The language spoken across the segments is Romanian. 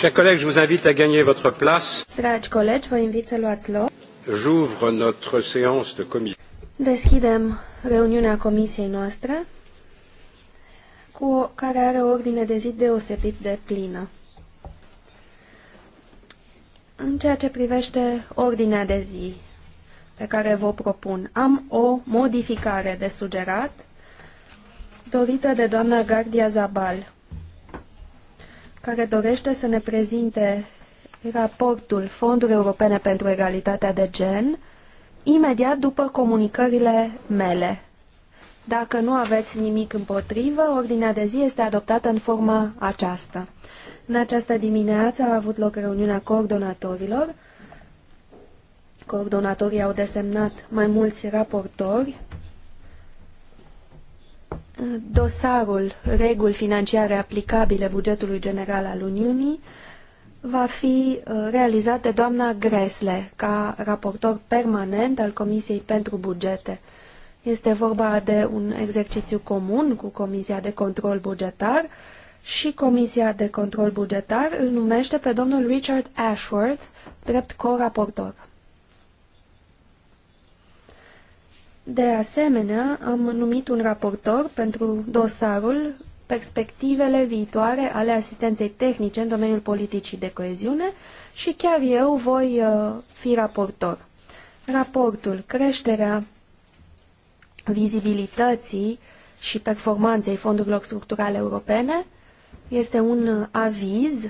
Chers collègues, je vous invite à gagner votre place. Dragi colegi, vă invit să luați loc. J'ouvre notre séance de commission. Deschidem reuniunea comisiei noastre, cu care are ordine de zi deosebit de plină. În ceea ce privește ordinea de zi pe care vă propun, am o modificare de sugerat dorită de doamna Gardia Zabal care dorește să ne prezinte raportul Fondului Europene pentru Egalitatea de Gen imediat după comunicările mele. Dacă nu aveți nimic împotrivă, ordinea de zi este adoptată în forma aceasta. În această dimineață a avut loc reuniunea coordonatorilor. Coordonatorii au desemnat mai mulți raportori dosarul reguli financiare aplicabile bugetului general al Uniunii va fi uh, realizat de doamna Gresle ca raportor permanent al Comisiei pentru Bugete. Este vorba de un exercițiu comun cu Comisia de Control Bugetar și Comisia de Control Bugetar îl numește pe domnul Richard Ashworth drept co-raportor. De asemenea, am numit un raportor pentru dosarul perspectivele viitoare ale asistenței tehnice în domeniul politicii de coeziune și chiar eu voi uh, fi raportor. Raportul Creșterea vizibilității și performanței fondurilor structurale europene este un aviz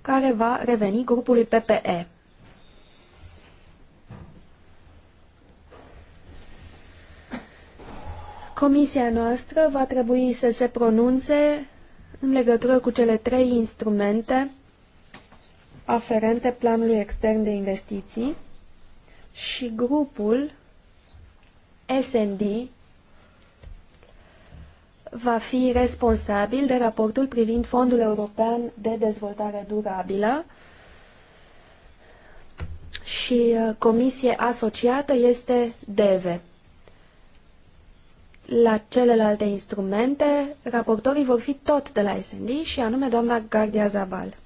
care va reveni grupului PPE. Comisia noastră va trebui să se pronunțe în legătură cu cele trei instrumente aferente planului extern de investiții și grupul S&D va fi responsabil de raportul privind Fondul European de Dezvoltare Durabilă și uh, comisie asociată este DEVE. La celelalte instrumente, raportorii vor fi tot de la SND și anume doamna Gardia Zaval.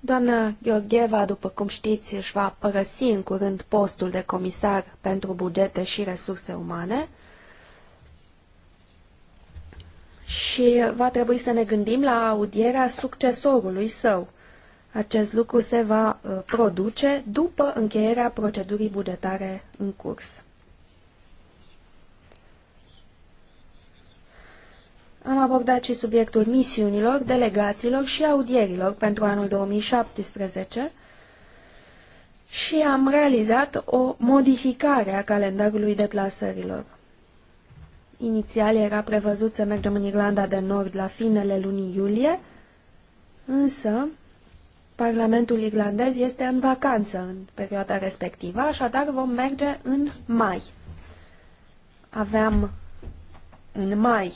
Doamna Gheorgheva, după cum știți, își va părăsi în curând postul de comisar pentru bugete și resurse umane și va trebui să ne gândim la audierea succesorului său. Acest lucru se va uh, produce după încheierea procedurii bugetare în curs. Am abordat și subiectul misiunilor, delegațiilor și audierilor pentru anul 2017 și am realizat o modificare a calendarului deplasărilor. Inițial era prevăzut să mergem în Irlanda de Nord la finele lunii iulie, însă Parlamentul irlandez este în vacanță în perioada respectivă, așadar vom merge în mai. Aveam în mai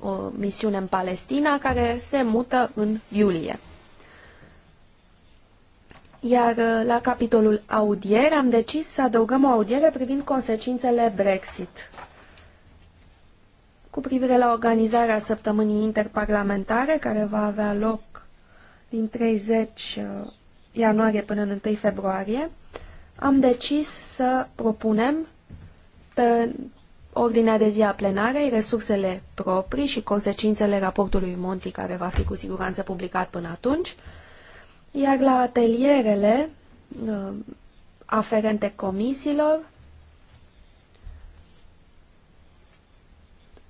o misiune în Palestina care se mută în iulie. Iar uh, la capitolul audiere am decis să adăugăm o audiere privind consecințele Brexit. Cu privire la organizarea săptămânii interparlamentare care va avea loc din 30 uh, ianuarie până în 1 februarie, am decis să propunem pe ordinea de zi a plenarei resursele proprii și consecințele raportului Monti, care va fi cu siguranță publicat până atunci, iar la atelierele uh, aferente comisiilor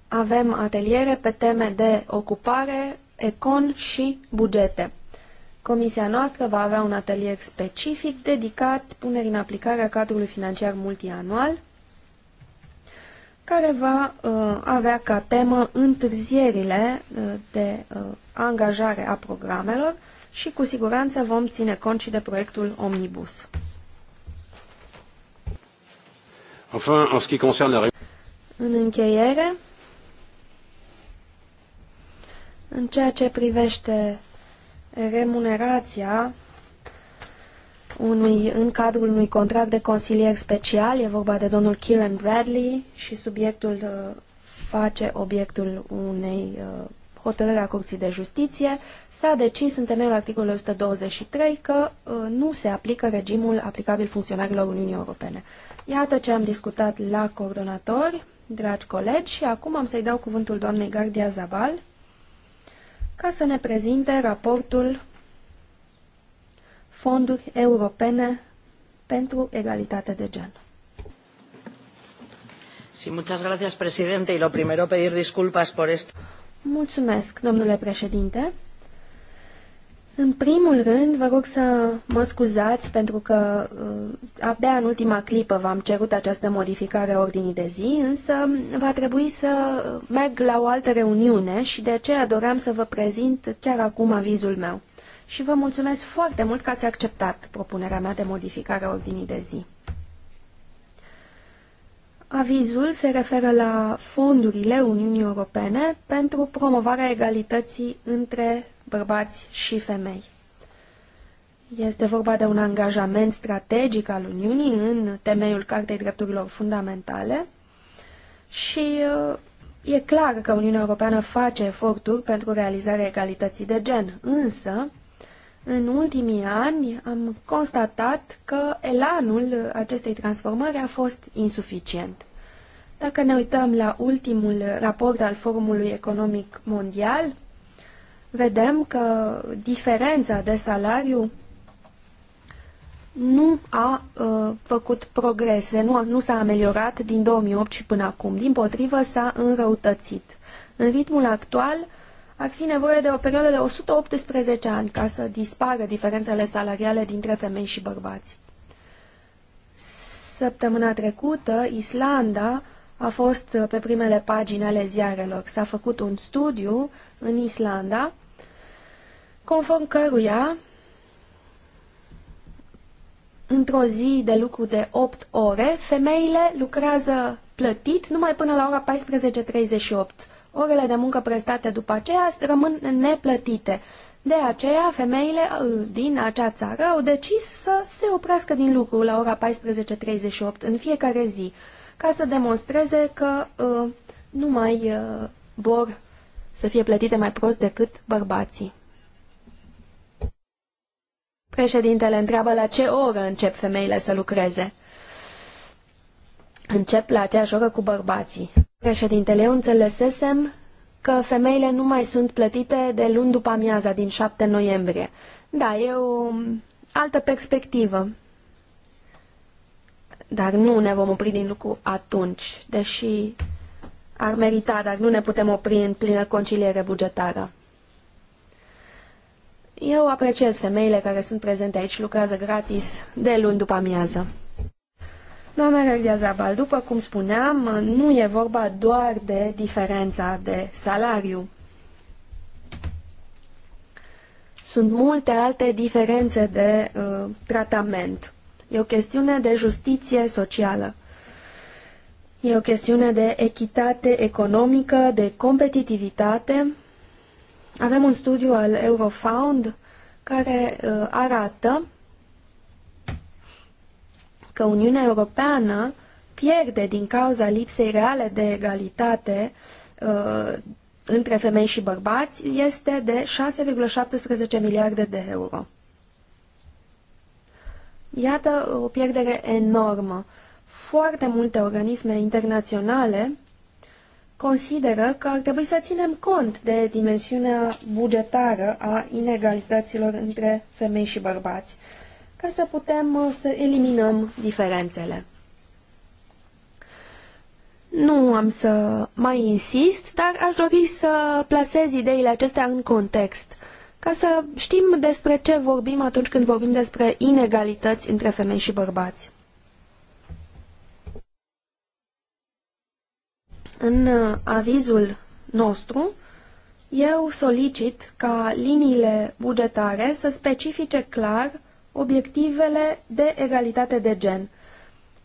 avem ateliere pe teme de ocupare, econ și bugete. Comisia noastră va avea un atelier specific dedicat punerii în aplicare a cadrului financiar multianual, care va uh, avea ca temă întârzierile uh, de uh, angajare a programelor și cu siguranță vom ține cont și de proiectul Omnibus. Enfin, en ce qui concerne... În încheiere, în ceea ce privește remunerația unui, în cadrul unui contract de consilier special, e vorba de domnul Kieran Bradley și subiectul uh, face obiectul unei uh, hotărâri a Curții de Justiție, s-a decis în temeiul articolului 123 că uh, nu se aplică regimul aplicabil funcționarilor Uniunii Europene. Iată ce am discutat la coordonatori, dragi colegi, și acum am să-i dau cuvântul doamnei Gardia Zabal, ca să ne prezinte raportul Fonduri Europene pentru Egalitate de Gen. Sí, muchas gracias, presidente, y lo primero pedir disculpas por esto. Mulțumesc, domnule președinte. În primul rând, vă rog să mă scuzați pentru că uh, abia în ultima clipă v-am cerut această modificare a ordinii de zi, însă va trebui să merg la o altă reuniune și de aceea doream să vă prezint chiar acum avizul meu. Și vă mulțumesc foarte mult că ați acceptat propunerea mea de modificare a ordinii de zi. Avizul se referă la fondurile Uniunii Europene pentru promovarea egalității între bărbați și femei. Este vorba de un angajament strategic al Uniunii în temeiul Cartei Drepturilor Fundamentale și uh, e clar că Uniunea Europeană face eforturi pentru realizarea egalității de gen, însă în ultimii ani am constatat că elanul acestei transformări a fost insuficient. Dacă ne uităm la ultimul raport al Forumului Economic Mondial, vedem că diferența de salariu nu a uh, făcut progrese, nu, a, nu s-a ameliorat din 2008 și până acum. Din potrivă, s-a înrăutățit. În ritmul actual, ar fi nevoie de o perioadă de 118 ani ca să dispară diferențele salariale dintre femei și bărbați. Săptămâna trecută, Islanda a fost uh, pe primele pagini ale ziarelor. S-a făcut un studiu în Islanda, conform căruia într-o zi de lucru de 8 ore, femeile lucrează plătit numai până la ora 14.38. Orele de muncă prestate după aceea rămân neplătite. De aceea, femeile uh, din acea țară au decis să se oprească din lucru la ora 14.38 în fiecare zi ca să demonstreze că uh, nu mai uh, vor să fie plătite mai prost decât bărbații. Președintele întreabă la ce oră încep femeile să lucreze. Încep la aceeași oră cu bărbații. Președintele, eu înțelesesem că femeile nu mai sunt plătite de luni după amiaza din 7 noiembrie. Da, e o um, altă perspectivă. Dar nu ne vom opri din lucru atunci, deși ar merita, dar nu ne putem opri în plină conciliere bugetară. Eu apreciez femeile care sunt prezente aici, lucrează gratis de luni după amiază. Doamna Reglia Zabal, după cum spuneam, nu e vorba doar de diferența de salariu. Sunt multe alte diferențe de uh, tratament. E o chestiune de justiție socială. E o chestiune de echitate economică, de competitivitate. Avem un studiu al Eurofound care uh, arată că Uniunea Europeană pierde din cauza lipsei reale de egalitate uh, între femei și bărbați este de 6,17 miliarde de euro. Iată uh, o pierdere enormă. Foarte multe organisme internaționale consideră că ar trebui să ținem cont de dimensiunea bugetară a inegalităților între femei și bărbați, ca să putem uh, să eliminăm diferențele. Nu am să mai insist, dar aș dori să placez ideile acestea în context – ca să știm despre ce vorbim atunci când vorbim despre inegalități între femei și bărbați. În uh, avizul nostru, eu solicit ca liniile bugetare să specifice clar obiectivele de egalitate de gen,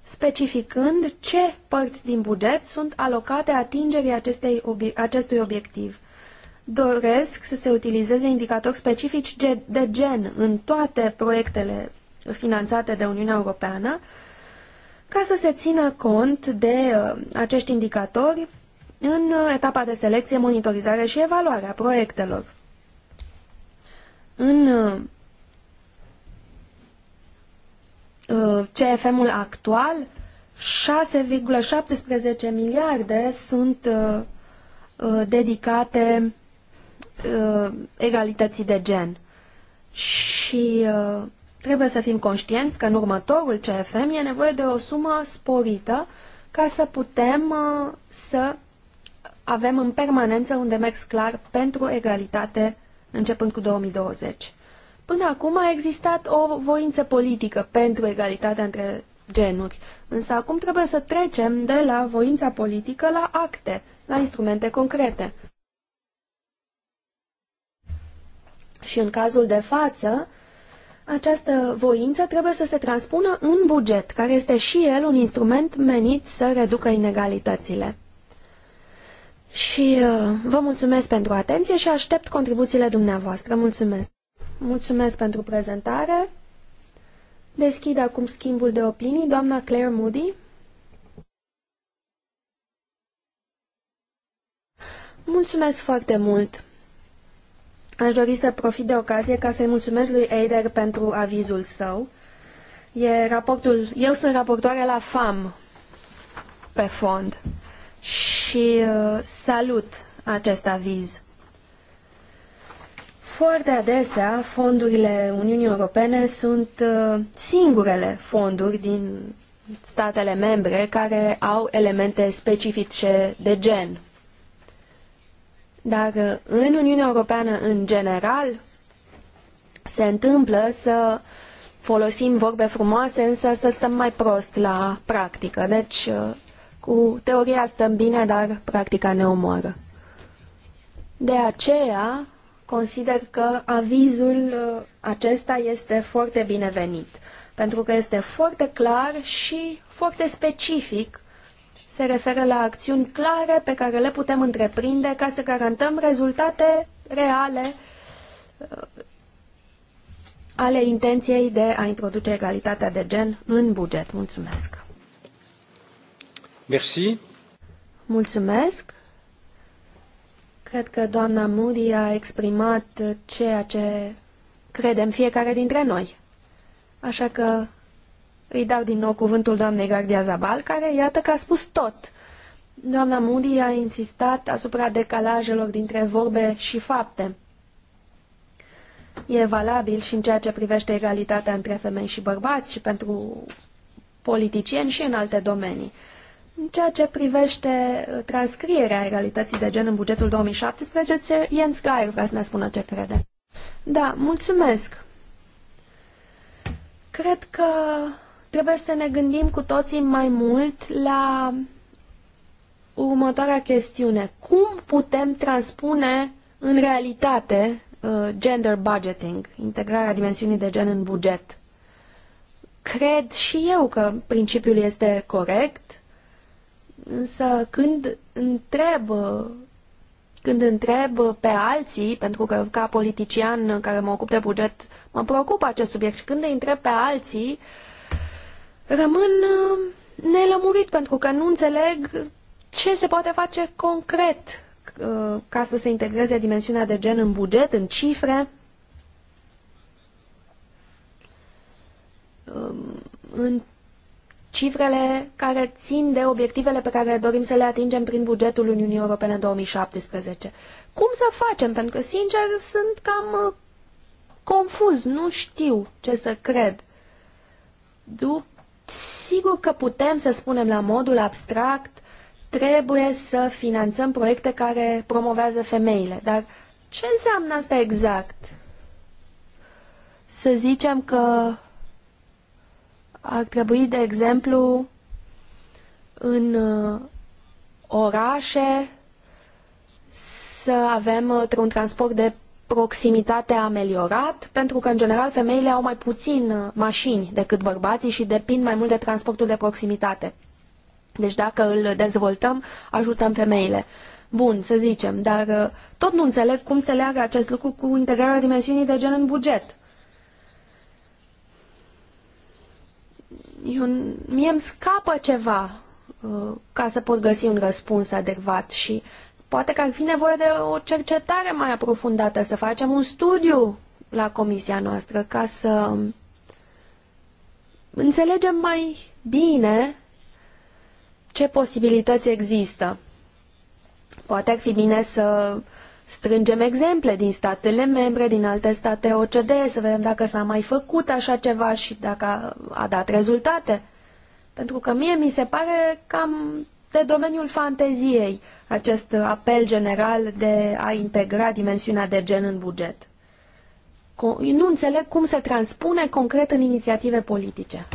specificând ce părți din buget sunt alocate atingerii acestei, acestui obiectiv – doresc să se utilizeze indicatori specifici de gen în toate proiectele finanțate de Uniunea Europeană ca să se țină cont de uh, acești indicatori în uh, etapa de selecție, monitorizare și evaluare a proiectelor. În uh, CFM-ul actual, 6,17 miliarde sunt dedicate uh, egalității de gen. Și uh, trebuie să fim conștienți că în următorul CFM e nevoie de o sumă sporită ca să putem uh, să avem în permanență un demers clar pentru egalitate începând cu 2020. Până acum a existat o voință politică pentru egalitatea între genuri, însă acum trebuie să trecem de la voința politică la acte, la instrumente concrete. Și în cazul de față, această voință trebuie să se transpună în buget, care este și el un instrument menit să reducă inegalitățile. Și uh, vă mulțumesc pentru atenție și aștept contribuțiile dumneavoastră. Mulțumesc! Mulțumesc pentru prezentare. Deschid acum schimbul de opinii. Doamna Claire Moody. Mulțumesc foarte mult! Aș dori să profit de ocazie ca să-i mulțumesc lui Eider pentru avizul său. E raportul, eu sunt raportoare la FAM pe fond și uh, salut acest aviz. Foarte adesea, fondurile Uniunii Europene sunt uh, singurele fonduri din statele membre care au elemente specifice de gen. Dar uh, în Uniunea Europeană, în general, se întâmplă să folosim vorbe frumoase, însă să stăm mai prost la practică. Deci, uh, cu teoria stăm bine, dar practica ne omoară. De aceea, consider că avizul uh, acesta este foarte binevenit, pentru că este foarte clar și foarte specific se referă la acțiuni clare pe care le putem întreprinde ca să garantăm rezultate reale uh, ale intenției de a introduce egalitatea de gen în buget. Mulțumesc! Merci. Mulțumesc! Cred că doamna Muri a exprimat ceea ce credem fiecare dintre noi. Așa că îi dau din nou cuvântul doamnei Gardia Zabal, care, iată că a spus tot. Doamna Moody a insistat asupra decalajelor dintre vorbe și fapte. E valabil și în ceea ce privește egalitatea între femei și bărbați și pentru politicieni și în alte domenii. În ceea ce privește uh, transcrierea egalității de gen în bugetul 2017, Jens Geier vrea să ne spună ce crede. Da, mulțumesc. Cred că Trebuie să ne gândim cu toții mai mult la următoarea chestiune. Cum putem transpune în realitate uh, gender budgeting, integrarea dimensiunii de gen în buget? Cred și eu că principiul este corect, însă când întreb uh, când întreb pe alții, pentru că ca politician care mă ocup de buget, mă preocupă acest subiect și când îi întreb pe alții uh, rămân uh, nelămurit pentru că nu înțeleg ce se poate face concret uh, ca să se integreze dimensiunea de gen în buget, în cifre. Um, în cifrele care țin de obiectivele pe care dorim să le atingem prin bugetul Uniunii Europene 2017. Cum să facem? Pentru că, sincer, sunt cam uh, confuz, nu știu ce să cred. După Sigur că putem să spunem la modul abstract, trebuie să finanțăm proiecte care promovează femeile, dar ce înseamnă asta exact? Să zicem că ar trebui, de exemplu, în uh, orașe să avem uh, un transport de proximitatea ameliorat, pentru că, în general, femeile au mai puțin uh, mașini decât bărbații și depind mai mult de transportul de proximitate. Deci dacă îl dezvoltăm, ajutăm femeile. Bun, să zicem, dar uh, tot nu înțeleg cum se leagă acest lucru cu integrarea dimensiunii de gen în buget. Eu, mie îmi scapă ceva uh, ca să pot găsi un răspuns adecvat și Poate că ar fi nevoie de o cercetare mai aprofundată, să facem un studiu la comisia noastră ca să înțelegem mai bine ce posibilități există. Poate ar fi bine să strângem exemple din statele membre, din alte state OCDE, să vedem dacă s-a mai făcut așa ceva și dacă a, a dat rezultate. Pentru că mie mi se pare cam de domeniul fanteziei, acest apel general de a integra dimensiunea de gen în buget. Nu înțeleg cum se transpune concret în inițiative politice.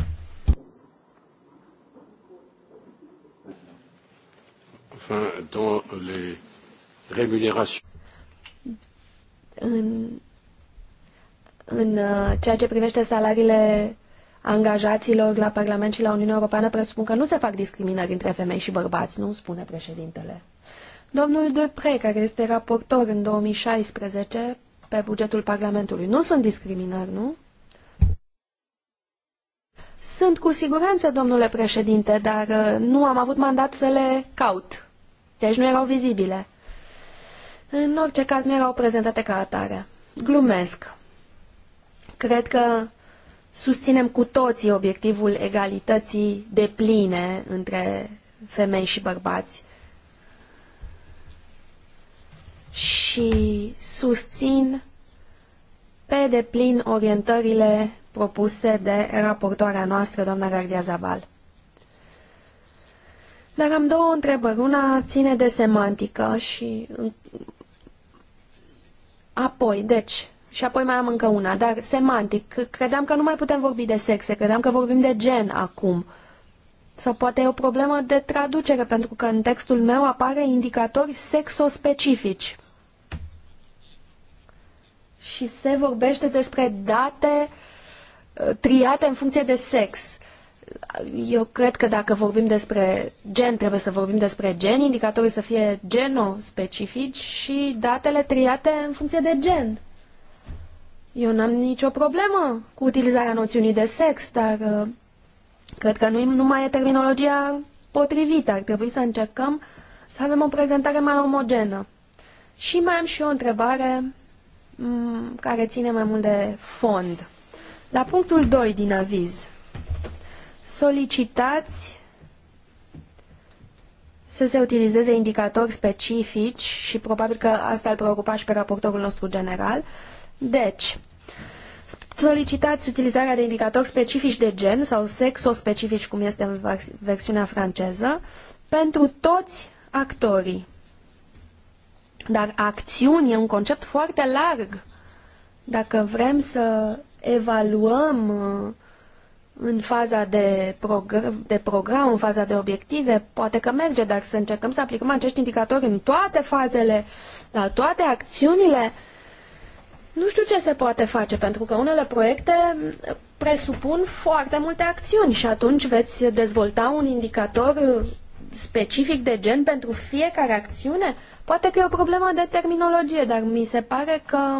În, în uh, ceea ce privește salariile angajaților la Parlament și la Uniunea Europeană presupun că nu se fac discriminări între femei și bărbați, nu spune președintele. Domnul Depre, care este raportor în 2016 pe bugetul Parlamentului, nu sunt discriminări, nu? Sunt cu siguranță, domnule președinte, dar uh, nu am avut mandat să le caut. Deci nu erau vizibile. În orice caz nu erau prezentate ca atare. Glumesc. Cred că susținem cu toții obiectivul egalității de pline între femei și bărbați. Și susțin pe deplin orientările propuse de raportoarea noastră, doamna Gardia Zaval. Dar am două întrebări. Una ține de semantică și... Apoi, deci, și apoi mai am încă una, dar semantic. Credeam că nu mai putem vorbi de sexe, credeam că vorbim de gen acum. Sau poate e o problemă de traducere, pentru că în textul meu apare indicatori sexospecifici. Și se vorbește despre date uh, triate în funcție de sex. Eu cred că dacă vorbim despre gen, trebuie să vorbim despre gen, indicatorii să fie genospecifici și datele triate în funcție de gen. Eu n-am nicio problemă cu utilizarea noțiunii de sex, dar uh, cred că nu, nu mai e terminologia potrivită. Ar trebui să încercăm să avem o prezentare mai omogenă. Și mai am și o întrebare mm, care ține mai mult de fond. La punctul 2 din aviz, solicitați să se utilizeze indicatori specifici și probabil că asta îl preocupa și pe raportorul nostru general. Deci, solicitați utilizarea de indicatori specifici de gen sau sexospecifici, cum este în versiunea franceză, pentru toți actorii. Dar acțiuni e un concept foarte larg. Dacă vrem să evaluăm uh, în faza de, progr de program, în faza de obiective, poate că merge, dar să încercăm să aplicăm acești indicatori în toate fazele, la toate acțiunile, nu știu ce se poate face, pentru că unele proiecte presupun foarte multe acțiuni și atunci veți dezvolta un indicator specific de gen pentru fiecare acțiune? Poate că e o problemă de terminologie, dar mi se pare că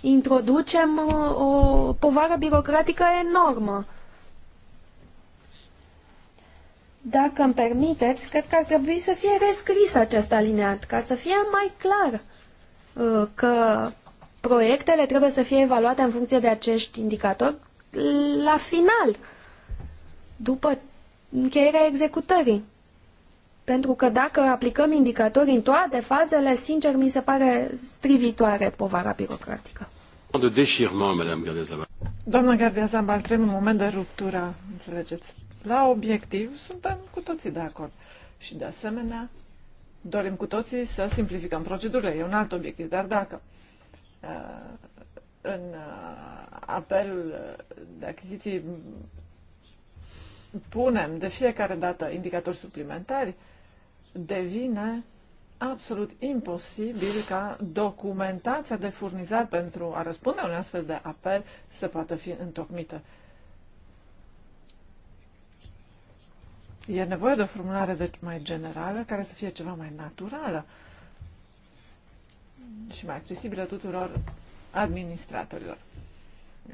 introducem uh, o povară birocratică enormă. Dacă îmi permiteți, cred că ar trebui să fie rescris acest alineat, ca să fie mai clar uh, că proiectele trebuie să fie evaluate în funcție de acești indicatori la final, după încheierea executării. Pentru că dacă aplicăm indicatori în toate fazele, sincer, mi se pare strivitoare povara birocratică. De deșirment, Madame Gardiazabal. Doamna Gardiazabal, un moment de ruptură, înțelegeți. La obiectiv suntem cu toții de acord. Și de asemenea, dorim cu toții să simplificăm procedurile. E un alt obiectiv, dar dacă Uh, în uh, apelul uh, de achiziții punem de fiecare dată indicatori suplimentari, devine absolut imposibil ca documentația de furnizat pentru a răspunde un astfel de apel să poată fi întocmită. E nevoie de o formulare deci mai generală care să fie ceva mai naturală și mai accesibilă tuturor administratorilor,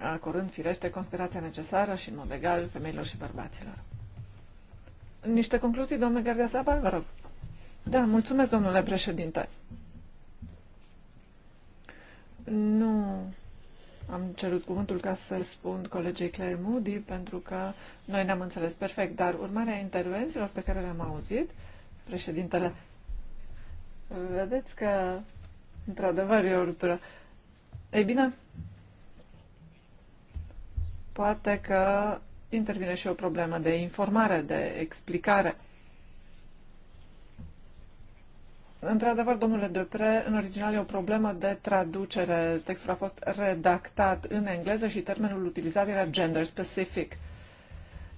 acordând firește considerația necesară și în mod egal femeilor și bărbaților. Niște concluzii, domnule Gardea Zabal, vă rog. Da, mulțumesc, domnule președinte. Nu am cerut cuvântul ca să spun colegii Claire Moody, pentru că noi ne-am înțeles perfect, dar urmarea intervențiilor pe care le-am auzit, președintele, vedeți că Într-adevăr, e o ruptură. Ei bine, poate că intervine și o problemă de informare, de explicare. Într-adevăr, domnule Depre, în original e o problemă de traducere. Textul a fost redactat în engleză și termenul utilizat era gender specific.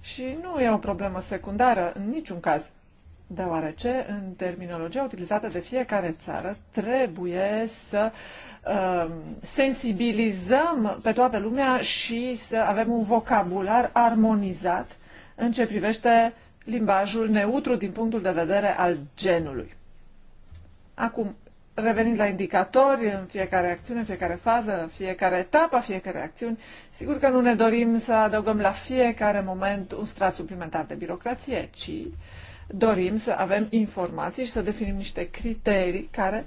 Și nu e o problemă secundară, în niciun caz deoarece în terminologia utilizată de fiecare țară trebuie să um, sensibilizăm pe toată lumea și să avem un vocabular armonizat în ce privește limbajul neutru din punctul de vedere al genului. Acum, revenind la indicatori în fiecare acțiune, în fiecare fază, în fiecare etapă fiecare acțiune, sigur că nu ne dorim să adăugăm la fiecare moment un strat suplimentar de birocrație, ci uh, dorim să avem informații și să definim niște criterii care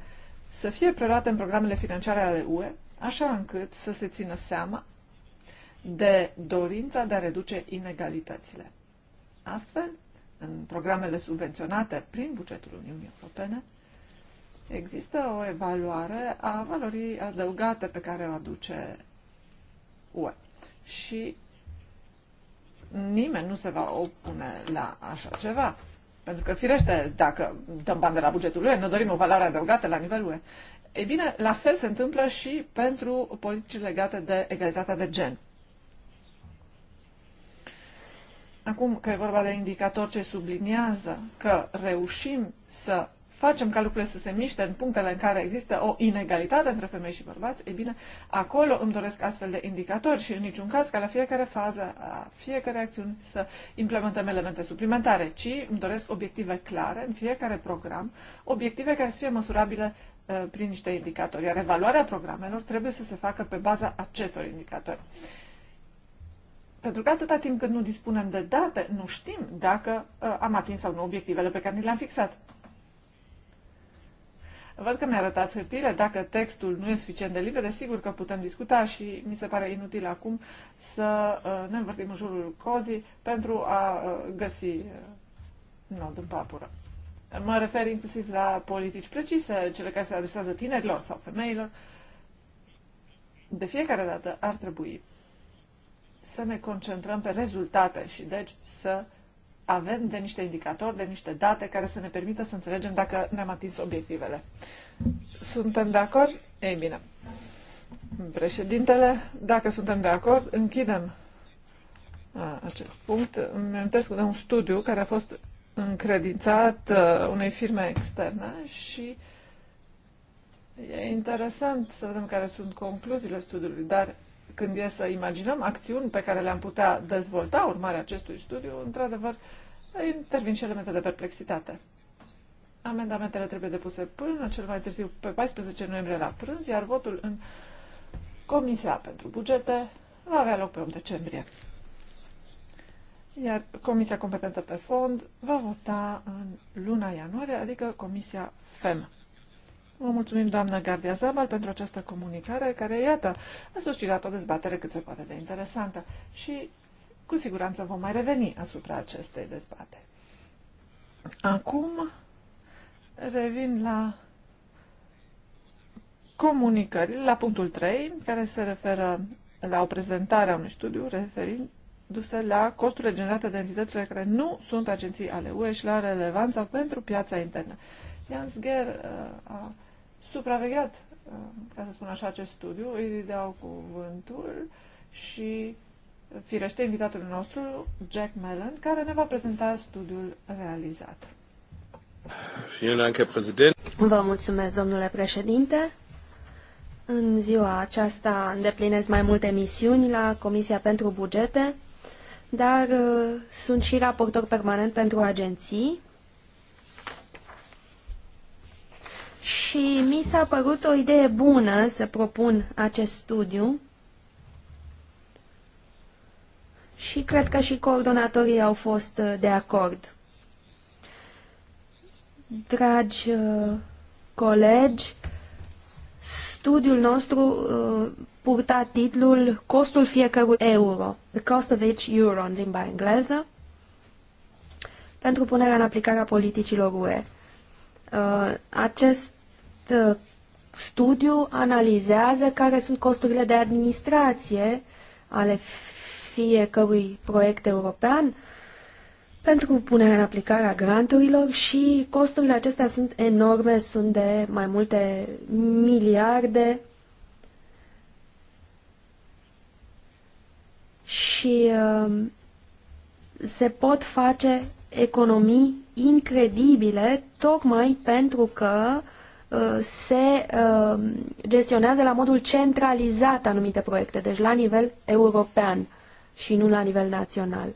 să fie preluate în programele financiare ale UE, așa încât să se țină seama de dorința de a reduce inegalitățile. Astfel, în programele subvenționate prin bugetul Uniunii Europene, există o evaluare a valorii adăugate pe care o aduce UE. Și nimeni nu se va opune la așa ceva. Pentru că, firește, dacă dăm bani de la bugetul lui, ne dorim o valoare adăugată la nivelul UE. E bine, la fel se întâmplă și pentru politici legate de egalitatea de gen. Acum că e vorba de indicator ce subliniază că reușim să facem ca lucrurile să se miște în punctele în care există o inegalitate între femei și bărbați, e bine, acolo îmi doresc astfel de indicatori și în niciun caz ca la fiecare fază a fiecare acțiune, să implementăm elemente suplimentare, ci îmi doresc obiective clare în fiecare program, obiective care să fie măsurabile uh, prin niște indicatori, iar evaluarea programelor trebuie să se facă pe baza acestor indicatori. Pentru că atâta timp cât nu dispunem de date, nu știm dacă uh, am atins sau nu obiectivele pe care ni le-am fixat. Văd că mi-a arătat hârtile. Dacă textul nu e suficient de liber, sigur că putem discuta și mi se pare inutil acum să uh, ne învârtim în jurul cozii pentru a uh, găsi uh, nod în papură. Mă refer inclusiv la politici precise, cele care se adresează tinerilor sau femeilor. De fiecare dată ar trebui să ne concentrăm pe rezultate și deci să avem de niște indicatori, de niște date care să ne permită să înțelegem dacă ne-am atins obiectivele. Suntem de acord? Ei bine. Președintele, dacă suntem de acord, închidem acest punct. Îmi amintesc de un studiu care a fost încredințat unei firme externe și e interesant să vedem care sunt concluziile studiului, dar când e să imaginăm acțiuni pe care le-am putea dezvolta urmarea acestui studiu, într-adevăr, intervin și elemente de perplexitate. Amendamentele trebuie depuse până cel mai târziu pe 14 noiembrie la prânz, iar votul în Comisia pentru bugete va avea loc pe 8 decembrie. Iar Comisia competentă pe fond va vota în luna ianuarie, adică Comisia FEMA. Vă mulțumim, doamna Gardia Zabal, pentru această comunicare care, iată, a suscitat o dezbatere cât se poate de interesantă și cu siguranță vom mai reveni asupra acestei dezbateri. Acum revin la comunicări, la punctul 3, care se referă la o prezentare a unui studiu referindu-se la costurile generate de entitățile care nu sunt agenții ale UE și la relevanța pentru piața internă. Jans Ger uh, a supravegheat, uh, ca să spun așa, acest studiu, îi dau cuvântul și firește invitatul nostru, Jack Mellon, care ne va prezenta studiul realizat. Vă mulțumesc, domnule președinte. În ziua aceasta îndeplinesc mai multe misiuni la Comisia pentru Bugete, dar uh, sunt și raportor permanent pentru agenții și mi s-a părut o idee bună să propun acest studiu și cred că și coordonatorii au fost uh, de acord. Dragi uh, colegi, studiul nostru uh, purta titlul Costul fiecărui euro, The Cost of Each Euro în limba engleză, pentru punerea în aplicare a politicilor UE. Acest Uh, studiu analizează care sunt costurile de administrație ale fiecărui proiect european pentru punerea în aplicare a granturilor și costurile acestea sunt enorme, sunt de mai multe miliarde și uh, se pot face economii incredibile tocmai pentru că uh, Uh, se uh, gestionează la modul centralizat anumite proiecte, deci la nivel european și nu la nivel național.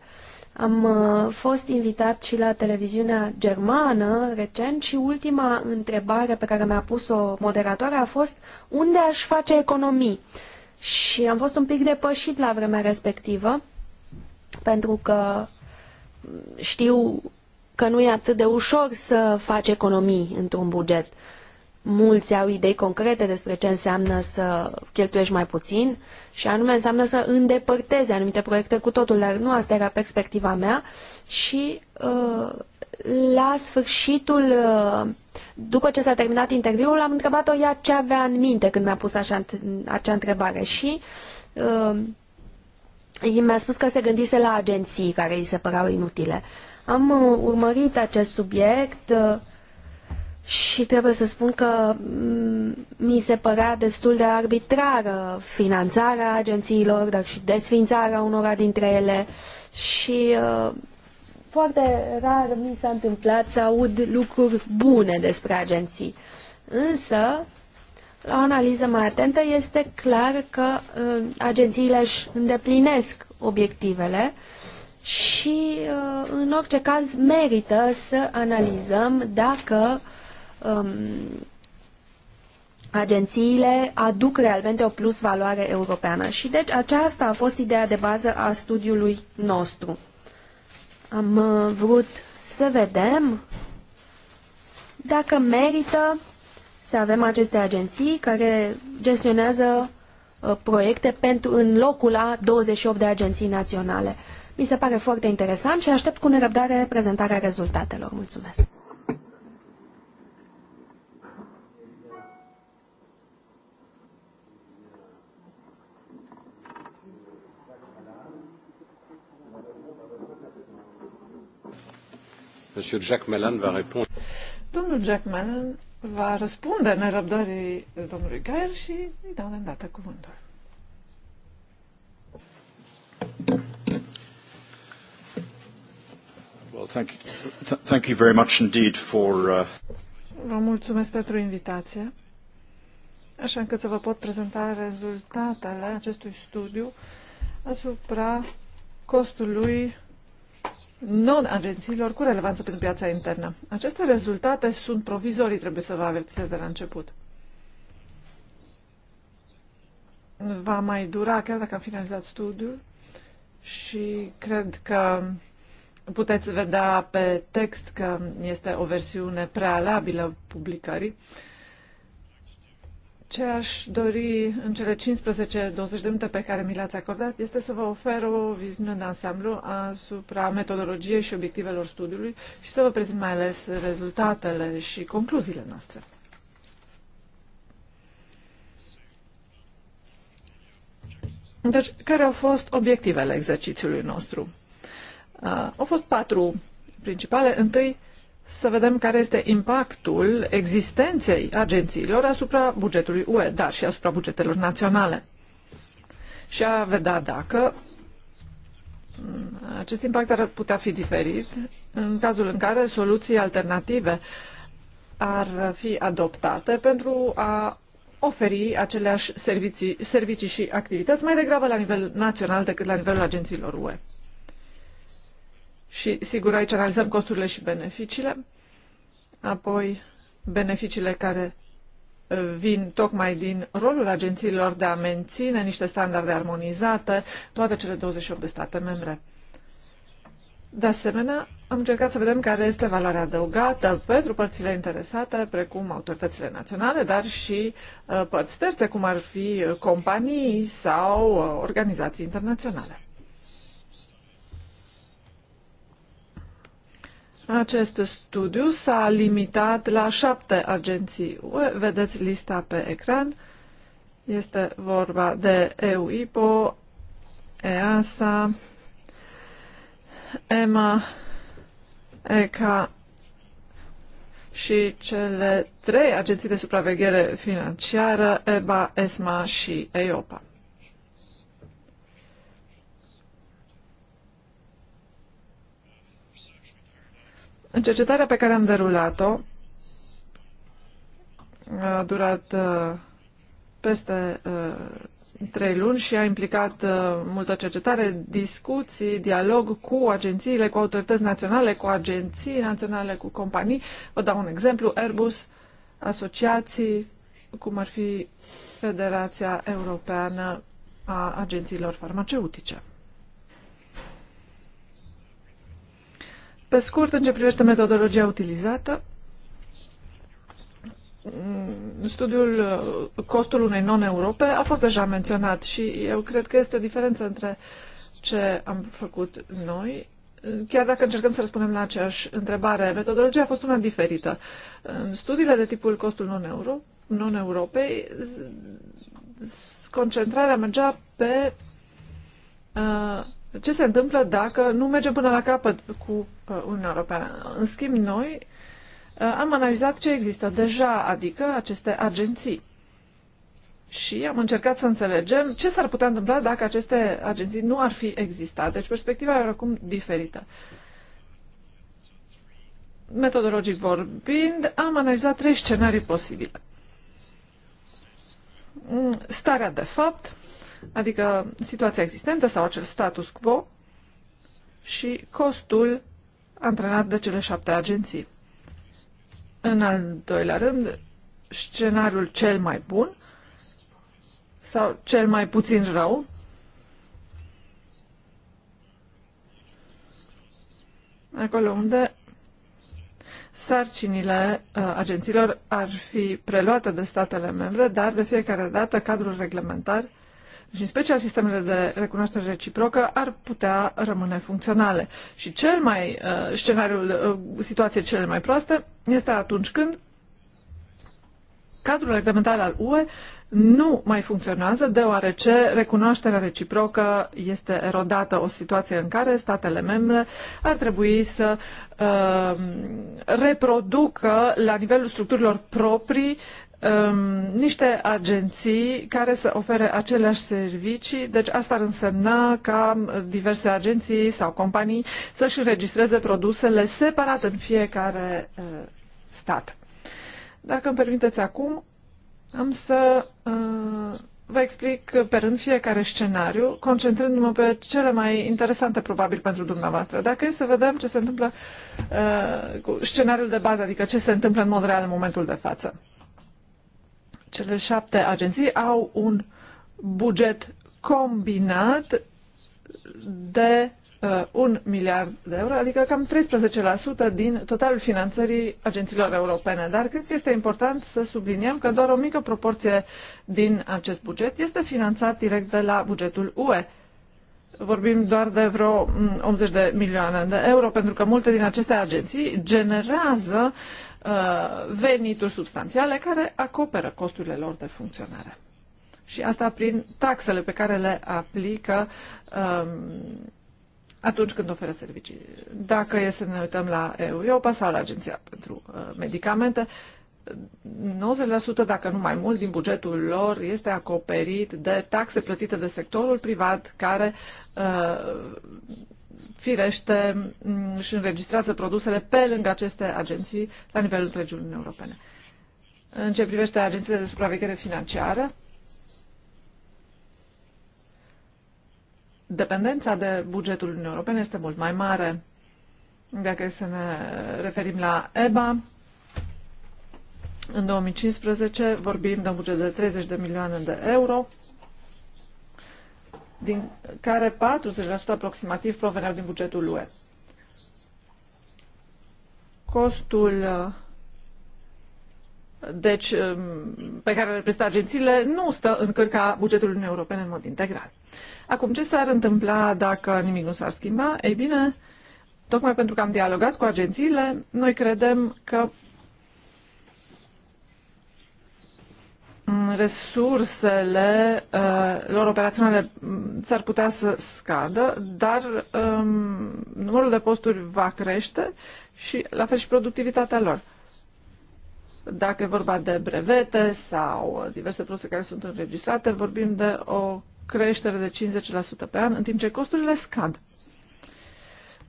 Am uh, fost invitat și la televiziunea germană recent și ultima întrebare pe care mi-a pus-o moderatoarea a fost unde aș face economii? Și am fost un pic depășit la vremea respectivă pentru că știu că nu e atât de ușor să faci economii într-un buget. Uh, mulți au idei concrete despre ce înseamnă să cheltuiești mai puțin și anume înseamnă să îndepărtezi anumite proiecte cu totul, dar nu asta era perspectiva mea și uh, la sfârșitul, uh, după ce s-a terminat interviul, am întrebat-o ea ce avea în minte când mi-a pus așa, acea întrebare și uh, mi-a spus că se gândise la agenții care îi se păreau inutile. Am uh, urmărit acest subiect, și trebuie să spun că mm, mi se părea destul de arbitrară finanțarea agențiilor, dar și desfințarea unora dintre ele și uh, foarte rar mi s-a întâmplat să aud lucruri bune despre agenții. Însă, la o analiză mai atentă, este clar că uh, agențiile își îndeplinesc obiectivele și, uh, în orice caz, merită să analizăm dacă uh, um, agențiile aduc realmente o plus valoare europeană. Și deci aceasta a fost ideea de bază a studiului nostru. Am uh, vrut să vedem dacă merită să avem aceste agenții care gestionează uh, proiecte pentru, în locul a 28 de agenții naționale. Mi se pare foarte interesant și aștept cu nerăbdare prezentarea rezultatelor. Mulțumesc! Monsieur Jacques Melan va răspunde. Domnul Jacques Melan va răspunde nerăbdării domnului Gaier și îi dau de îndată cuvântul. Well, thank you, thank you very much indeed for... Uh... Vă mulțumesc pentru invitație, așa încât să vă pot prezenta rezultatele acestui studiu asupra costului non-agențiilor cu relevanță pentru piața internă. Aceste rezultate sunt provizorii, trebuie să vă avertizez de la început. Va mai dura, chiar dacă am finalizat studiul, și cred că puteți vedea pe text că este o versiune prealabilă publicării. Uh, ce aș dori în cele 15-20 de minute pe care mi le-ați acordat este să vă ofer o viziune de ansamblu asupra metodologiei și obiectivelor studiului și să vă prezint mai ales rezultatele și concluziile noastre. Deci, care au fost obiectivele exercițiului nostru? Uh, au fost patru principale. Întâi, uh, să vedem care este impactul existenței agențiilor asupra bugetului UE, dar și asupra bugetelor naționale. Și a vedea dacă acest impact ar putea fi diferit în cazul în care soluții alternative ar fi adoptate pentru a oferi aceleași servicii, servicii și activități mai degrabă la nivel național decât la nivelul agențiilor UE. Și, sigur, aici analizăm costurile și beneficiile, apoi beneficiile care uh, vin tocmai din rolul agențiilor de a menține niște standarde armonizate, toate cele 28 de state membre. De asemenea, am încercat să vedem care este valoarea adăugată pentru părțile interesate, precum autoritățile naționale, dar și uh, părți terțe, cum ar fi uh, companii sau organizații internaționale. Acest studiu s-a limitat la șapte agenții UE. Vedeți lista pe ecran. Este vorba de EUIPO, EASA, EMA, ECA și cele trei agenții de supraveghere financiară, EBA, ESMA și EIOPA. În cercetarea pe care am derulat-o, a durat uh, peste uh, trei luni și a implicat uh, multă cercetare, discuții, dialog cu agențiile, cu autorități naționale, cu agenții naționale, cu companii. Vă dau un exemplu, Airbus, asociații, cum ar fi Federația Europeană a Agențiilor Farmaceutice. Pe scurt, în ce privește metodologia utilizată, studiul costul unei non-europe a fost deja menționat și eu cred că este o diferență între ce am făcut noi, chiar dacă încercăm să răspundem la aceeași întrebare. Metodologia a fost una diferită. studiile de tipul costul non-euro, non-europei, concentrarea mergea pe uh, ce se întâmplă dacă nu mergem până la capăt cu uh, Uniunea Europeană. În schimb, noi uh, am analizat ce există deja, adică aceste agenții. Și am încercat să înțelegem ce s-ar putea întâmpla dacă aceste agenții nu ar fi existat. Deci perspectiva era acum diferită. Metodologic vorbind, am analizat trei scenarii posibile. Mm, starea de fapt, adică situația existentă sau acel status quo, și costul antrenat de cele șapte agenții. În al doilea rând, scenariul cel mai bun sau cel mai puțin rău, acolo unde sarcinile uh, agențiilor ar fi preluate de statele membre, dar de fiecare dată cadrul reglementar și în special sistemele de recunoaștere reciprocă, ar putea rămâne funcționale. Și cel mai, uh, scenariul, uh, situație cele mai proaste este atunci când cadrul reglementar al UE nu mai funcționează deoarece recunoașterea reciprocă este erodată, o situație în care statele membre ar trebui să uh, reproducă la nivelul structurilor proprii um, niște agenții care să ofere aceleași servicii, deci asta ar însemna ca diverse agenții sau companii să-și înregistreze produsele separat în fiecare uh, stat. Dacă îmi permiteți acum, am să uh, vă explic pe rând fiecare scenariu, concentrându-mă pe cele mai interesante probabil pentru dumneavoastră. Dacă e să vedem ce se întâmplă uh, cu scenariul de bază, adică ce se întâmplă în mod real în momentul de față. Cele șapte agenții au un buget combinat de uh, un miliard de euro, adică cam 13% din totalul finanțării agențiilor europene. Dar cred că este important să subliniem că doar o mică proporție din acest buget este finanțat direct de la bugetul UE. Vorbim doar de vreo 80 mm, de milioane de euro, pentru că multe din aceste agenții generează uh, Uh, venituri substanțiale care acoperă costurile lor de funcționare. Și asta prin taxele pe care le aplică um, atunci când oferă servicii. Dacă e să ne uităm la Europa sau la Agenția pentru uh, Medicamente, 90% dacă nu mai mult din bugetul lor este acoperit de taxe plătite de sectorul privat care uh, firește mm, și înregistrează produsele pe lângă aceste agenții la nivelul întregii Uniunii Europene. În ce privește agențiile de supraveghere financiară, dependența de bugetul Uniunii Europene este mult mai mare. Dacă să ne referim la EBA, în 2015 vorbim de un buget de 30 de milioane de euro, din care 40% aproximativ proveneau din bugetul UE. Costul uh, deci, um, pe care le reprezintă agențiile nu stă în cărca bugetului Uniunii Europene în mod integral. Acum, ce s-ar întâmpla dacă nimic nu s-ar schimba? Ei bine, tocmai pentru că am dialogat cu agențiile, noi credem că Mm, resursele uh, lor operaționale mm, s-ar putea să scadă, dar um, numărul de posturi va crește și la fel și productivitatea lor. Dacă e vorba de brevete sau diverse produse care sunt înregistrate, vorbim de o creștere de 50% pe an, în timp ce costurile scad.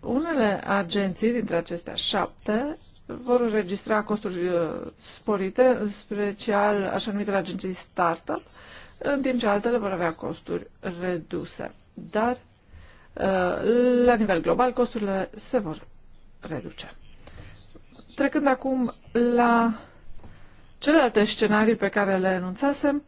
Unele agenții dintre acestea șapte vor înregistra costuri uh, sporite, în special așa numitele agenții startup, în timp ce altele vor avea costuri reduse. Dar, uh, la nivel global, costurile se vor reduce. Trecând acum la celelalte scenarii pe care le enunțasem,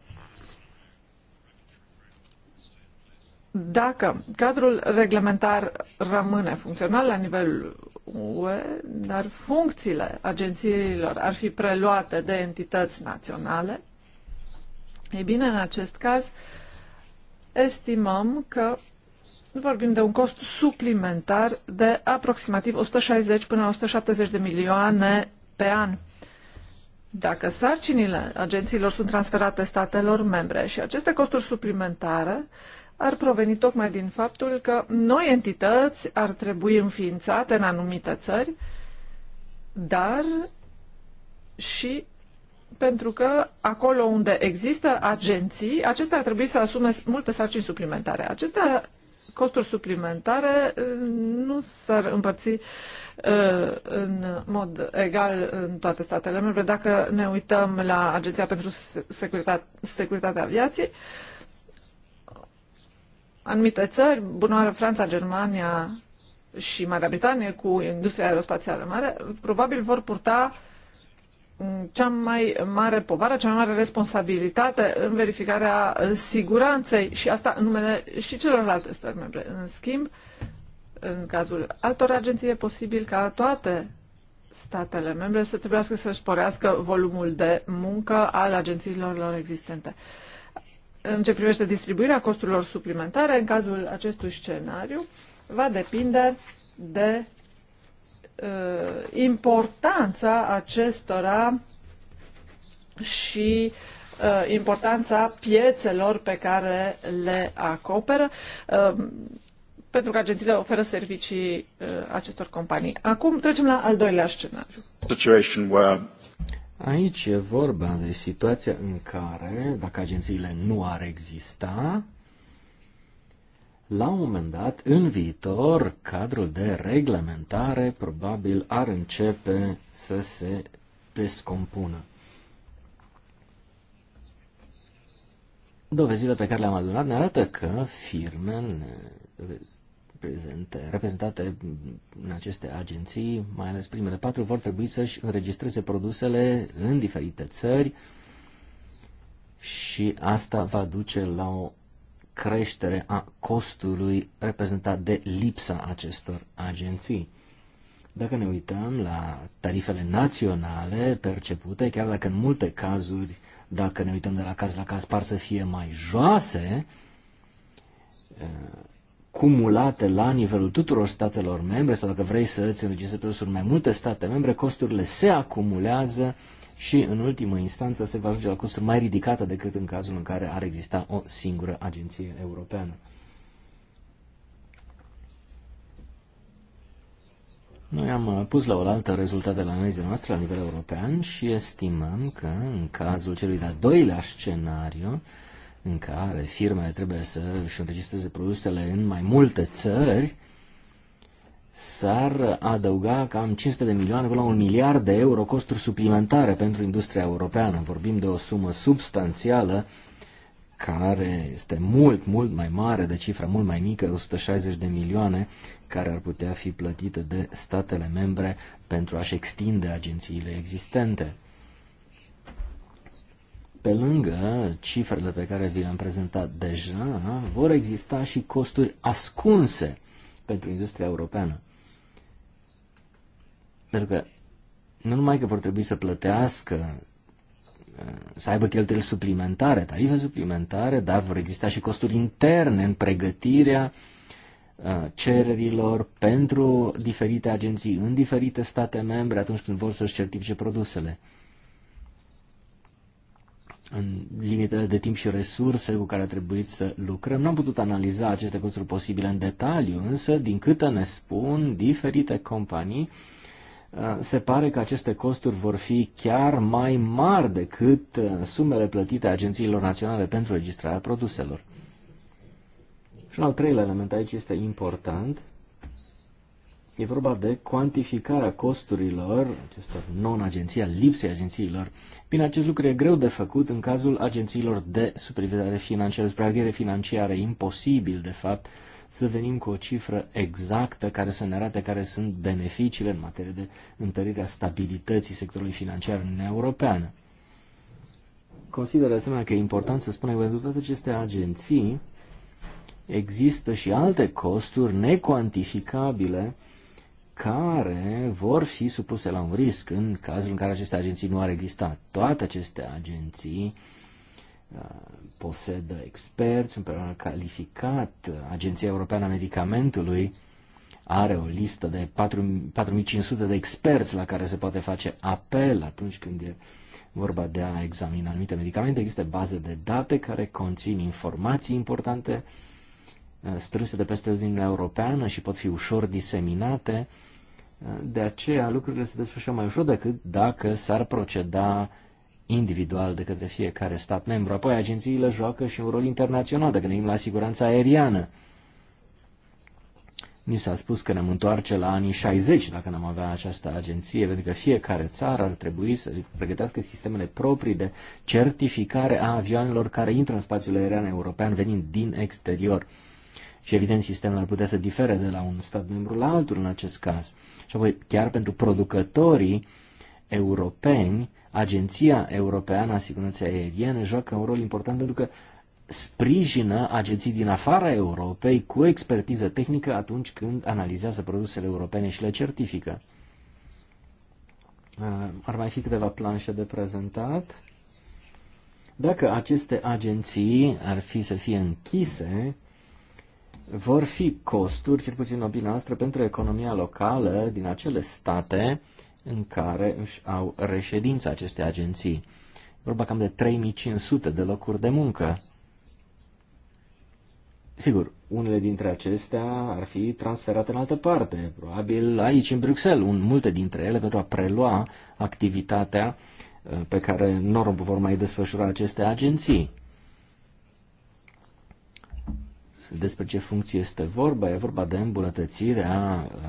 Dacă cadrul reglementar rămâne funcțional la nivel UE, dar funcțiile agențiilor ar fi preluate de entități naționale, e bine, în acest caz, estimăm că vorbim de un cost suplimentar de aproximativ 160 până la 170 de milioane pe an. Dacă sarcinile agențiilor sunt transferate statelor membre și aceste costuri suplimentare ar proveni tocmai din faptul că noi entități ar trebui înființate în anumite țări, dar și pentru că acolo unde există agenții, acestea ar trebui să asume multe sarcini suplimentare. Acestea costuri suplimentare uh, nu s-ar împărți uh, în mod egal în toate statele membre. Dacă ne uităm la Agenția pentru Securitate, Securitatea Aviației, uh, anumite țări, bunoară Franța, Germania și Marea Britanie cu industria aerospațială mare, probabil vor purta mm, cea mai mare povară, cea mai mare responsabilitate în verificarea siguranței și asta în numele și celorlalte stări membre. În schimb, în cazul altor agenții e posibil ca toate statele membre să trebuiască să-și sporească volumul de muncă al agențiilor lor existente. În ce privește distribuirea costurilor suplimentare, în cazul acestui scenariu, va depinde de uh, importanța acestora și uh, importanța piețelor pe care le acoperă, uh, pentru că agențiile oferă servicii uh, acestor companii. Acum trecem la al doilea scenariu. Situation where Aici e vorba de situația în care, dacă agențiile nu ar exista, la un moment dat, în viitor, cadrul de reglementare probabil ar începe să se descompună. Dovezile pe care le-am adunat ne arată că firmele reprezentate în aceste agenții, mai ales primele patru, vor trebui să-și înregistreze produsele în diferite țări și asta va duce la o creștere a costului reprezentat de lipsa acestor agenții. Dacă ne uităm la tarifele naționale percepute, chiar dacă în multe cazuri, dacă ne uităm de la caz la caz, par să fie mai joase, cumulate la nivelul tuturor statelor membre sau dacă vrei să îți înregistrezi produsul mai multe state membre, costurile se acumulează și în ultimă instanță se va ajunge la costuri mai ridicate decât în cazul în care ar exista o singură agenție europeană. Noi am uh, pus la oaltă rezultatele analizei noastre la nivel european și estimăm că în cazul celui de-al doilea scenariu, în care firmele trebuie să își înregistreze produsele în mai multe țări, s-ar adăuga cam 500 de milioane până la un miliard de euro costuri suplimentare pentru industria europeană. Vorbim de o sumă substanțială care este mult, mult mai mare, de cifra mult mai mică, 160 de milioane, care ar putea fi plătită de statele membre pentru a-și extinde agențiile existente pe lângă cifrele pe care vi le-am prezentat deja, vor exista și costuri ascunse pentru industria europeană. Pentru că nu numai că vor trebui să plătească, să aibă cheltuieli suplimentare, tarife suplimentare, dar vor exista și costuri interne în pregătirea uh, cererilor pentru diferite agenții în diferite state membre atunci când vor să-și certifice produsele în limitele de timp și resurse cu care a trebuit să lucrăm. Nu am putut analiza aceste costuri posibile în detaliu, însă, din câte ne spun diferite companii, uh, se pare că aceste costuri vor fi chiar mai mari decât uh, sumele plătite agențiilor naționale pentru registrarea produselor. Și un al treilea element aici este important, E vorba de cuantificarea costurilor acestor non-agenții, a lipsei agențiilor. Bine, acest lucru e greu de făcut în cazul agențiilor de supervizare financiară, supraveghere financiară. imposibil, de fapt, să venim cu o cifră exactă care să ne arate care sunt beneficiile în materie de întărirea stabilității sectorului financiar în Uniunea Europeană. Consider de asemenea că e important să spunem că pentru toate aceste agenții există și alte costuri necuantificabile care vor fi supuse la un risc în cazul în care aceste agenții nu ar exista. Toate aceste agenții uh, posedă experți, un personal calificat, Agenția Europeană a Medicamentului are o listă de 4500 de experți la care se poate face apel atunci când e vorba de a examina anumite medicamente. Există baze de date care conțin informații importante uh, Uh, strânse de peste Uniunea Europeană și pot fi ușor diseminate. Uh, de aceea lucrurile se desfășoară mai ușor decât dacă s-ar proceda individual de către fiecare stat membru. Apoi agențiile joacă și un rol internațional, dacă ne la siguranța aeriană. Ni s-a spus că ne-am întoarce la anii 60 dacă n-am avea această agenție, pentru că fiecare țară ar trebui să pregătească sistemele proprii de certificare a avioanelor care intră în spațiul aerian european venind din exterior. Și evident sistemul ar putea să difere de la un stat membru la altul în acest caz. Și apoi chiar pentru producătorii europeni, Agenția Europeană a Siguranței Aeriene joacă un rol important pentru că sprijină agenții din afara Europei cu expertiză tehnică atunci când analizează produsele europene și le certifică. Uh, ar mai fi câteva planșe de prezentat. Dacă aceste agenții ar fi să fie închise, vor fi costuri, cel puțin în opinia noastră, pentru economia locală din acele state în care își au reședința aceste agenții. Vorba cam de 3500 de locuri de muncă. Sigur, unele dintre acestea ar fi transferate în altă parte, probabil aici, în Bruxelles, un, multe dintre ele pentru a prelua activitatea uh, pe care norm vor mai desfășura aceste agenții. despre ce funcție este vorba. E vorba de îmbunătățirea uh,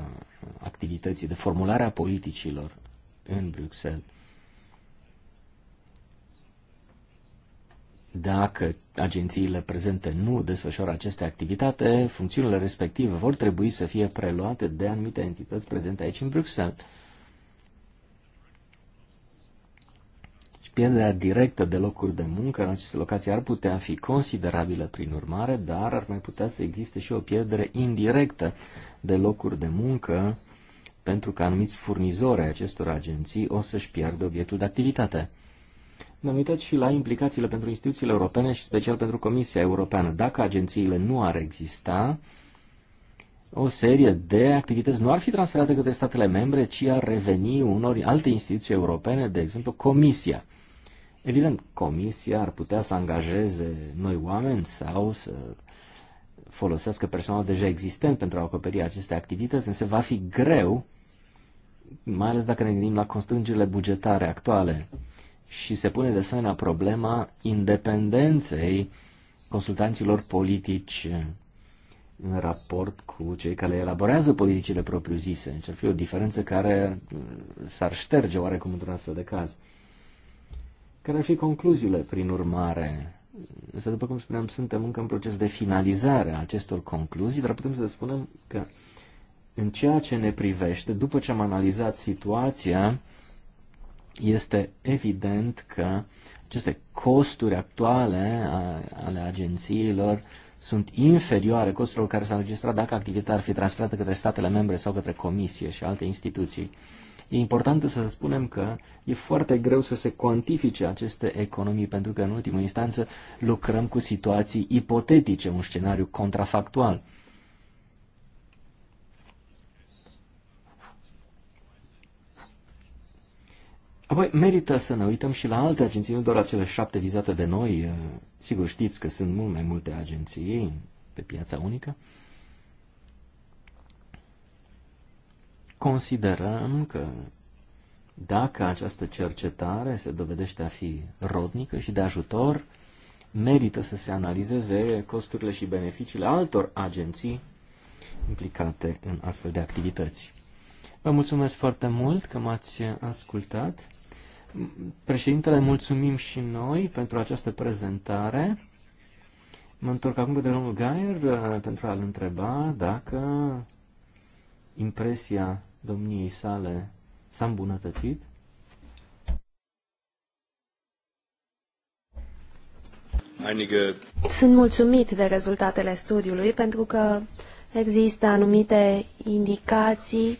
activității, de formularea politicilor în Bruxelles. Dacă agențiile prezente nu desfășoară aceste activitate, funcțiunile respective vor trebui să fie preluate de anumite entități prezente aici în Bruxelles. pierderea directă de locuri de muncă în aceste locații ar putea fi considerabilă prin urmare, dar ar mai putea să existe și o pierdere indirectă de locuri de muncă pentru că anumiți furnizori ai acestor agenții o să-și piardă obiectul de activitate. Ne-am uitat și la implicațiile pentru instituțiile europene și special pentru Comisia Europeană. Dacă agențiile nu ar exista, o serie de activități nu ar fi transferate către statele membre, ci ar reveni unor alte instituții europene, de exemplu Comisia. Evident, comisia ar putea să angajeze noi oameni sau să folosească personal deja existent pentru a acoperi aceste activități, însă va fi greu, mai ales dacă ne gândim la constrângerile bugetare actuale. Și se pune de asemenea problema independenței consultanților politici în raport cu cei care elaborează politicile propriu-zise. Deci ar fi o diferență care s-ar șterge oarecum într-un astfel de caz. Care ar fi concluziile, prin urmare? Să după cum spuneam, suntem încă în proces de finalizare a acestor concluzii, dar putem să spunem că în ceea ce ne privește, după ce am analizat situația, este evident că aceste costuri actuale ale agențiilor sunt inferioare costurilor care s au înregistrat dacă activitatea ar fi transferată către statele membre sau către comisie și alte instituții. E important să spunem că e foarte greu să se cuantifice aceste economii, pentru că, în ultimă instanță, lucrăm cu situații ipotetice, un scenariu contrafactual. Apoi merită să ne uităm și la alte agenții, nu doar acele șapte vizate de noi. Sigur știți că sunt mult mai multe agenții pe piața unică. Considerăm că dacă această cercetare se dovedește a fi rodnică și de ajutor, merită să se analizeze costurile și beneficiile altor agenții implicate în astfel de activități. Vă mulțumesc foarte mult că m-ați ascultat. Președintele, mulțumim și noi pentru această prezentare. Mă întorc acum către domnul Gaier uh, pentru a-l întreba dacă impresia domniei sale s-a îmbunătățit? Sunt mulțumit de rezultatele studiului pentru că există anumite indicații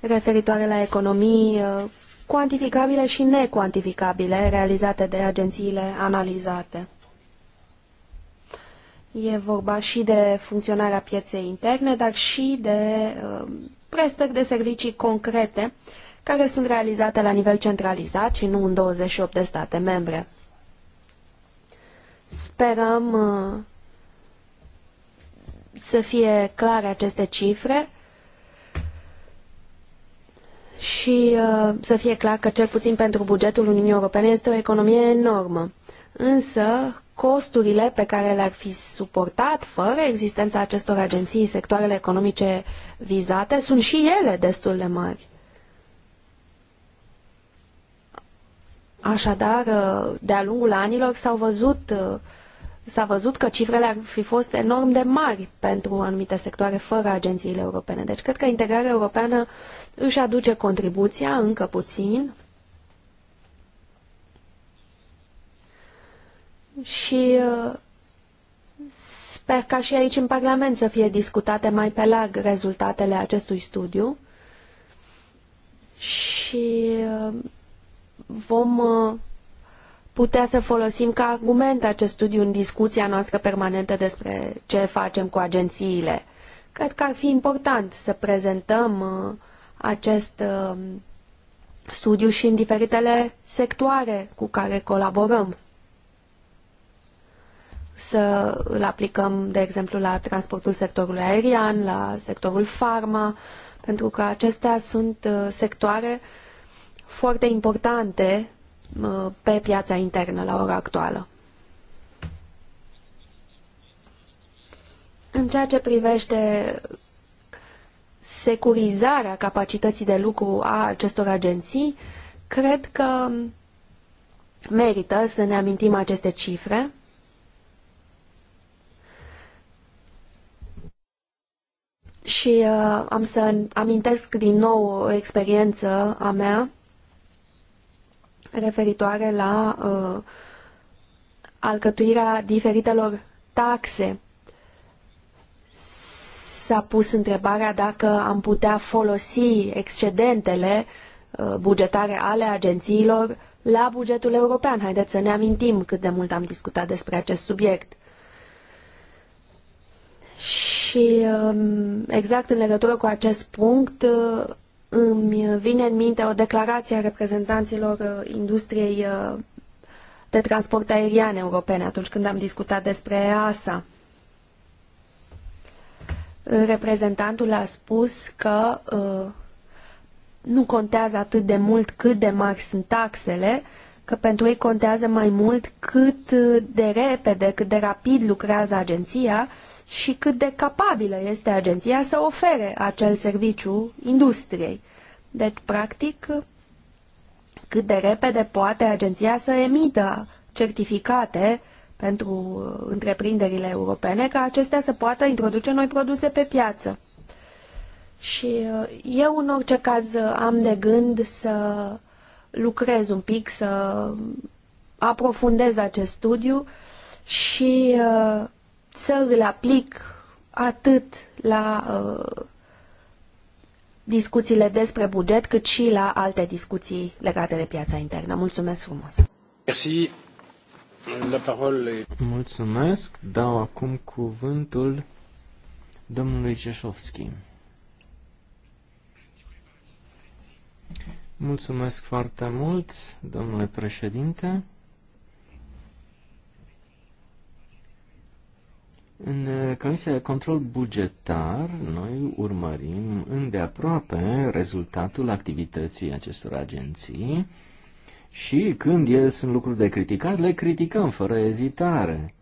referitoare la economii eh, cuantificabile și necuantificabile realizate de agențiile analizate. E vorba și de funcționarea pieței interne, dar și de uh, prestări de servicii concrete care sunt realizate la nivel centralizat și nu în 28 de state membre. Sperăm uh, să fie clare aceste cifre și uh, să fie clar că cel puțin pentru bugetul Uniunii Europene este o economie enormă. Însă, costurile pe care le-ar fi suportat fără existența acestor agenții, sectoarele economice vizate, sunt și ele destul de mari. Așadar, de-a lungul anilor s a văzut, văzut că cifrele ar fi fost enorm de mari pentru anumite sectoare fără agențiile europene. Deci cred că integrarea europeană își aduce contribuția încă puțin, și uh, sper ca și aici în Parlament să fie discutate mai pe larg rezultatele acestui studiu și uh, vom uh, putea să folosim ca argument acest studiu în discuția noastră permanentă despre ce facem cu agențiile. Cred că ar fi important să prezentăm acest studiu și în diferitele sectoare cu care colaborăm să îl aplicăm, de exemplu, la transportul sectorului aerian, la sectorul farma, pentru că acestea sunt uh, sectoare foarte importante uh, pe piața internă la ora actuală. În ceea ce privește securizarea capacității de lucru a acestor agenții, cred că merită să ne amintim aceste cifre. Și uh, am să amintesc din nou o experiență a mea referitoare la uh, alcătuirea diferitelor taxe. S-a pus întrebarea dacă am putea folosi excedentele uh, bugetare ale agențiilor la bugetul european. Haideți să ne amintim cât de mult am discutat despre acest subiect. Și um, exact în legătură cu acest punct uh, îmi vine în minte o declarație a reprezentanților uh, industriei uh, de transport aerian europene atunci când am discutat despre EASA. Reprezentantul a spus că nu contează atât de mult cât de mari sunt taxele, că pentru ei contează mai mult cât de repede, cât de rapid lucrează agenția și cât de capabilă este agenția să ofere acel serviciu industriei. Deci, practic, cât de repede poate agenția să emită certificate pentru întreprinderile europene ca acestea să poată introduce noi produse pe piață. Și uh, eu, în orice caz, am de gând să lucrez un pic, să aprofundez acest studiu și uh, să îl aplic atât la uh, discuțiile despre buget, cât și la alte discuții legate de piața internă. Mulțumesc frumos! Merci. La parole. Mulțumesc. Dau acum cuvântul domnului Ceșovski. Mulțumesc foarte mult, domnule președinte. În uh, Comisia de Control Bugetar, noi urmărim îndeaproape rezultatul activității acestor agenții și când ele sunt lucruri de criticat, le criticăm fără ezitare.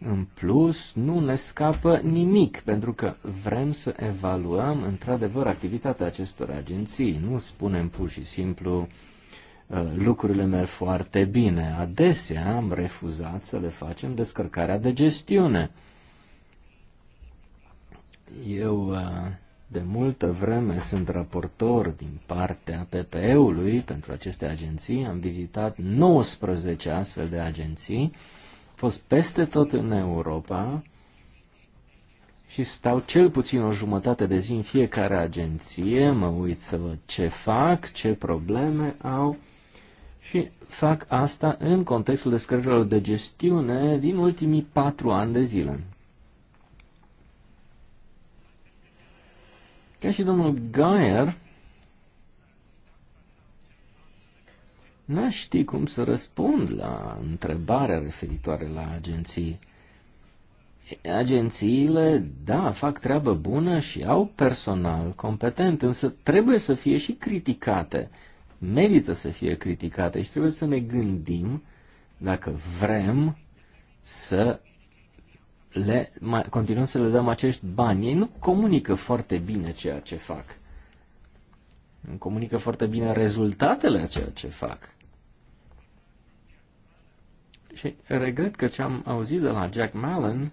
În plus, nu ne scapă nimic, pentru că vrem să evaluăm într-adevăr activitatea acestor agenții. Nu spunem pur și simplu uh, Uh, lucrurile merg foarte bine. Adesea am refuzat să le facem descărcarea de gestiune. Eu uh, de multă vreme sunt raportor din partea PPE-ului pentru aceste agenții. Am vizitat 19 astfel de agenții. Am fost peste tot în Europa și stau cel puțin o jumătate de zi în fiecare agenție, mă uit să văd ce fac, ce probleme au și fac asta în contextul descărcărilor de gestiune din ultimii patru ani de zile. Ca și domnul Gaier, n-aș ști cum să răspund la întrebarea referitoare la agenții. Agențiile, da, fac treabă bună și au personal competent, însă trebuie să fie și criticate merită să fie criticate și trebuie să ne gândim dacă vrem să le, mai, continuăm să le dăm acești bani. Ei nu comunică foarte bine ceea ce fac. Nu comunică foarte bine rezultatele a ceea ce fac. Și regret că ce am auzit de la Jack Mallon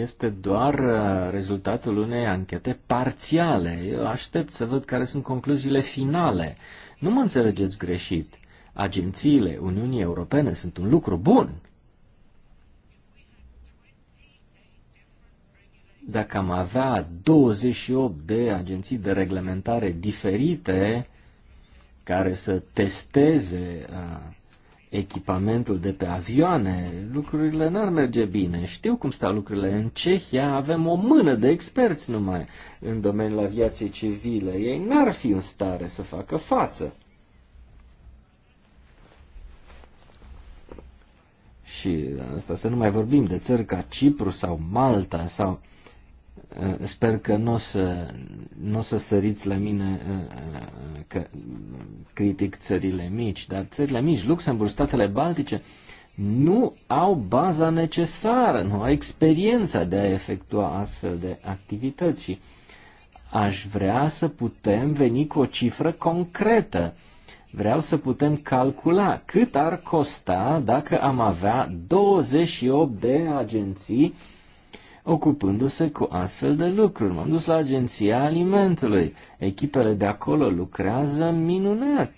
este doar uh, rezultatul unei anchete parțiale. Eu aștept să văd care sunt concluziile finale. Nu mă înțelegeți greșit. Agențiile Uniunii Europene sunt un lucru bun. Dacă am avea 28 de agenții de reglementare diferite care să testeze uh, echipamentul de pe avioane, lucrurile n-ar merge bine. Știu cum stau lucrurile. În Cehia avem o mână de experți numai în domeniul aviației civile. Ei n-ar fi în stare să facă față. Și asta să nu mai vorbim de țări ca Cipru sau Malta sau uh, Eh, sper că nu o să, n-o să săriți la mine eh, eh, că critic țările mici, dar țările mici, Luxemburg, statele baltice, nu au baza necesară, nu au experiența de a efectua astfel de activități și aș vrea să putem veni cu o cifră concretă. Vreau să putem calcula cât ar costa dacă am avea 28 de agenții ocupându-se cu astfel de lucruri. M-am dus la Agenția Alimentului. Echipele de acolo lucrează minunat.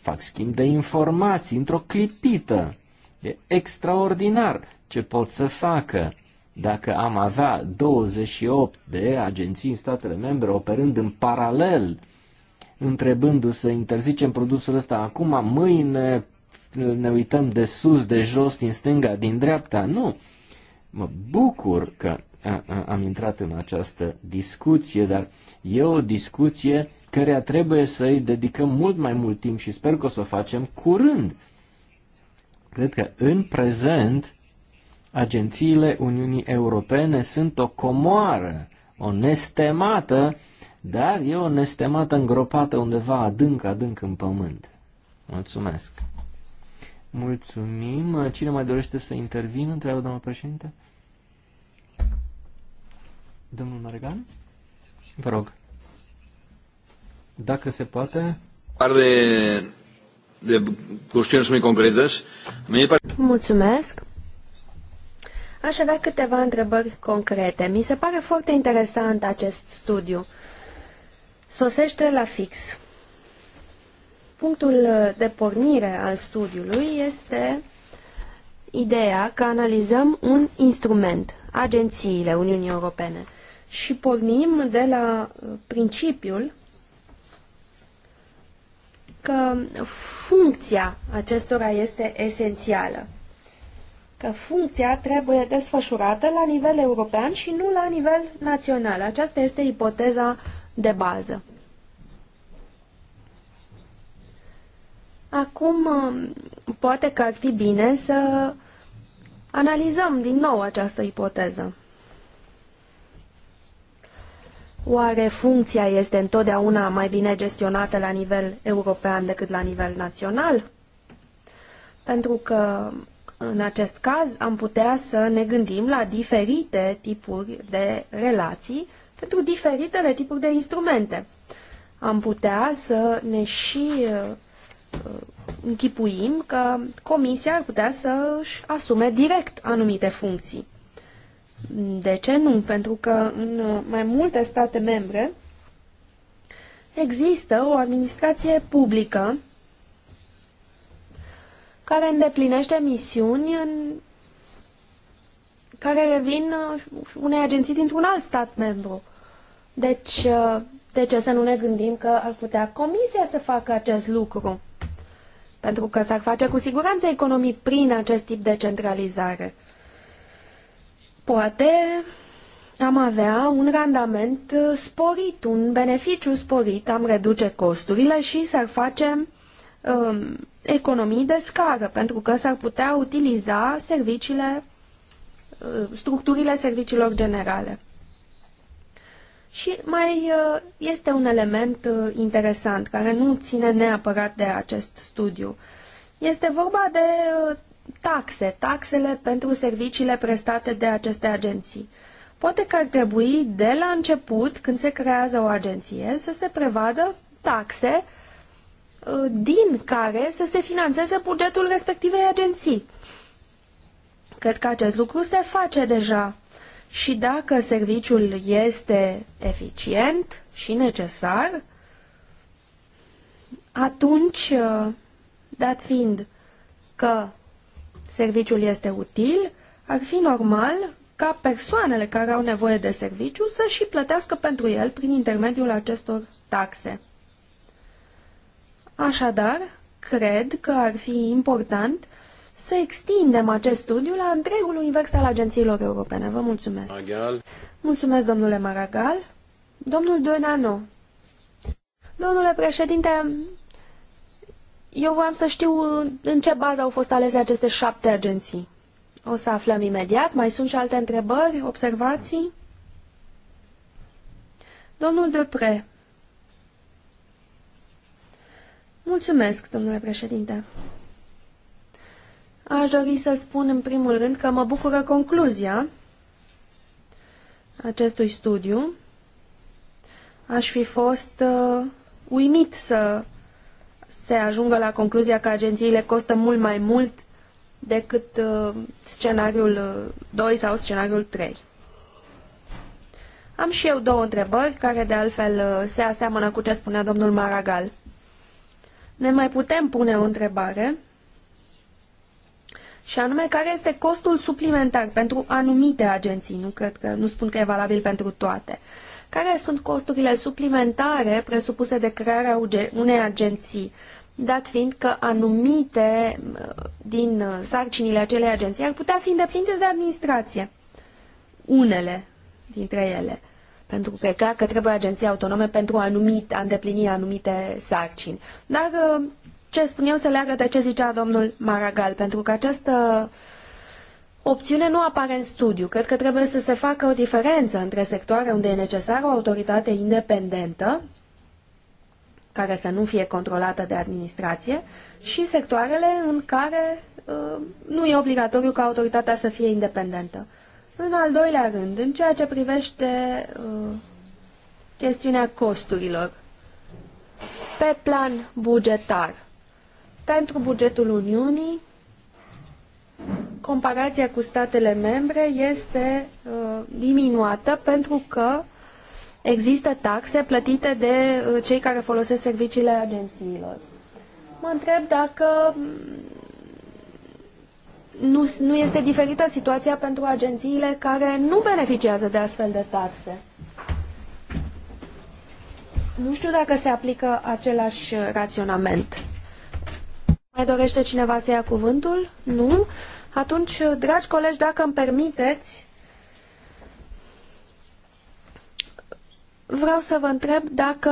Fac schimb de informații într-o clipită. E extraordinar ce pot să facă. Dacă am avea 28 de agenții în statele membre operând în paralel, întrebându-se, interzicem produsul ăsta acum, mâine ne uităm de sus, de jos, din stânga, din dreapta. Nu. Mă bucur că am intrat în această discuție, dar e o discuție care trebuie să-i dedicăm mult mai mult timp și sper că o să o facem curând. Cred că în prezent agențiile Uniunii Europene sunt o comoară, o nestemată, dar e o nestemată îngropată undeva adânc, adânc în pământ. Mulțumesc! Mulțumim. Cine mai dorește să intervină? Întreabă doamna președinte. Domnul Norgan? Vă rog. Dacă se poate. Par de, de cuștiuni mai concrete. Mulțumesc. Aș avea câteva întrebări concrete. Mi se pare foarte interesant acest studiu. Sosește la fix. Punctul de pornire al studiului este ideea că analizăm un instrument, agențiile Uniunii Europene, și pornim de la uh, principiul că funcția acestora este esențială, că funcția trebuie desfășurată la nivel european și nu la nivel național. Aceasta este ipoteza de bază. Acum, um, poate că ar fi bine să analizăm din nou această ipoteză. Oare funcția este întotdeauna mai bine gestionată la nivel european decât la nivel național? Pentru că în acest caz am putea să ne gândim la diferite tipuri de relații pentru diferitele tipuri de instrumente. Am putea să ne și uh, Uh, închipuim că comisia ar putea să își asume direct anumite funcții. De ce nu? Pentru că în mai multe state membre există o administrație publică care îndeplinește misiuni în care revin unei agenții dintr-un alt stat membru. Deci, uh, de ce să nu ne gândim că ar putea comisia să facă acest lucru? pentru că s-ar face cu siguranță economii prin acest tip de centralizare. Poate am avea un randament sporit, un beneficiu sporit, am reduce costurile și s-ar face um, economii de scară, pentru că s-ar putea utiliza serviciile, uh, structurile serviciilor generale. Și mai uh, este un element uh, interesant, care nu ține neapărat de acest studiu. Este vorba de uh, taxe, taxele pentru serviciile prestate de aceste agenții. Poate că ar trebui de la început, când se creează o agenție, să se prevadă taxe din care să se financeze bugetul respectivei agenții. Cred că acest lucru se face deja și dacă serviciul este eficient și necesar, atunci, dat fiind că serviciul este util, ar fi normal ca persoanele care au nevoie de serviciu să și plătească pentru el prin intermediul acestor taxe. Așadar, cred că ar fi important să extindem acest studiu la întregul univers al agențiilor europene. Vă mulțumesc. Margal. Mulțumesc, domnule Maragal. Domnul Donano. Domnule președinte, eu vreau să știu în ce bază au fost alese aceste șapte agenții. O să aflăm imediat. Mai sunt și alte întrebări, observații? Domnul Depre. Mulțumesc, domnule președinte. Aș dori să spun în primul rând că mă bucură concluzia acestui studiu. Aș fi fost uh, uimit să se ajungă la concluzia că agențiile costă mult mai mult decât uh, scenariul uh, 2 sau scenariul 3. Am și eu două întrebări, care de altfel uh, se aseamănă cu ce spunea domnul Maragal. Ne mai putem pune o întrebare și anume care este costul suplimentar pentru anumite agenții, nu, cred că, nu spun că e valabil pentru toate. Care sunt costurile suplimentare presupuse de crearea unei agenții, dat fiind că anumite uh, din uh, sarcinile acelei agenții ar putea fi îndeplinite de administrație, unele dintre ele pentru că e clar că trebuie agenții autonome pentru anumit, a îndeplini anumite sarcini. Dar uh, ce spun eu se leagă de ce zicea domnul Maragal, pentru că această opțiune nu apare în studiu. Cred că trebuie să se facă o diferență între sectoare unde e necesară o autoritate independentă, care să nu fie controlată de administrație, și sectoarele în care uh, nu e obligatoriu ca autoritatea să fie independentă. În al doilea rând, în ceea ce privește uh, chestiunea costurilor, pe plan bugetar, pentru bugetul Uniunii, comparația cu statele membre este uh, diminuată pentru că există taxe plătite de uh, cei care folosesc serviciile agențiilor. Mă întreb dacă mm, nu, nu este diferită situația pentru agențiile care nu beneficiază de astfel de taxe. Nu știu dacă se aplică același raționament. Mai dorește cineva să ia cuvântul? Nu? Atunci, dragi colegi, dacă îmi permiteți, vreau să vă întreb dacă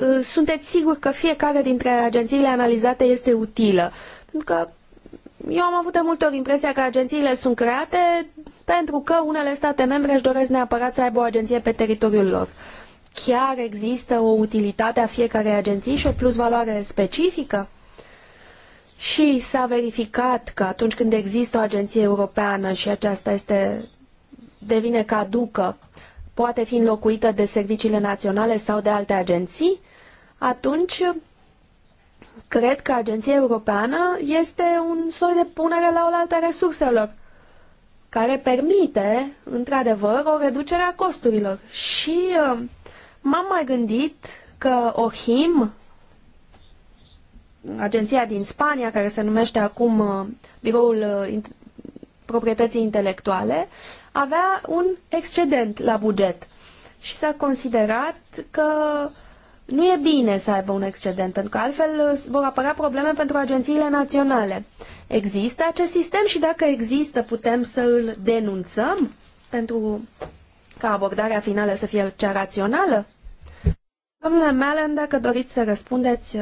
uh, sunteți siguri că fiecare dintre agențiile analizate este utilă. Pentru că eu am avut de multe ori impresia că agențiile sunt create pentru că unele state membre își doresc neapărat să aibă o agenție pe teritoriul lor. Chiar există o utilitate a fiecarei agenții și o plusvaloare specifică? Și s-a verificat că atunci când există o agenție europeană și aceasta este devine caducă, poate fi înlocuită de serviciile naționale sau de alte agenții, atunci cred că agenția europeană este un soi de punere la oaltă a resurselor, care permite, într-adevăr, o reducere a costurilor. Și uh, m-am mai gândit că OHIM, agenția din Spania, care se numește acum uh, Biroul uh, Proprietății Intelectuale, avea un excedent la buget și s-a considerat că nu e bine să aibă un excedent, pentru că altfel uh, vor apărea probleme pentru agențiile naționale. Există acest sistem și dacă există, putem să îl denunțăm pentru ca abordarea finală să fie cea rațională? Domnule Malen, dacă doriți să răspundeți,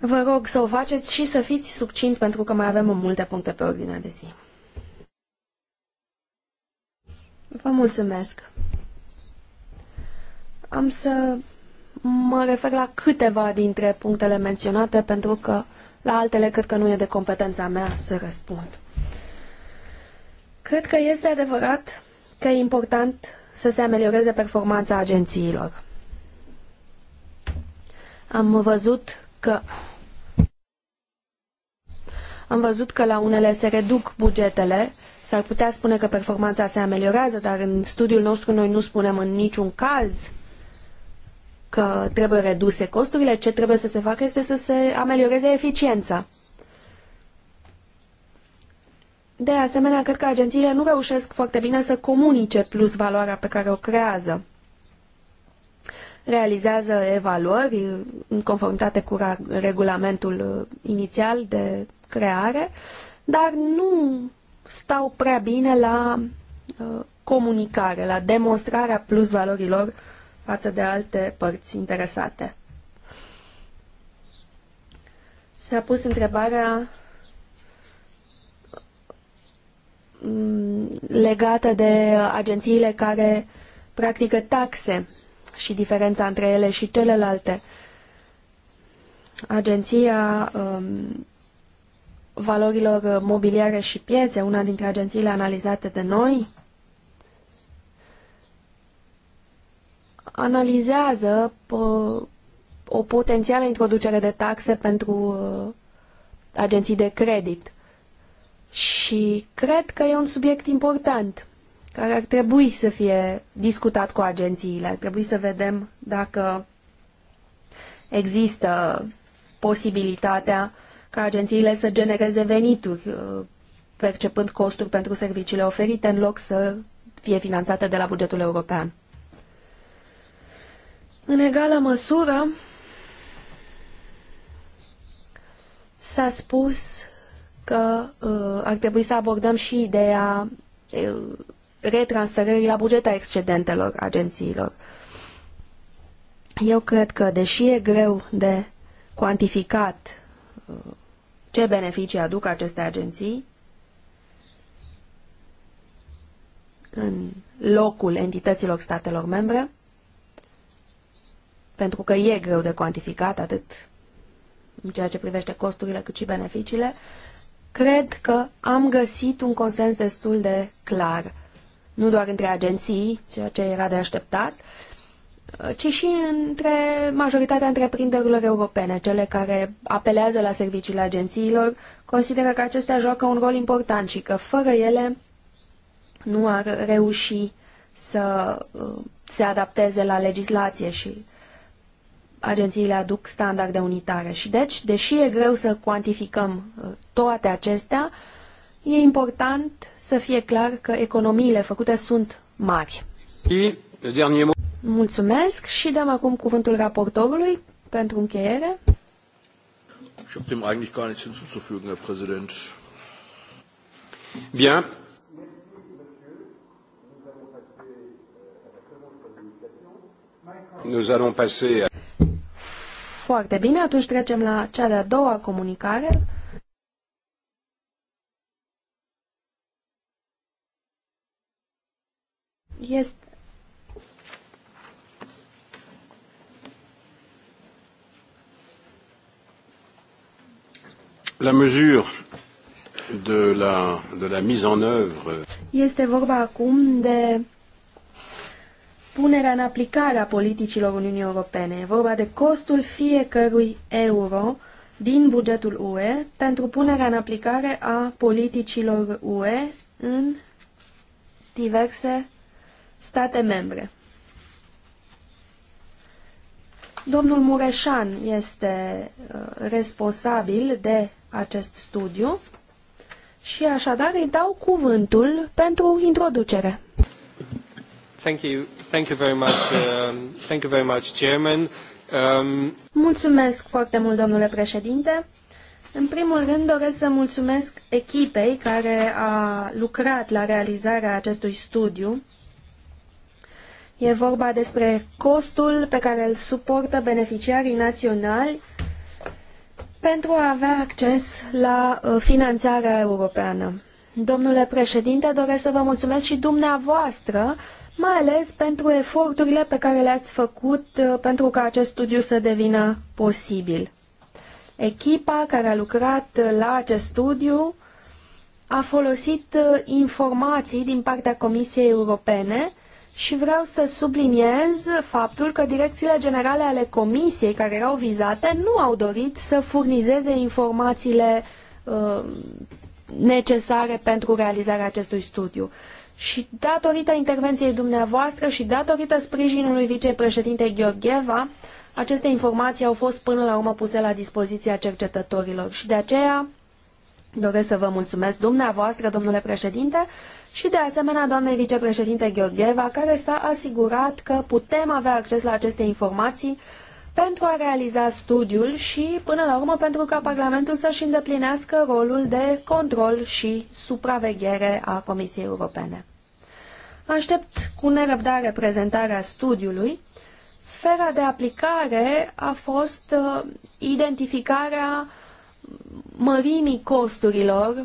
Vă rog să o faceți și să fiți succint pentru că mai avem multe puncte pe ordinea de zi. Vă mulțumesc. Am să mă refer la câteva dintre punctele menționate pentru că la altele cred că nu e de competența mea să răspund. Cred că este adevărat că e important să se amelioreze performanța agențiilor. Am văzut că am văzut că la unele se reduc bugetele. S-ar putea spune că performanța se ameliorează, dar în studiul nostru noi nu spunem în niciun caz că trebuie reduse costurile. Ce trebuie să se facă este să se amelioreze eficiența. De asemenea, cred că agențiile nu reușesc foarte bine să comunice plus valoarea pe care o creează realizează evaluări în conformitate cu regulamentul uh, inițial de creare, dar nu stau prea bine la uh, comunicare, la demonstrarea plus valorilor față de alte părți interesate. S-a pus întrebarea mm, legată de agențiile care practică taxe și diferența între ele și celelalte. Agenția um, Valorilor Mobiliare și Piețe, una dintre agențiile analizate de noi, analizează o potențială introducere de taxe pentru uh, agenții de credit. Și cred că e un subiect important care ar trebui să fie discutat cu agențiile. Ar trebui să vedem dacă există posibilitatea ca agențiile să genereze venituri, uh, percepând costuri pentru serviciile oferite, în loc să fie finanțate de la bugetul european. În egală măsură, s-a spus că uh, ar trebui să abordăm și ideea uh, retransferării la buget a excedentelor agențiilor. Eu cred că, deși e greu de cuantificat uh, ce beneficii aduc aceste agenții în locul entităților statelor membre, pentru că e greu de cuantificat atât în ceea ce privește costurile cât și beneficiile, cred că am găsit un consens destul de clar nu doar între agenții, ceea ce era de așteptat, ci și între majoritatea întreprinderilor europene, cele care apelează la serviciile agențiilor, consideră că acestea joacă un rol important și că fără ele nu ar reuși să uh, se adapteze la legislație și agențiile aduc standarde unitare. Și deci, deși e greu să cuantificăm uh, toate acestea, uh, E important să fie clar că economiile făcute sunt mari. Mulțumesc și dăm acum cuvântul raportorului pentru încheiere. Ich habe dem eigentlich gar nichts hinzuzufügen, Herr Präsident. Bien. Nous allons passer à... Foarte bine, atunci trecem la cea de-a doua comunicare Este La mesure de la, de la mise en œuvre. Este vorba acum de punerea în aplicare a politicilor Uniunii Europene. E vorba de costul fiecărui euro din bugetul UE pentru punerea în aplicare a politicilor UE în diverse state membre. Domnul Mureșan este uh, responsabil de acest studiu și așadar îi dau cuvântul pentru introducere. Thank you. Thank you very much. Um, thank you very much, Chairman. Um... Mulțumesc foarte mult, domnule președinte. În primul rând doresc să mulțumesc echipei care a lucrat la realizarea acestui studiu E vorba despre costul pe care îl suportă beneficiarii naționali pentru a avea acces la uh, finanțarea europeană. Domnule președinte, doresc să vă mulțumesc și dumneavoastră, mai ales pentru eforturile pe care le-ați făcut uh, pentru ca acest studiu să devină posibil. Echipa care a lucrat uh, la acest studiu a folosit informații din partea Comisiei Europene și vreau să subliniez faptul că direcțiile generale ale comisiei care erau vizate nu au dorit să furnizeze informațiile uh, necesare pentru realizarea acestui studiu. Și datorită intervenției dumneavoastră și datorită sprijinului vicepreședintei Gheorgheva, aceste informații au fost până la urmă puse la dispoziția cercetătorilor și de aceea doresc să vă mulțumesc dumneavoastră, domnule președinte, și de asemenea doamnei vicepreședinte Gheorgheva, care s-a asigurat că putem avea acces la aceste informații pentru a realiza studiul și, până la urmă, pentru ca Parlamentul să-și îndeplinească rolul de control și supraveghere a Comisiei Europene. Aștept cu nerăbdare prezentarea studiului. Sfera de aplicare a fost uh, identificarea mărimii costurilor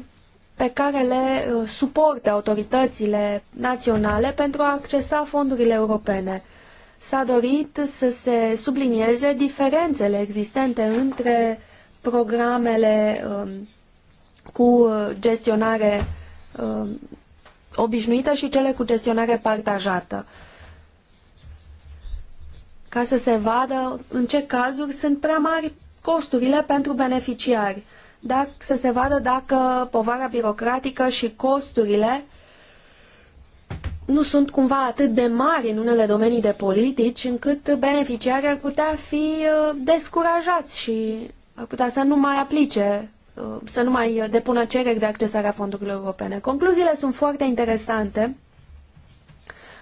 pe care le uh, suportă autoritățile naționale pentru a accesa fondurile europene. S-a dorit să se sublinieze diferențele existente între programele um, cu uh, gestionare um, obișnuită și cele cu gestionare partajată ca să se vadă în ce cazuri sunt prea mari costurile pentru beneficiari dacă, să se vadă dacă povara birocratică și costurile nu sunt cumva atât de mari în unele domenii de politici încât beneficiarii ar putea fi uh, descurajați și ar putea să nu mai aplice, uh, să nu mai depună cereri de accesare a fondurilor europene. Concluziile sunt foarte interesante,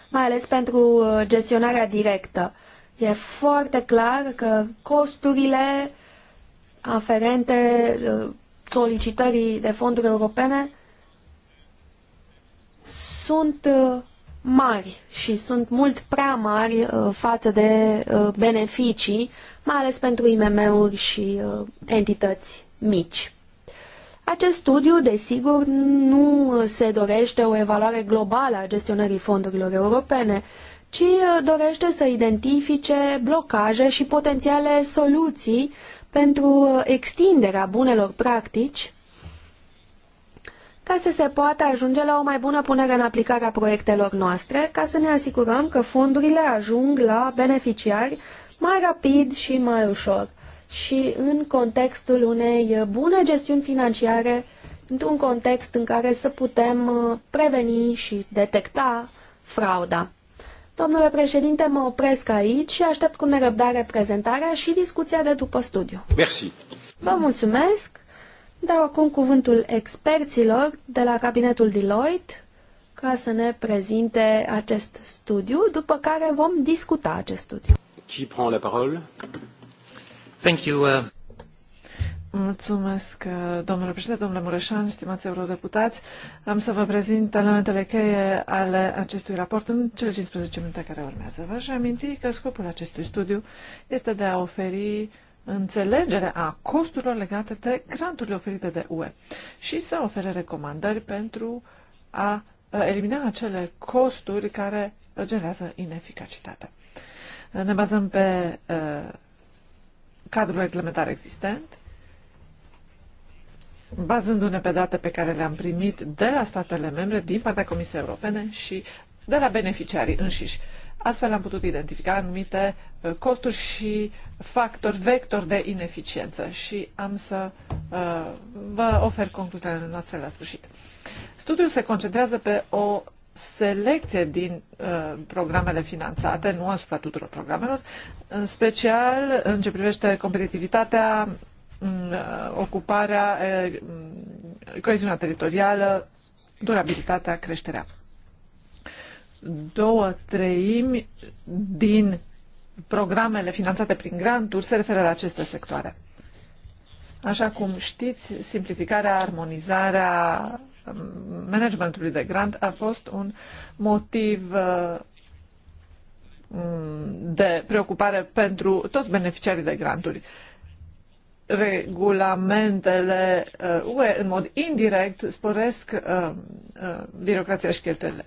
mai ales pentru uh, gestionarea directă. E foarte clar că costurile aferente uh, solicitării de fonduri europene sunt uh, mari și sunt mult prea mari uh, față de beneficii, mai ales pentru IMM-uri și entități mici. Acest studiu, desigur, nu se dorește o evaluare globală a gestionării fondurilor europene, ci dorește să identifice blocaje și potențiale soluții pentru uh, extinderea bunelor practici ca să se poată ajunge la o mai bună punere în aplicare a proiectelor noastre, ca să ne asigurăm că fondurile ajung la beneficiari mai rapid și mai ușor și în contextul unei bune gestiuni financiare, într-un context în care să putem uh, preveni și detecta frauda. Domnule președinte, mă opresc aici și aștept cu nerăbdare prezentarea și discuția de după studiu. Merci. Vă mulțumesc. Dau acum cuvântul experților de la cabinetul Deloitte ca să ne prezinte acest studiu, după care vom discuta acest studiu. Qui prend la parole? Thank you. Uh... Mulțumesc, uh, domnule președinte, domnule Mureșan, stimați eurodeputați. Am să vă prezint elementele cheie ale acestui raport în cele 15 minute care urmează. V-aș aminti că scopul acestui studiu este de a oferi înțelegere a costurilor legate de granturile oferite de UE și să ofere recomandări pentru a elimina acele costuri care generează ineficacitate. Ne bazăm pe uh, cadrul reglementar existent, bazându-ne pe date pe care le-am primit de la statele membre, din partea Comisiei Europene și de la beneficiarii înșiși. Astfel am putut identifica anumite uh, costuri și factori, vectori de ineficiență și am să uh, vă ofer concluziile noastre la sfârșit. Studiul se concentrează pe o selecție din uh, programele finanțate, nu asupra tuturor programelor, în special în ce privește competitivitatea, Uh, ocuparea, uh, coeziunea teritorială, durabilitatea, creșterea. Două treimi din programele finanțate prin granturi se referă la aceste sectoare. Așa cum știți, simplificarea, armonizarea um, managementului de grant a fost un motiv uh, um, de preocupare pentru toți beneficiarii de granturi regulamentele UE uh, în mod indirect sporesc uh, uh, birocrația și cheltuielile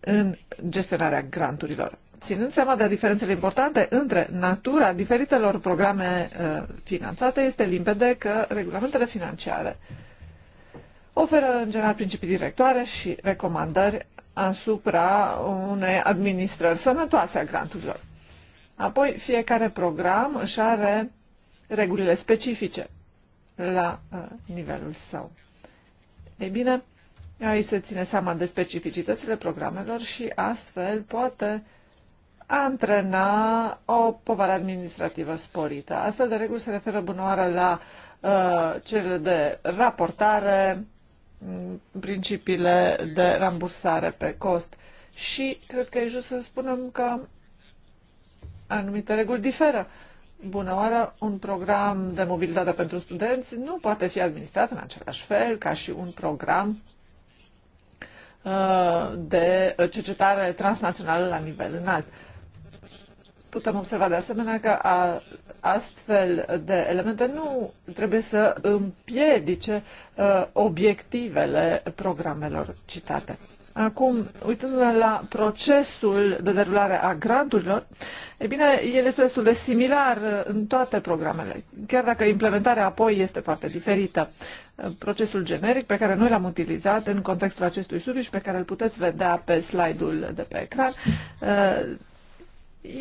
în gestionarea granturilor. Ținând seama de diferențele importante între natura diferitelor programe uh, finanțate, este limpede că regulamentele financiare oferă în general principii directoare și recomandări asupra unei administrări sănătoase a granturilor. Apoi, fiecare program își are regulile specifice la uh, nivelul său. Ei bine, aici se ține seama de specificitățile programelor și astfel poate antrena o povară administrativă sporită. Astfel de reguli se referă bunoară la uh, cele de raportare, mm, principiile de rambursare pe cost și cred că e just să spunem că anumite reguli diferă Bună oară, un program de mobilitate pentru studenți nu poate fi administrat în același fel ca și un program uh, de cercetare transnațională la nivel înalt. Putem observa de asemenea că astfel de elemente nu trebuie să împiedice uh, obiectivele programelor citate. Acum, uitându-ne la procesul de derulare a granturilor, e bine, el este destul de similar uh, în toate programele, chiar dacă implementarea apoi este foarte diferită. Uh, procesul generic pe care noi l-am utilizat în contextul acestui studiu și pe care îl puteți vedea pe slide-ul de pe ecran, uh,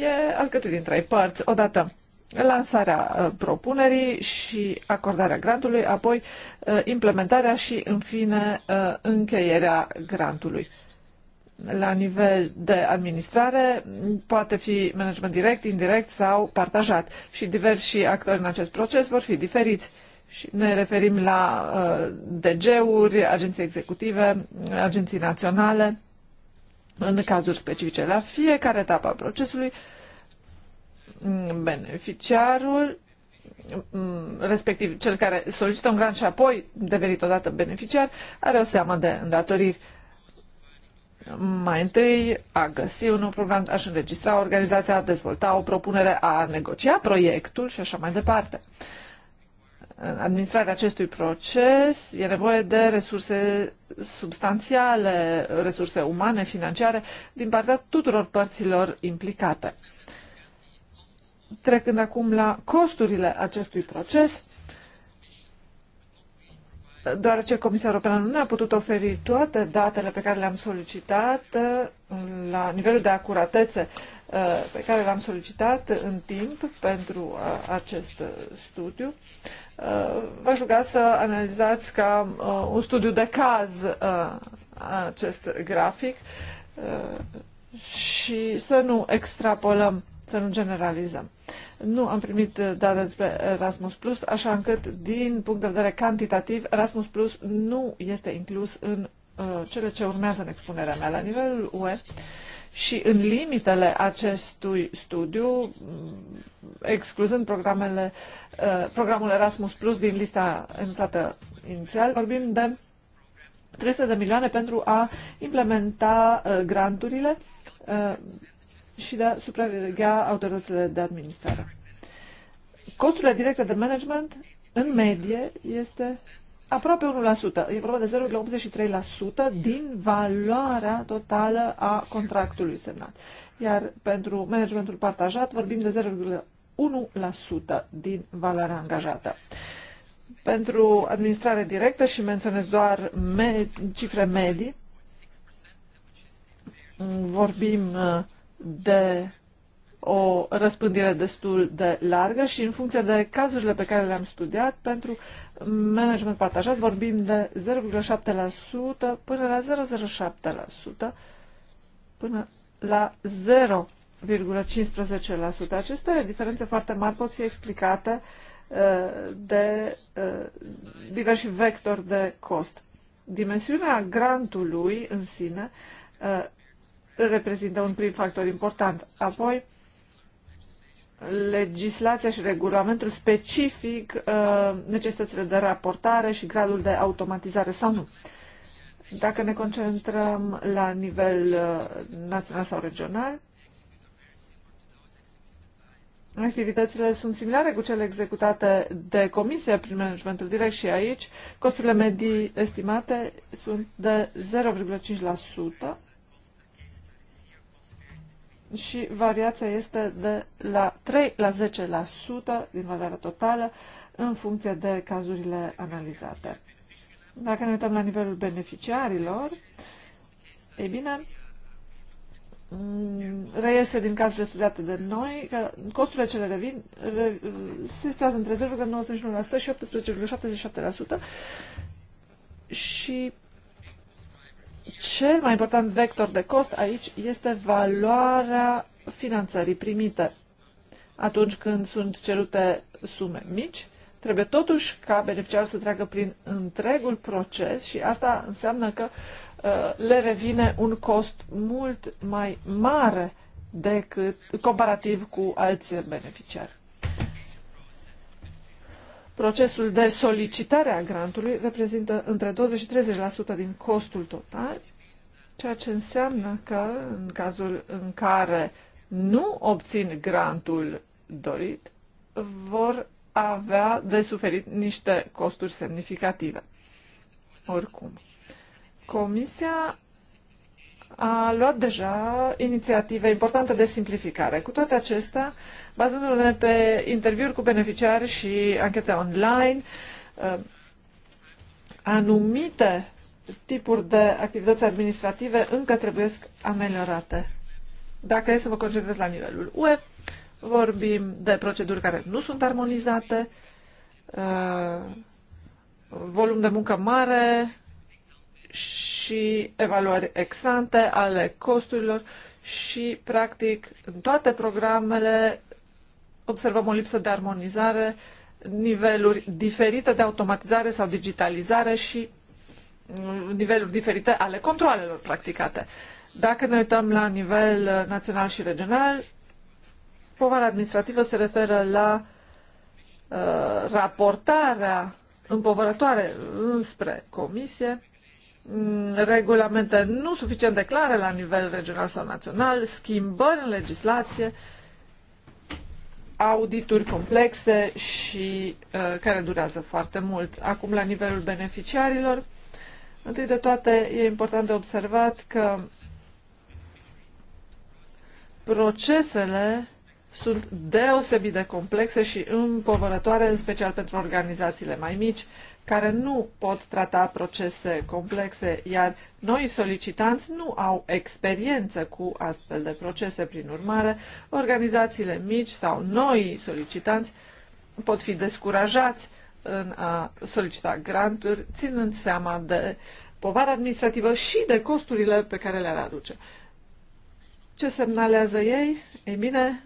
e alcătuit din trei părți. Odată, lansarea uh, propunerii și acordarea grantului, apoi uh, implementarea și, în fine, uh, încheierea grantului. La nivel de administrare poate fi management direct, indirect sau partajat și diversi actori în acest proces vor fi diferiți. Și ne referim la DG-uri, agenții executive, agenții naționale, în cazuri specifice. La fiecare etapă a procesului beneficiarul mm, respectiv cel care solicită un grant și apoi devenit odată beneficiar, are o seamă de îndatoriri. Mai întâi a găsi un nou program, aș înregistra organizația, a dezvolta o propunere, a negocia proiectul și așa mai departe. În administrarea acestui proces e nevoie de resurse substanțiale, resurse umane, financiare, din partea tuturor părților implicate. Trecând acum la costurile acestui proces, deoarece Comisia Europeană nu ne-a putut oferi toate datele pe care le-am solicitat uh, la nivelul de acuratețe uh, pe care l-am solicitat în timp pentru uh, acest studiu. V-aș ruga să analizați ca un studiu de caz acest grafic și să nu extrapolăm, să nu generalizăm. Nu am primit uh, date despre Erasmus Plus, așa încât, din punct de vedere cantitativ, Erasmus Plus nu este inclus în uh, cele ce urmează în expunerea mea. La nivelul UE, și în limitele acestui studiu, mm, excluzând programele, uh, programul Erasmus Plus din lista enunțată inițial, vorbim de 300 de milioane pentru a implementa uh, granturile și de a supraveghea autoritățile de administrare. Costurile directe de management, în medie, este aproape 1%. E vorba de 0,83% din valoarea totală a contractului semnat. Iar pentru managementul partajat vorbim de 0,1% din valoarea angajată. Pentru administrare directă și menționez doar me- cifre medii, vorbim uh, de o răspândire destul de largă și în funcție de cazurile pe care le-am studiat, pentru management partajat vorbim de 0,7% până la 0,07% până la 0,15%. Aceste diferențe foarte mari pot fi explicate uh, de uh, diversi vectori de cost. Dimensiunea grantului în sine uh, reprezintă un prim factor important. Apoi, legislația și regulamentul specific uh, necesitățile de raportare și gradul de automatizare sau nu. Dacă ne concentrăm la nivel uh, național sau regional, Activitățile sunt similare cu cele executate de comisie prin managementul direct și aici. Costurile medii estimate sunt de 0,5% și variația este de la 3 la 10% din valoarea totală în funcție de cazurile analizate. Dacă ne uităm la nivelul beneficiarilor, e bine, mm, reiese din cazurile studiate de noi că costurile cele revin re, se situează între 0,91% și 18,77% și cel mai important vector de cost aici este valoarea finanțării primite. Atunci când sunt cerute sume mici, trebuie totuși ca beneficiarul să treacă prin întregul proces și asta înseamnă că uh, le revine un cost mult mai mare decât comparativ cu alți beneficiari. Procesul de solicitare a grantului reprezintă între 20 și 30% din costul total, ceea ce înseamnă că în cazul în care nu obțin grantul dorit, vor avea de suferit niște costuri semnificative. Oricum, Comisia a luat deja inițiative importante de simplificare. Cu toate acestea, bazându-ne pe interviuri cu beneficiari și anchete online, uh, anumite tipuri de activități administrative încă trebuie ameliorate. Dacă e să mă concentrez la nivelul UE, vorbim de proceduri care nu sunt armonizate, uh, volum de muncă mare, și evaluări exante ale costurilor și, practic, în toate programele observăm o lipsă de armonizare, niveluri diferite de automatizare sau digitalizare și mm, niveluri diferite ale controlelor practicate. Dacă ne uităm la nivel uh, național și regional, povara administrativă se referă la uh, raportarea împovărătoare înspre comisie, Mm, regulamente nu suficient de clare la nivel regional sau național, schimbări în legislație, audituri complexe și uh, care durează foarte mult. Acum, la nivelul beneficiarilor, întâi de toate e important de observat că procesele sunt deosebit de complexe și împovărătoare, în special pentru organizațiile mai mici. Uh, care nu pot trata procese complexe, iar noi solicitanți nu au experiență cu astfel de procese. Prin urmare, organizațiile mici sau noi solicitanți pot fi descurajați în a solicita granturi, ținând seama de povara administrativă și de costurile pe care le-ar aduce. Ce semnalează ei? Ei bine,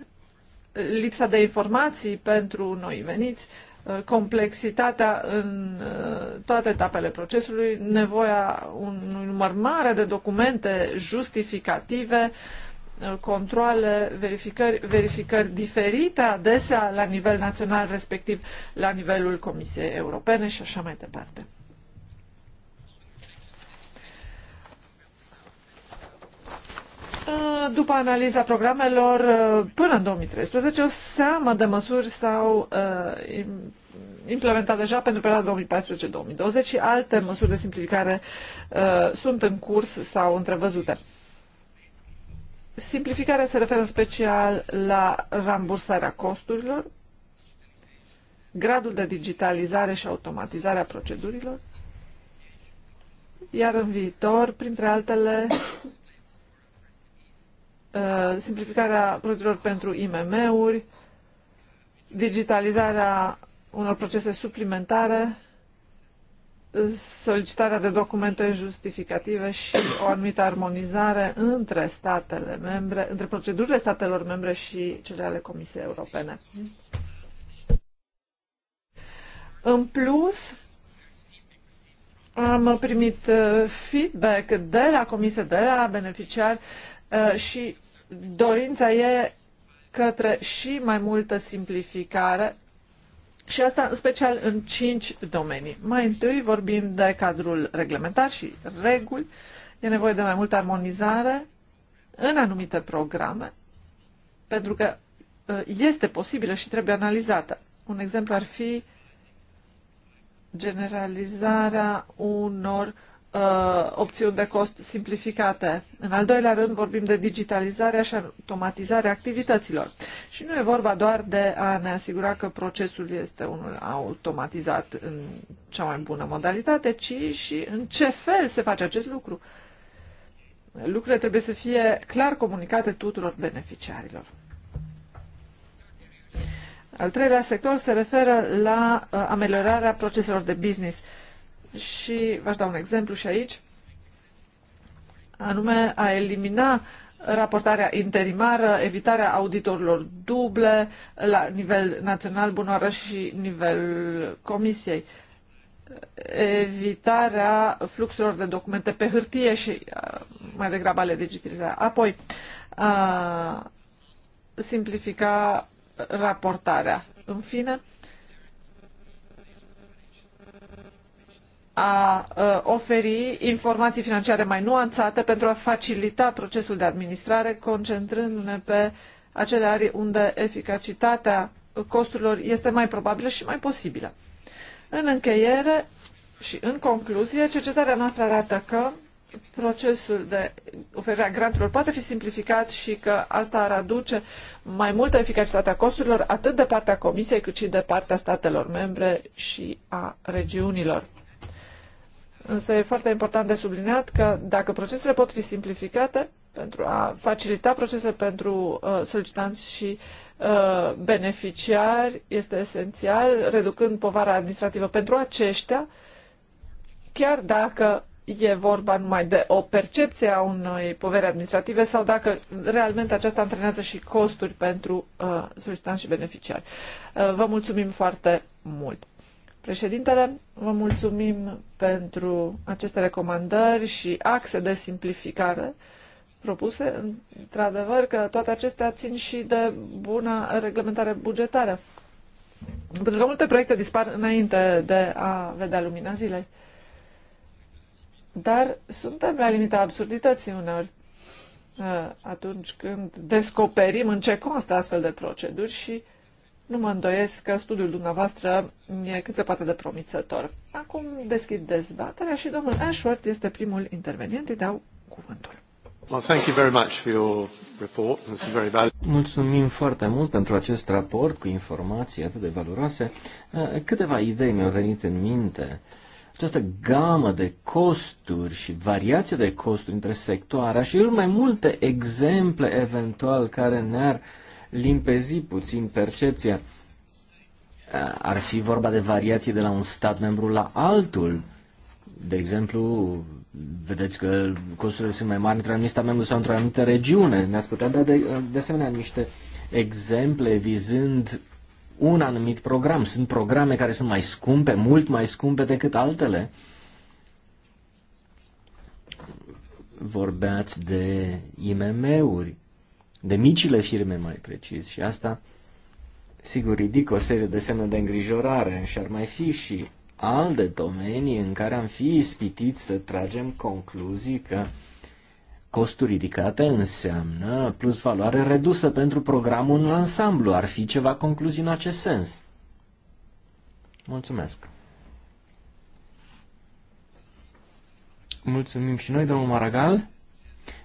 lipsa de informații pentru noi veniți, Uh, complexitatea în uh, toate etapele procesului, nevoia unui număr mare de documente justificative, uh, controle, verificări, verificări diferite adesea la nivel național, respectiv la nivelul Comisiei Europene și așa mai departe. Uh, după analiza programelor uh, până în 2013, o seamă de măsuri s-au uh, implementat deja pentru perioada 2014-2020 și alte măsuri de simplificare sunt în curs sau întrevăzute. Simplificarea se referă în special la rambursarea costurilor, gradul de digitalizare și automatizare a procedurilor, iar în viitor, printre altele, Uh, simplificarea procedurilor pentru IMM-uri, digitalizarea unor procese suplimentare, solicitarea de documente justificative și o anumită armonizare între statele membre, între procedurile statelor membre și cele ale Comisiei Europene. În plus, am primit uh, feedback de la comisie, de la beneficiari uh, și dorința e către și mai multă simplificare și asta în special în cinci domenii. Mai întâi vorbim de cadrul reglementar și reguli. E nevoie de mai multă armonizare în anumite programe, pentru că uh, este posibilă și trebuie analizată. Un exemplu ar fi generalizarea unor uh, opțiuni de cost simplificate. În al doilea rând vorbim de digitalizarea și automatizarea activităților. Și nu e vorba doar de a ne asigura că procesul este unul automatizat în cea mai bună modalitate, ci și în ce fel se face acest lucru. Lucrurile trebuie să fie clar comunicate tuturor beneficiarilor. Al treilea sector se referă la uh, ameliorarea proceselor de business. Uh, și v-aș da un exemplu și aici, anume a elimina raportarea interimară, evitarea auditorilor duble la nivel național, bunoară și nivel comisiei evitarea fluxurilor de documente pe hârtie și uh, mai degrabă ale digitalizarea. Apoi, a uh, simplifica raportarea. În fine, a oferi informații financiare mai nuanțate pentru a facilita procesul de administrare, concentrându-ne pe acele arii unde eficacitatea costurilor este mai probabilă și mai posibilă. În încheiere și în concluzie, cercetarea noastră arată că procesul de oferire a granturilor poate fi simplificat și că asta ar aduce mai multă eficacitate a costurilor atât de partea Comisiei cât și de partea statelor membre și a regiunilor. Însă e foarte important de subliniat că dacă procesele pot fi simplificate pentru a facilita procesele pentru uh, solicitanți și uh, beneficiari, este esențial, reducând povara administrativă pentru aceștia, chiar dacă e vorba numai de o percepție a unei poveri administrative sau dacă realmente aceasta antrenează și costuri pentru uh, solicitanți și beneficiari. Uh, vă mulțumim foarte mult! Președintele, vă mulțumim pentru aceste recomandări și axe de simplificare propuse. Într-adevăr că toate acestea țin și de bună reglementare bugetară. Pentru că multe proiecte dispar înainte de a vedea lumina zilei. Dar suntem la limita absurdității uneori uh, atunci când descoperim în ce constă astfel de proceduri și nu mă îndoiesc că studiul dumneavoastră e cât se poate de promițător. Acum deschid dezbaterea și domnul Ashworth este primul intervenient. Îi dau cuvântul. Well, thank you very much for your report. It's very valuable. Mulțumim foarte mult pentru acest raport cu informații atât de valoroase. Eh, câteva idei mi-au venit în minte. Această gamă de costuri și variație de costuri între sectoare și mai multe exemple eventual care ne-ar uh, limpezi puțin percepția. Ar fi vorba de variații de la un stat membru la altul. De exemplu, vedeți că costurile sunt mai mari într-un anumit stat membru sau într-o anumită regiune. Ne-ați putea da de, de asemenea niște exemple vizând un anumit program. Sunt programe care sunt mai scumpe, mult mai scumpe decât altele. Vorbeați de IMM-uri de micile firme mai precis și asta, sigur, ridică o serie de semne de îngrijorare și ar mai fi și alte domenii în care am fi ispitiți să tragem concluzii că costuri ridicate înseamnă plus valoare redusă pentru programul în ansamblu. Ar fi ceva concluzii în acest sens. Mulțumesc. Mulțumim și noi, domnul Maragal.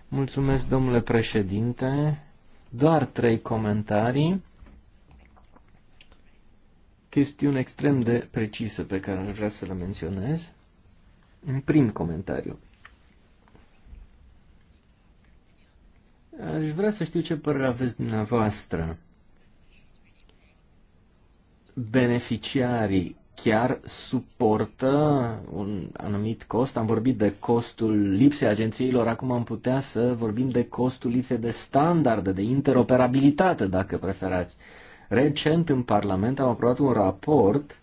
Mulțumesc, domnule președinte doar trei comentarii. Chestiune extrem de precise pe care aș vrea să le menționez. În prim comentariu. Aș vrea să știu ce părere aveți dumneavoastră. Beneficiarii chiar suportă un anumit cost. Am vorbit de costul lipsei agențiilor, acum am putea să vorbim de costul lipsei de standarde, de interoperabilitate, dacă preferați. Recent în Parlament am aprobat un raport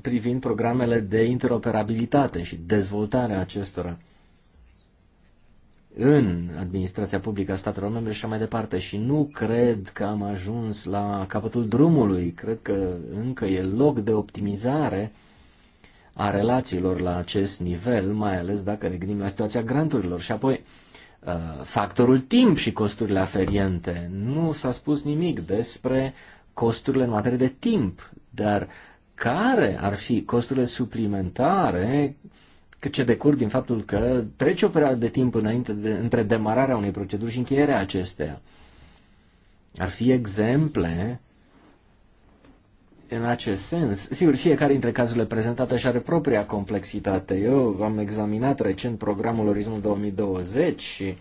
privind programele de interoperabilitate și dezvoltarea acestora în administrația publică a statelor membre și mai departe. Și nu cred că am ajuns la capătul drumului. Cred că încă e loc de optimizare a relațiilor la acest nivel, mai ales dacă ne gândim la situația granturilor. Și apoi uh, factorul timp și costurile aferiente. Nu s-a spus nimic despre costurile în materie de timp, dar care ar fi costurile suplimentare cât ce decurg din faptul că trece o perioadă de timp înainte de, între demararea unei proceduri și încheierea acesteia. Ar fi exemple în acest sens. Sigur, fiecare dintre cazurile prezentate și are propria complexitate. Eu am examinat recent programul Orizont 2020 și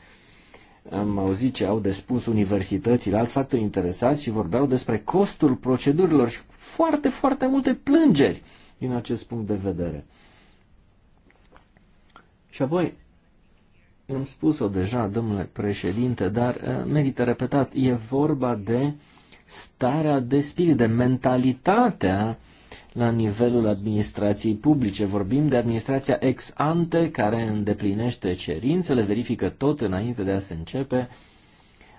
am auzit ce au de spus universitățile, alți factori interesați și vorbeau despre costul procedurilor și foarte, foarte multe plângeri din acest punct de vedere. Și apoi, am spus-o deja, domnule președinte, dar eh, merită repetat, e vorba de starea de spirit, de mentalitatea la nivelul administrației publice. Vorbim de administrația ex ante, care îndeplinește cerințele, verifică tot înainte de a se începe.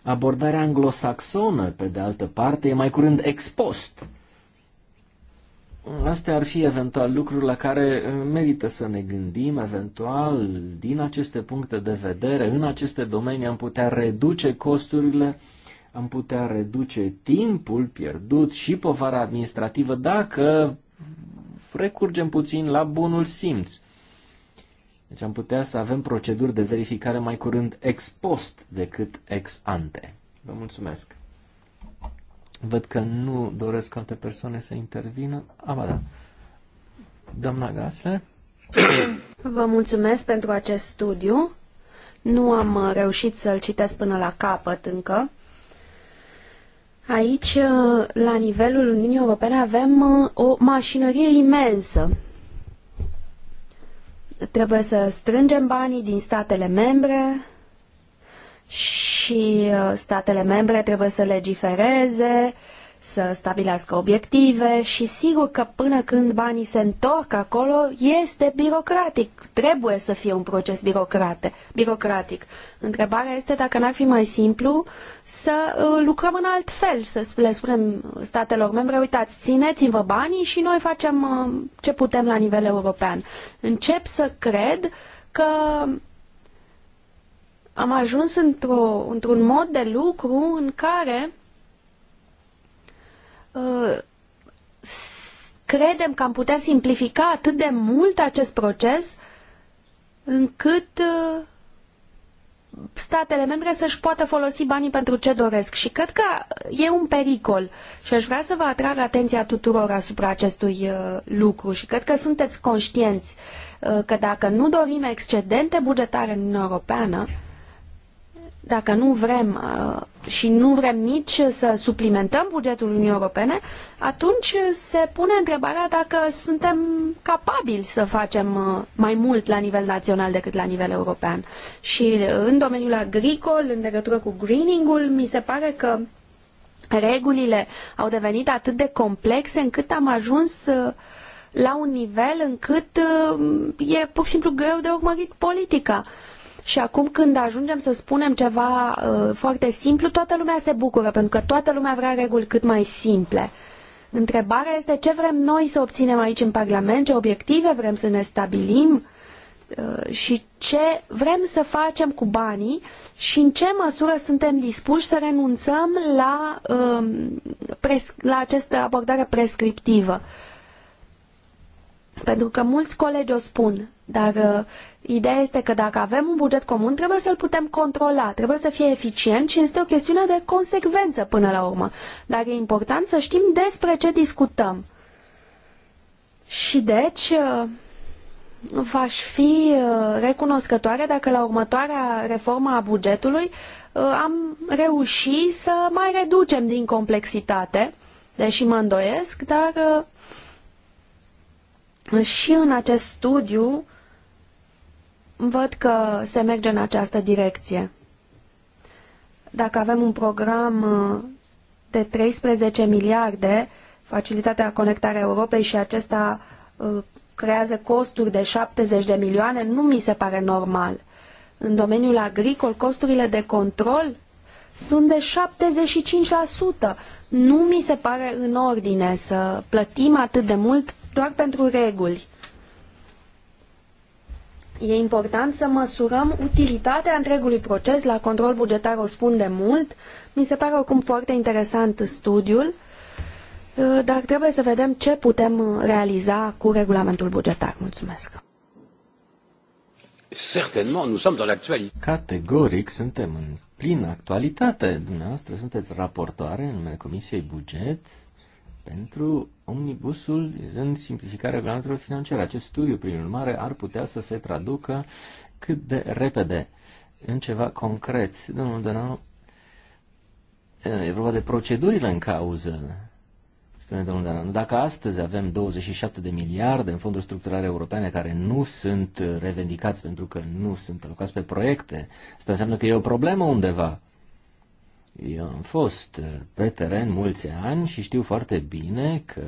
Abordarea anglosaxonă, pe de altă parte, e mai curând ex post. Astea ar fi eventual lucruri la care eh, merită să ne gândim, eventual din aceste puncte de vedere, în aceste domenii am putea reduce costurile, am putea reduce timpul pierdut și povara administrativă dacă recurgem puțin la bunul simț. Deci am putea să avem proceduri de verificare mai curând ex post decât ex ante. Vă mulțumesc! Văd că nu doresc alte persoane să intervină. Aba da. Doamna Gasle. Vă mulțumesc pentru acest studiu. Nu am reușit să-l citesc până la capăt încă. Aici, la nivelul Uniunii Europene, avem uh, o mașinărie imensă. Trebuie să strângem banii din statele membre, și uh, statele membre trebuie să legifereze, să stabilească obiective și sigur că până când banii se întorc acolo este birocratic. Trebuie să fie un proces birocrate, birocratic. Întrebarea este dacă n-ar fi mai simplu să uh, lucrăm în alt fel, să le spunem statelor membre, uitați, țineți-vă banii și noi facem uh, ce putem la nivel european. Încep să cred că am ajuns într-o, într-un mod de lucru în care uh, credem că am putea simplifica atât de mult acest proces încât uh, statele membre să-și poată folosi banii pentru ce doresc. Și cred că e un pericol și aș vrea să vă atrag atenția tuturor asupra acestui uh, lucru și cred că sunteți conștienți uh, că dacă nu dorim excedente bugetare în Uniunea Europeană, dacă nu vrem uh, și nu vrem nici să suplimentăm bugetul Uniunii Europene, atunci se pune întrebarea dacă suntem capabili să facem uh, mai mult la nivel național decât la nivel european. Și în domeniul agricol, în legătură cu greening-ul, mi se pare că regulile au devenit atât de complexe încât am ajuns uh, la un nivel încât e pur și simplu greu de urmărit politica. Uh, și acum când ajungem să spunem ceva uh, foarte simplu, toată lumea se bucură, pentru că toată lumea vrea reguli cât mai simple. Întrebarea este ce vrem noi să obținem aici în Parlament, ce obiective vrem să ne stabilim uh, și ce vrem să facem cu banii și în ce măsură suntem dispuși să renunțăm la, um, la această abordare prescriptivă. Pentru că mulți colegi o spun, dar mhm. uh, ideea este că dacă avem un buget comun, trebuie să-l putem controla, trebuie să fie eficient și este o chestiune de consecvență până la urmă. Dar e important să știm despre ce discutăm. Și deci, uh, v-aș fi uh, recunoscătoare dacă la următoarea reformă a bugetului uh, am reușit să mai reducem din complexitate, deși mă îndoiesc, dar uh, și în acest studiu văd că se merge în această direcție. Dacă avem un program uh, de 13 miliarde, facilitatea conectarea Europei și acesta uh, creează costuri de 70 de milioane, nu mi se pare normal. În domeniul agricol, costurile de control sunt de 75%. Nu mi se pare în ordine să plătim atât de mult doar pentru reguli. E important să măsurăm utilitatea întregului proces. La control bugetar o spun de mult. Mi se pare oricum foarte interesant studiul, uh, dar trebuie să vedem ce putem uh, realiza cu regulamentul bugetar. Mulțumesc! Categoric, suntem în plină actualitate. Dumneavoastră sunteți raportoare în numele Comisiei Buget pentru omnibusul vizând simplificarea regulamentelor financiare. Acest studiu, prin urmare, ar putea să se traducă cât de repede în ceva concret. Domnul Dănau, e vorba de procedurile în cauză, spune domnul Dănau, Dacă astăzi avem 27 de miliarde în fonduri structurale europene care nu sunt revendicați pentru că nu sunt alocați pe proiecte, asta înseamnă că e o problemă undeva. Eu am fost uh, pe teren mulți ani și știu foarte bine că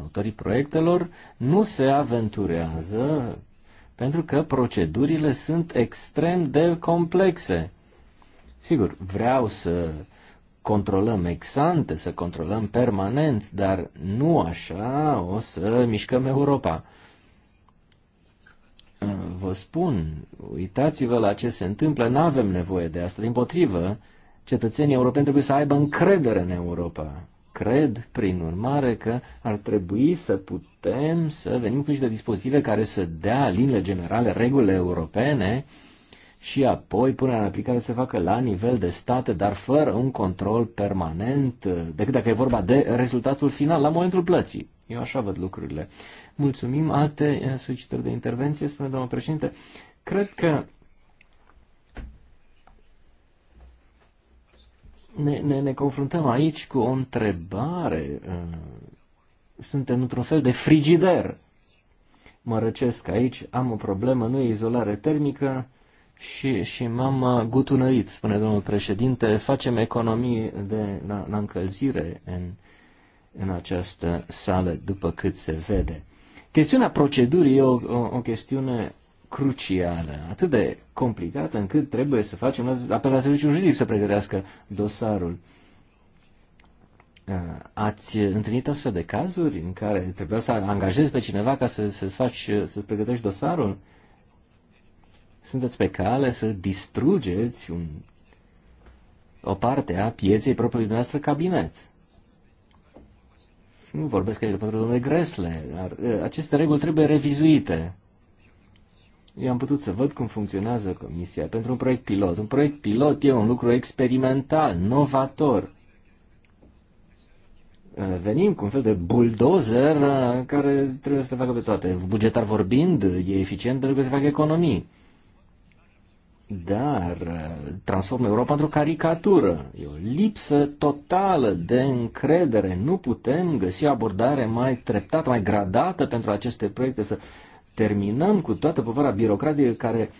autorii proiectelor nu se aventurează pentru că procedurile sunt extrem de complexe. Sigur, vreau să controlăm exante, să controlăm permanent, dar nu așa o să mișcăm Europa. Uh, vă spun, uitați-vă la ce se întâmplă, nu avem nevoie de asta. Din potrivă, cetățenii europeni trebuie să aibă încredere în Europa. Cred, prin urmare, că ar trebui să putem să venim cu niște dispozitive care să dea linile generale, regulile europene și apoi punerea în aplicare să facă la nivel de state, dar fără un control permanent, uh, decât dacă e vorba de rezultatul final, la momentul plății. Eu așa văd lucrurile. Mulțumim. Alte uh, solicitări de intervenție, spune domnul președinte. Cred că ne, ne, ne confruntăm aici cu o întrebare. Uh, suntem într-un fel de frigider. Mă răcesc aici, am o problemă, nu e izolare termică și, și m-am uh, gutunărit, spune domnul președinte. Facem economii de, la, la încălzire în, în această sală, după cât se vede. Chestiunea procedurii e o, o, o chestiune crucială, atât de complicată încât trebuie să facem apel la serviciul juridic să pregătească dosarul. Uh, ați întâlnit astfel de cazuri în care trebuia să angajezi pe cineva ca să, să faci, să pregătești dosarul? Sunteți pe cale să distrugeți un, o parte a pieței propriului dumneavoastră cabinet. Nu vorbesc aici de patru domnule Gresle, dar uh, aceste reguli trebuie revizuite eu am putut să văd cum funcționează comisia pentru un proiect pilot. Un proiect pilot e un lucru experimental, novator. Uh, venim cu un fel de bulldozer uh, care trebuie să le facă pe toate. Bugetar vorbind, e eficient pentru că se fac economii. Dar uh, transformă Europa într-o caricatură. E o lipsă totală de încredere. Nu putem găsi o abordare mai treptată, mai gradată pentru aceste proiecte, să terminăm cu toată povara birocratică care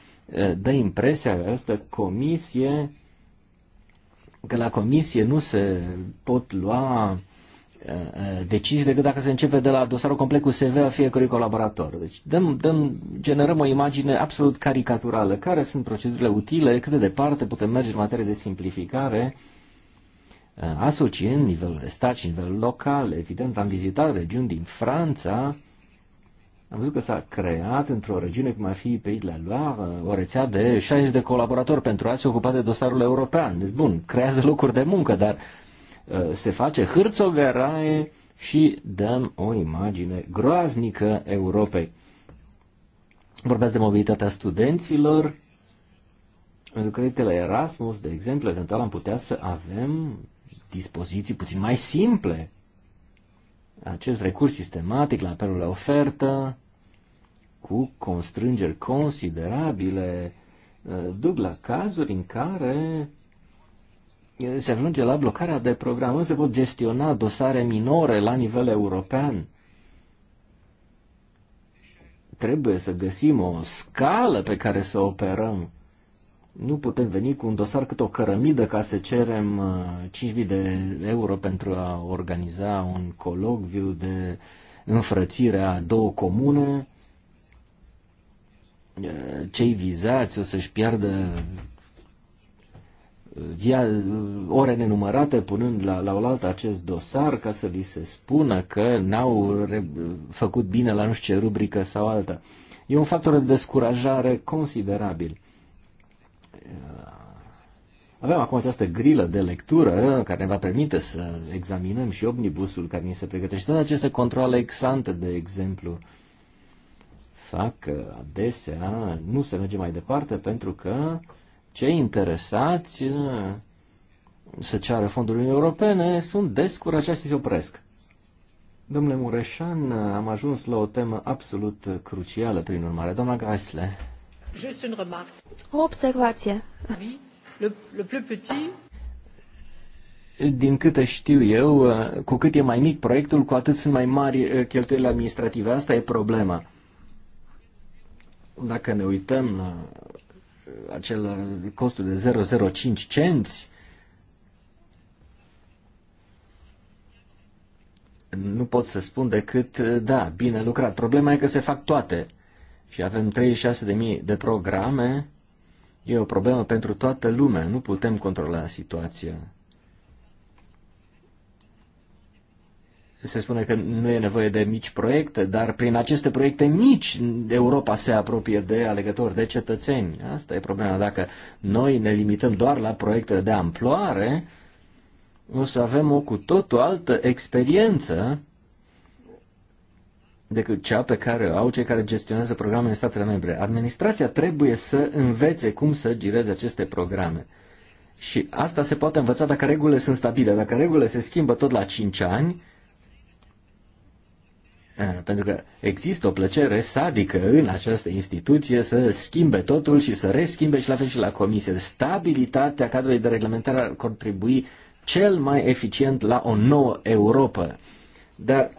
dă impresia că asta comisie, că la comisie nu se pot lua decizii decât dacă se începe de la dosarul complet cu CV a fiecărui colaborator. Deci dăm, dăm, generăm o imagine absolut caricaturală. Care sunt procedurile utile, cât de departe putem merge în materie de simplificare, asociind nivelul de stat și nivelul local. Evident, am vizitat regiuni din Franța, am văzut că s-a creat într-o regiune cum ar fi pe la Loire uh, o rețea de 60 de colaboratori pentru a se ocupa de dosarul european. Deci, bun, creează locuri de muncă, dar uh, se face hârțogăraie și dăm o imagine groaznică Europei. Vorbeați de mobilitatea studenților. Pentru creditele Erasmus, de exemplu, eventual am putea să avem dispoziții puțin mai simple acest recurs sistematic la apelul la ofertă, cu constrângeri considerabile, uh, duc la cazuri în care uh, se ajunge la blocarea de program. Nu se pot gestiona dosare minore la nivel european. Trebuie să găsim o scală pe care să operăm nu putem veni cu un dosar cât o cărămidă ca să cerem 5.000 uh, de euro pentru a organiza un colocviu de înfrățire a două comune. Uh, cei vizați o să-și piardă uh, via, ore nenumărate punând la, la oaltă acest dosar ca să li se spună că n-au făcut bine la nu știu ce rubrică sau alta. E un factor de descurajare considerabil. Uh, avem acum această grilă de lectură care ne va permite să examinăm și omnibusul care ni se pregătește. Toate aceste controle exante, de exemplu, fac că adesea nu se merge mai departe pentru că cei interesați uh, să ceară fondurile europene sunt descurajați și se opresc. Domnule Mureșan, am ajuns la o temă absolut crucială, prin urmare. Doamna Gaisle, Just une remarque. O observație. Le, le Din câte știu eu, uh, cu cât e mai mic proiectul, cu atât sunt mai mari uh, cheltuielile administrative. Asta e problema. Dacă ne uităm la uh, acel costul de 0,05 cenți, nu pot să spun decât, da, bine lucrat. Problema e că se fac toate și avem 36.000 de programe, e o problemă pentru toată lumea. Nu putem controla situația. Se spune că nu e nevoie de mici proiecte, dar prin aceste proiecte mici Europa se apropie de alegători, de cetățeni. Asta e problema. Dacă noi ne limităm doar la proiectele de amploare, o să avem o cu totul altă experiență decât cea pe care o au cei care gestionează programe în statele membre. Administrația trebuie să învețe cum să gireze aceste programe. Și asta se poate învăța dacă regulile sunt stabile. Dacă regulile se schimbă tot la 5 ani, eh, pentru că există o plăcere sadică în această instituție să schimbe totul și să reschimbe și la fel și la comisie. Stabilitatea cadrului de reglementare ar contribui cel mai eficient la o nouă Europa. Dar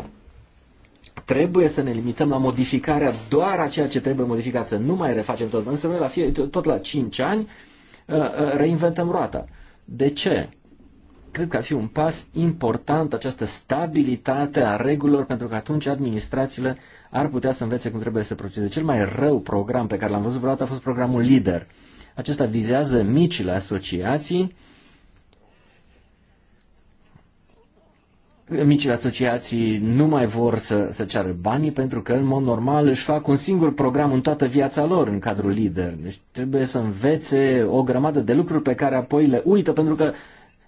trebuie să ne limităm la modificarea doar a ceea ce trebuie modificat, să nu mai refacem tot. Însă noi la fie, tot la 5 ani uh, uh, reinventăm roata. De ce? Cred că ar fi un pas important această stabilitate a regulilor, pentru că atunci administrațiile ar putea să învețe cum trebuie să procedeze. Cel mai rău program pe care l-am văzut vreodată a fost programul LIDER. Acesta vizează micile asociații micile asociații nu mai vor să, să ceară banii pentru că, în mod normal, își fac un singur program în toată viața lor în cadrul lider. Deci trebuie să învețe o grămadă de lucruri pe care apoi le uită pentru că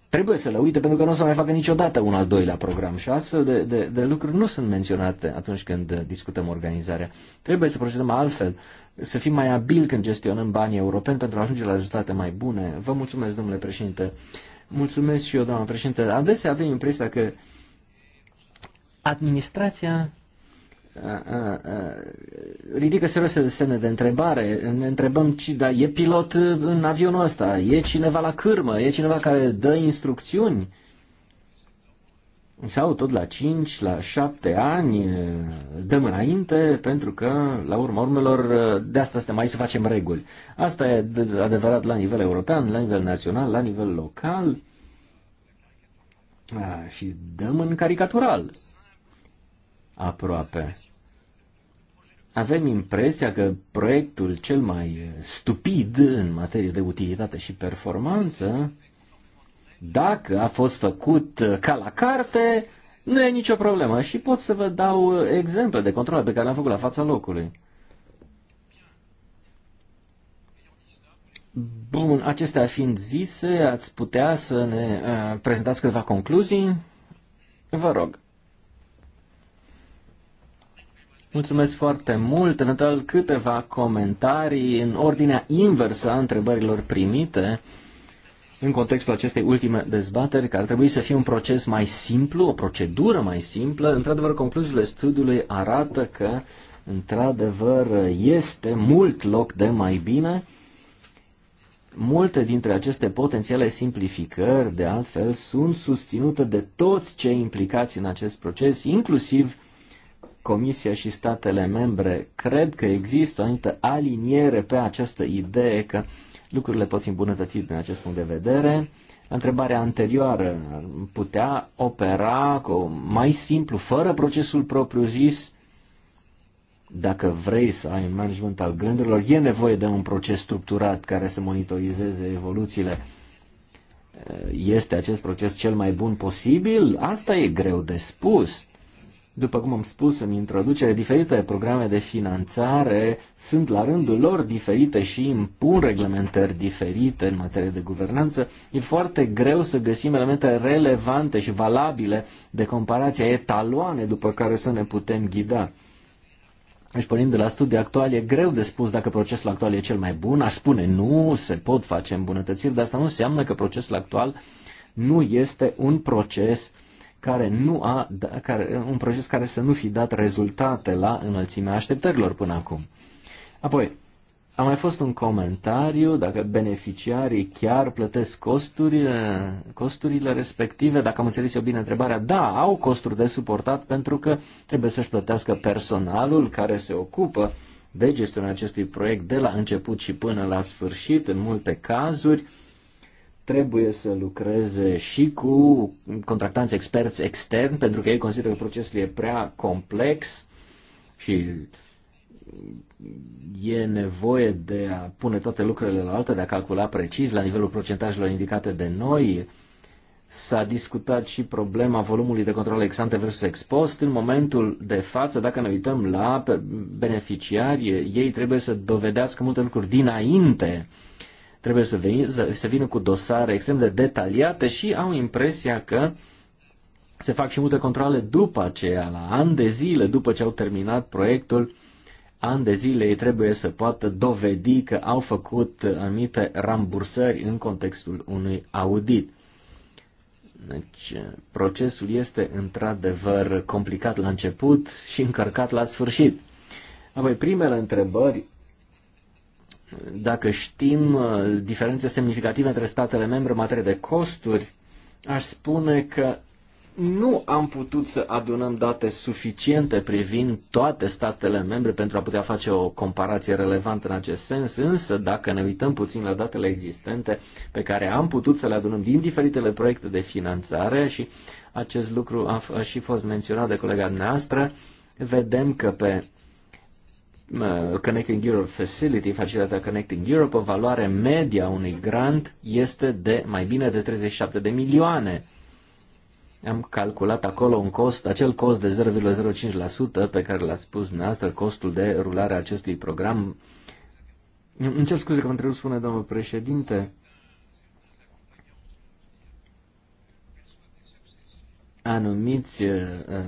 trebuie să le uite pentru că nu o să mai facă niciodată un al doilea program și astfel de, de, de lucruri nu sunt menționate atunci când discutăm organizarea. Trebuie să procedăm altfel, să fim mai abili când gestionăm banii europeni pentru a ajunge la rezultate mai bune. Vă mulțumesc, domnule președinte. Mulțumesc și eu, doamnă președinte. Adesea avem impresia că administrația ridică serioase semne de întrebare. Ne întrebăm, dar da, e pilot în avionul ăsta? E cineva la cârmă? E cineva care dă instrucțiuni? Sau tot la 5, la 7 ani dăm înainte, pentru că, la urma urmelor, de asta suntem mai să facem reguli. Asta e adevărat la nivel european, la nivel național, la nivel local și dăm în caricatural aproape. Avem impresia că proiectul cel mai stupid în materie de utilitate și performanță, dacă a fost făcut ca la carte, nu e nicio problemă și pot să vă dau exemple de controle pe care le-am făcut la fața locului. Bun, acestea fiind zise, ați putea să ne uh, prezentați câteva concluzii? Vă rog. Mulțumesc foarte mult. Eventual câteva comentarii în ordinea inversă a întrebărilor primite în contextul acestei ultime dezbateri, care ar trebui să fie un proces mai simplu, o procedură mai simplă. Într-adevăr, concluziile studiului arată că, într-adevăr, este mult loc de mai bine. Multe dintre aceste potențiale simplificări, de altfel, sunt susținute de toți cei implicați în acest proces, inclusiv Comisia și statele membre cred că există o anumită aliniere pe această idee că lucrurile pot fi îmbunătățite din acest punct de vedere. întrebarea anterioară, putea opera cu mai simplu, fără procesul propriu-zis? Dacă vrei să ai un management al gândurilor, e nevoie de un proces structurat care să monitorizeze evoluțiile. Este acest proces cel mai bun posibil? Asta e greu de spus. După cum am spus în introducere, diferite programe de finanțare sunt la rândul lor diferite și impun reglementări diferite în materie de guvernanță. E foarte greu să găsim elemente relevante și valabile de comparație, etaloane după care să ne putem ghida. Aș deci, pornim de la studii actuale, e greu de spus dacă procesul actual e cel mai bun. Aș spune nu, se pot face îmbunătățiri, dar asta nu înseamnă că procesul actual nu este un proces care nu a, da, care, un proces care să nu fi dat rezultate la înălțimea așteptărilor până acum. Apoi, a mai fost un comentariu dacă beneficiarii chiar plătesc costurile, costurile respective. Dacă am înțeles eu bine întrebarea, da, au costuri de suportat pentru că trebuie să-și plătească personalul care se ocupă de gestiunea acestui proiect de la început și până la sfârșit, în multe cazuri. Uh, trebuie să lucreze și cu contractanți experți externi, pentru că ei consideră că procesul e prea complex și e nevoie de a pune toate lucrurile la altă, de a calcula precis la nivelul procentajelor indicate de noi. S-a discutat și problema volumului de control ex ante versus ex post. În momentul de față, dacă ne uităm la beneficiari, ei trebuie să dovedească multe lucruri dinainte trebuie să, veni, să vină cu dosare extrem de detaliate și au impresia că se fac și multe controle după aceea, la ani de zile după ce au terminat proiectul, ani de zile ei trebuie să poată dovedi că au făcut anumite rambursări în contextul unui audit. Deci, procesul este într-adevăr complicat la început și încărcat la sfârșit. Apoi, primele întrebări dacă știm uh, diferențe semnificative între statele membre în materie de costuri, aș spune că nu am putut să adunăm date suficiente privind toate statele membre pentru a putea face o comparație relevantă în acest sens, însă dacă ne uităm puțin la datele existente pe care am putut să le adunăm din diferitele proiecte de finanțare și acest lucru a, a și fost menționat de colega noastră, vedem că pe Connecting Europe Facility, facilitatea Connecting Europe, o valoare media unui grant este de mai bine de 37 de milioane. Am calculat acolo un cost, acel cost de 0,05% pe care l a spus dumneavoastră, costul de rulare a acestui program. În ce scuze că mă să spune domnul președinte. anumiți,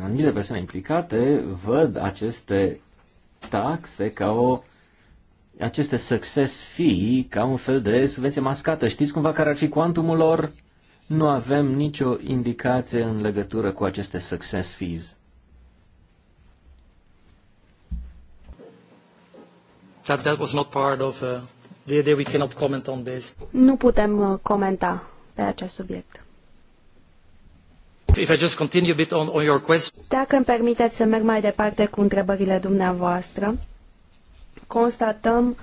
anumite persoane implicate văd aceste taxe ca o aceste success fee ca un fel de subvenție mascată. Știți cumva care ar fi cuantumul lor? Nu avem nicio indicație în legătură cu aceste success fees. That, that was not part of, uh, we cannot comment on this. Nu putem uh, comenta pe acest subiect. Dacă îmi permiteți să merg mai departe cu întrebările dumneavoastră, constatăm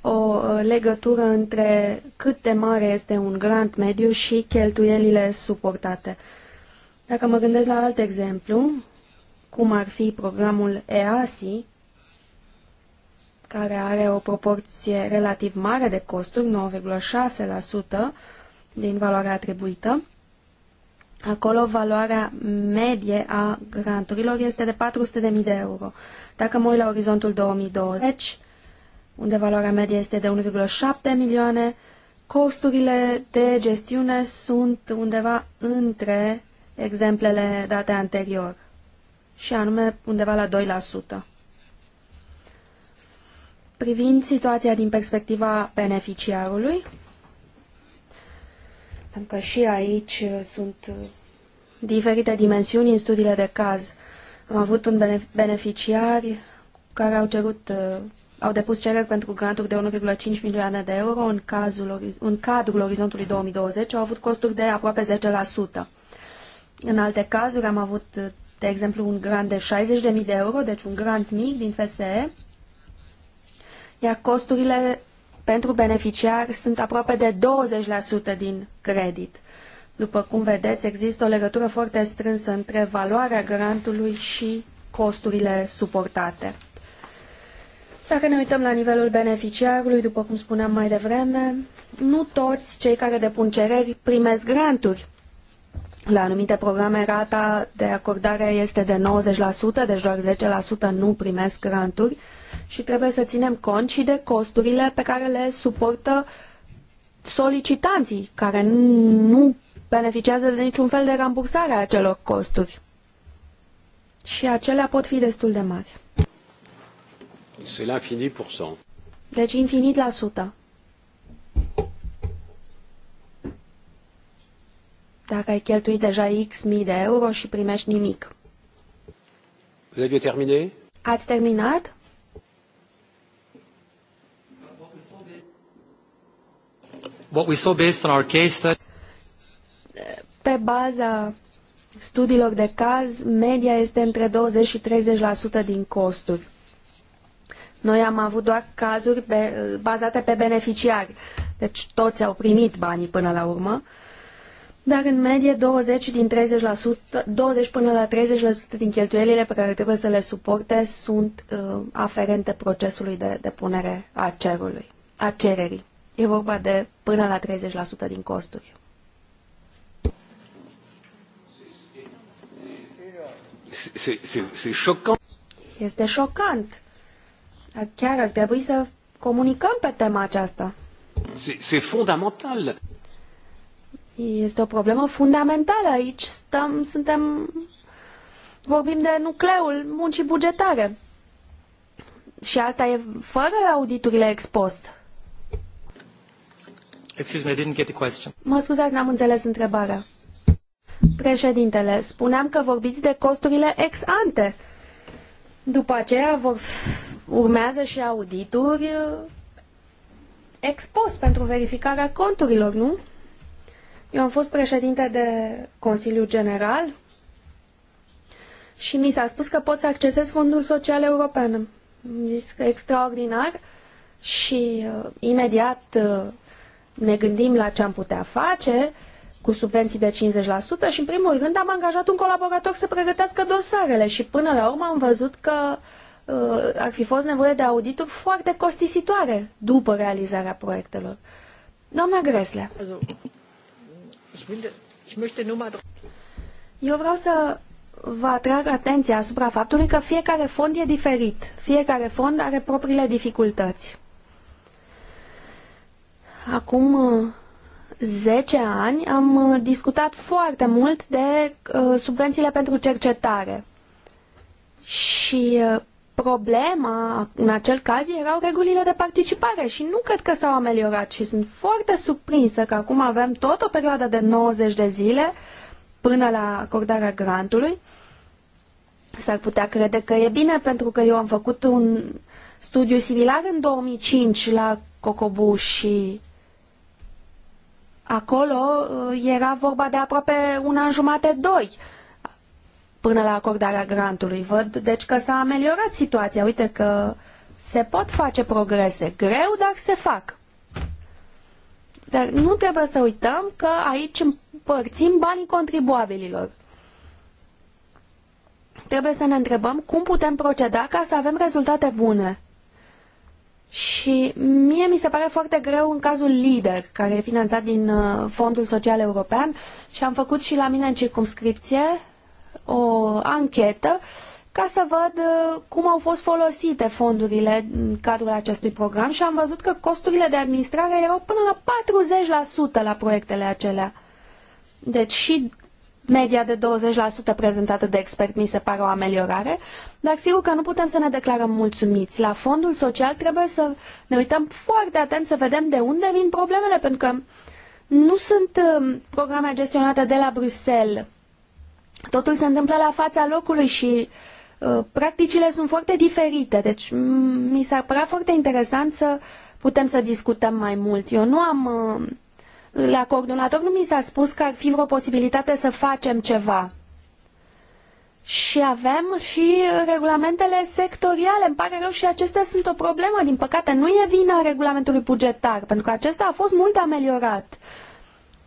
o uh, legătură între cât de mare este un grant mediu și cheltuielile suportate. Dacă mă gândesc la alt exemplu, cum ar fi programul EASI, care are o proporție relativ mare de costuri, 9,6% din valoarea atribuită, Acolo valoarea medie a granturilor este de 400.000 de euro. Dacă mă uit la orizontul 2020, unde valoarea medie este de 1,7 milioane, costurile de gestiune sunt undeva între exemplele date anterior, și anume undeva la 2%. Privind situația din perspectiva beneficiarului, pentru că și aici uh, sunt uh, diferite dimensiuni în studiile de caz. Am avut un beneficiar care au cerut uh, au depus cereri pentru granturi de 1,5 milioane de euro în, cazul, în cadrul orizontului 2020 au avut costuri de aproape 10%. În alte cazuri am avut, de exemplu, un grant de 60.000 de euro, deci un grant mic din FSE, iar costurile pentru beneficiari sunt aproape de 20% din credit. După cum vedeți, există o legătură foarte strânsă între valoarea grantului și costurile suportate. Dacă ne uităm la nivelul beneficiarului, după cum spuneam mai devreme, nu toți cei care depun cereri primesc granturi. La anumite programe rata de acordare este de 90%, deci doar 10% nu primesc granturi și trebuie să ținem cont și de costurile pe care le suportă solicitanții care nu beneficiază de niciun fel de rambursare a acelor costuri. Și acelea pot fi destul de mari. Deci infinit la sută. Dacă ai cheltuit deja X mii de euro și primești nimic. Ați terminat? what we saw based on our case study. Pe baza studiilor de caz, media este între 20 și 30% din costuri. Noi am avut doar cazuri bazate pe beneficiari, deci toți au primit banii până la urmă, dar în medie 20, din 30%, 20 până la 30% din cheltuielile pe care trebuie să le suporte sunt uh, aferente procesului de depunere a cerului, a cererii. E vorba de până la 30% din costuri. Este șocant. Chiar ar trebui să comunicăm pe tema aceasta. Este fundamental. Este o problemă fundamentală aici. Stăm, suntem, vorbim de nucleul muncii bugetare. Și asta e fără auditurile ex post. Excuse me, I didn't get the question. Mă scuzați, n-am înțeles întrebarea. Președintele, spuneam că vorbiți de costurile ex ante. După aceea vor urmează și audituri eh, ex post pentru verificarea conturilor, nu? Eu am fost președinte de Consiliu General și mi s-a spus că pot să accesez Fondul Social European. Am zis că extraordinar și uh, imediat uh, ne gândim la ce am putea face cu subvenții de 50% și în primul rând am angajat un colaborator să pregătească dosarele și până la urmă am văzut că uh, ar fi fost nevoie de audituri foarte costisitoare după realizarea proiectelor. Doamna Gresle. Eu vreau să vă atrag atenția asupra faptului că fiecare fond e diferit. Fiecare fond are propriile dificultăți acum 10 uh, ani am uh, discutat foarte mult de uh, subvențiile pentru cercetare. Și problema în acel caz erau regulile de participare și nu cred că s-au ameliorat și sunt foarte surprinsă că acum avem tot o perioadă de 90 de zile până la acordarea grantului. S-ar putea crede că e bine pentru că eu am făcut un studiu similar în 2005 la Cocobu și Acolo uh, era vorba de aproape un an jumate, doi, până la acordarea grantului. Văd, deci, că s-a ameliorat situația. Uite că se pot face progrese. Greu, dar se fac. Dar nu trebuie să uităm că aici împărțim banii contribuabililor. Trebuie să ne întrebăm cum putem proceda ca să avem rezultate bune. Și mie mi se pare foarte greu în cazul LIDER, care e finanțat din uh, Fondul Social European și am făcut și la mine în circumscripție o anchetă ca să văd uh, cum au fost folosite fondurile în cadrul acestui program și am văzut că costurile de administrare erau până la 40% la proiectele acelea. Deci și media de 20% prezentată de expert mi se pare o ameliorare, dar sigur că nu putem să ne declarăm mulțumiți. La fondul social trebuie să ne uităm foarte atent să vedem de unde vin problemele, pentru că nu sunt um, programe gestionate de la Bruxelles. Totul se întâmplă la fața locului și uh, practicile sunt foarte diferite, deci mi s-ar părea foarte interesant să putem să discutăm mai mult. Eu nu am uh, la coordonator nu mi s-a spus că ar fi vreo posibilitate să facem ceva. Și avem și regulamentele sectoriale. Îmi pare rău și acestea sunt o problemă. Din păcate, nu e vina regulamentului bugetar, pentru că acesta a fost mult ameliorat.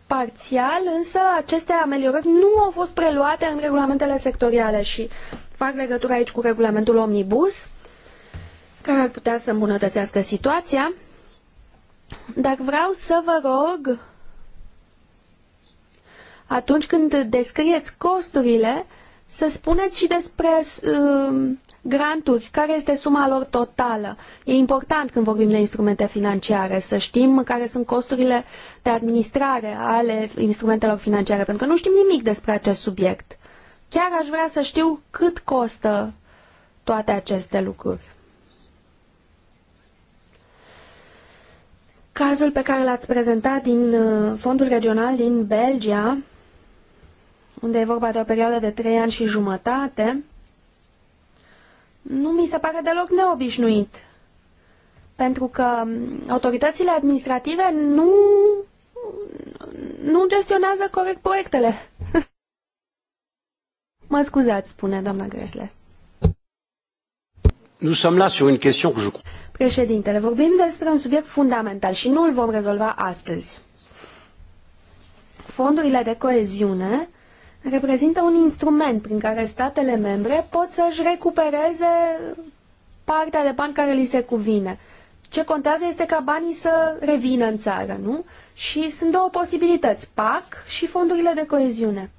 Parțial, însă, aceste ameliorări nu au fost preluate în regulamentele sectoriale și fac legătura aici cu regulamentul Omnibus, care ar putea să îmbunătățească situația. Dar vreau să vă rog atunci când descrieți costurile, să spuneți și despre uh, granturi, care este suma lor totală. E important când vorbim de instrumente financiare să știm care sunt costurile de administrare ale instrumentelor financiare, pentru că nu știm nimic despre acest subiect. Chiar aș vrea să știu cât costă toate aceste lucruri. Cazul pe care l-ați prezentat din uh, Fondul Regional din Belgia unde e vorba de o perioadă de trei ani și jumătate, nu mi se pare deloc neobișnuit. Pentru că autoritățile administrative nu, nu gestionează corect proiectele. mă scuzați, spune doamna Gresle. Nous sommes là sur une question que je... Președintele, vorbim despre un subiect fundamental și nu îl vom rezolva astăzi. Fondurile de coeziune reprezintă un instrument prin care statele membre pot să-și recupereze partea de bani care li se cuvine. Ce contează este ca banii să revină în țară, nu? Și sunt două posibilități, PAC și fondurile de coeziune.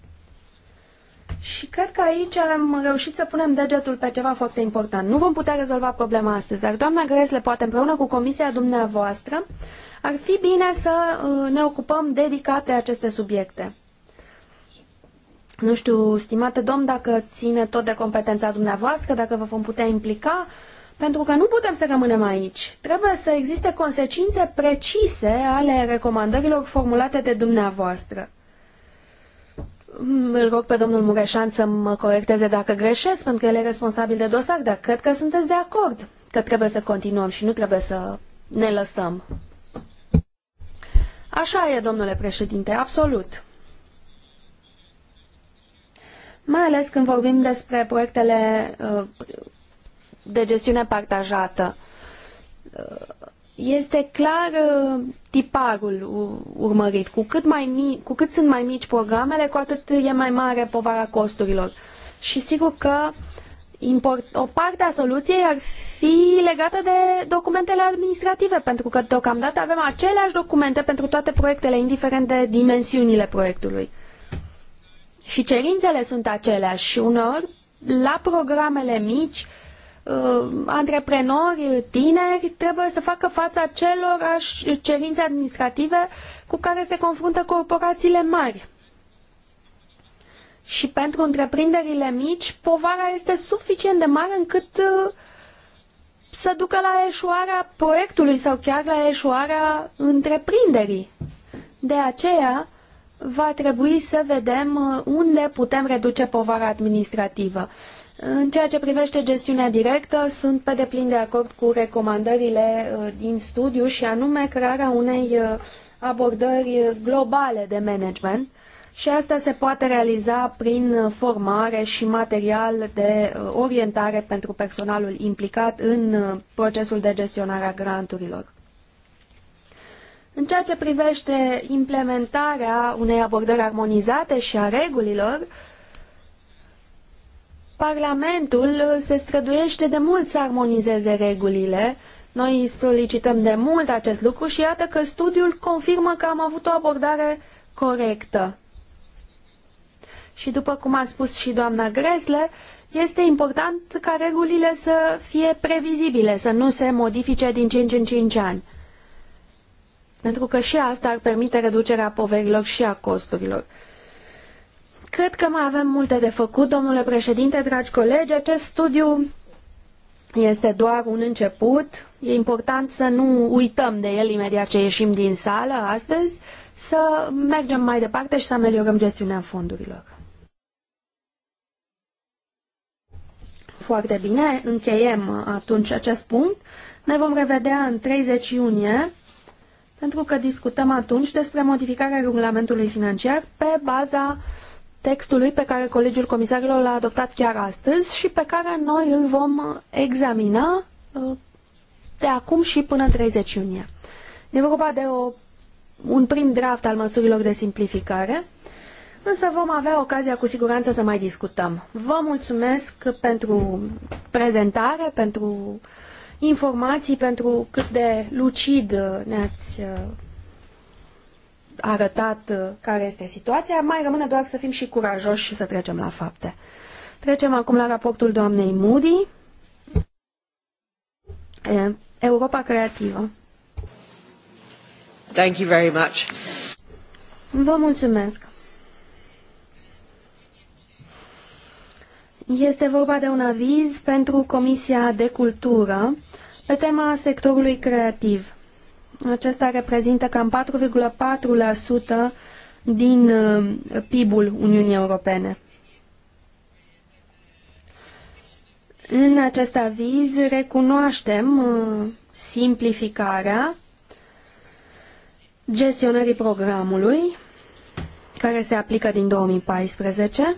Și cred că aici am reușit să punem degetul pe ceva foarte important. Nu vom putea rezolva problema astăzi, dar doamna Gresle, poate împreună cu comisia dumneavoastră, ar fi bine să uh, ne ocupăm dedicat de aceste subiecte. Nu știu, stimate domn, dacă ține tot de competența dumneavoastră, dacă vă vom putea implica, pentru că nu putem să rămânem aici. Trebuie să existe consecințe precise ale recomandărilor formulate de dumneavoastră. Mm, îl rog pe domnul Mureșan să mă corecteze dacă greșesc, pentru că el e responsabil de dosar, dar cred că sunteți de acord că trebuie să continuăm și nu trebuie să ne lăsăm. Așa e, domnule președinte, absolut mai ales când vorbim despre proiectele uh, de gestiune partajată. Uh, este clar uh, tiparul urmărit. Cu cât, mai mic, cu cât sunt mai mici programele, cu atât e mai mare povara costurilor. Și sigur că import, o parte a soluției ar fi legată de documentele administrative, pentru că deocamdată avem aceleași documente pentru toate proiectele, indiferent de dimensiunile proiectului. Și cerințele sunt aceleași și uneori la programele mici uh, antreprenori tineri trebuie să facă fața celor cerințe administrative cu care se confruntă corporațiile mari. Și pentru întreprinderile mici, povara este suficient de mare încât uh, să ducă la eșuarea proiectului sau chiar la eșuarea întreprinderii. De aceea, va trebui să vedem uh, unde putem reduce povara administrativă. În ceea ce privește gestiunea directă, sunt pe deplin de acord cu recomandările uh, din studiu și anume crearea unei uh, abordări globale de management și asta se poate realiza prin formare și material de orientare pentru personalul implicat în procesul de gestionare a granturilor. În ceea ce privește implementarea unei abordări armonizate și a regulilor, Parlamentul se străduiește de mult să armonizeze regulile. Noi solicităm de mult acest lucru și iată că studiul confirmă că am avut o abordare corectă. Și după cum a spus și doamna Gresle, este important ca regulile să fie previzibile, să nu se modifice din 5 în 5 ani pentru că și asta ar permite reducerea poverilor și a costurilor. Cred că mai avem multe de făcut, domnule președinte, dragi colegi. Acest studiu este doar un început. E important să nu uităm de el imediat ce ieșim din sală astăzi, să mergem mai departe și să ameliorăm gestiunea fondurilor. Foarte bine, încheiem atunci acest punct. Ne vom revedea în 30 iunie pentru că discutăm atunci despre modificarea regulamentului financiar pe baza textului pe care Colegiul Comisarilor l-a adoptat chiar astăzi și pe care noi îl vom examina uh, de acum și până 30 iunie. E vorba de o, un prim draft al măsurilor de simplificare, însă vom avea ocazia cu siguranță să mai discutăm. Vă mulțumesc pentru prezentare, pentru uh, informații pentru cât de lucid uh, ne-ați uh, arătat uh, care este situația. Mai rămâne doar să fim și curajoși și să trecem la fapte. Trecem acum la raportul doamnei Moody. Europa Creativă. Thank you very much. Vă mulțumesc. Este vorba de un aviz pentru Comisia de Cultură pe tema sectorului creativ. Acesta reprezintă cam 4,4% din uh, PIB-ul Uniunii Europene. În acest aviz recunoaștem uh, simplificarea gestionării programului care se aplică din 2014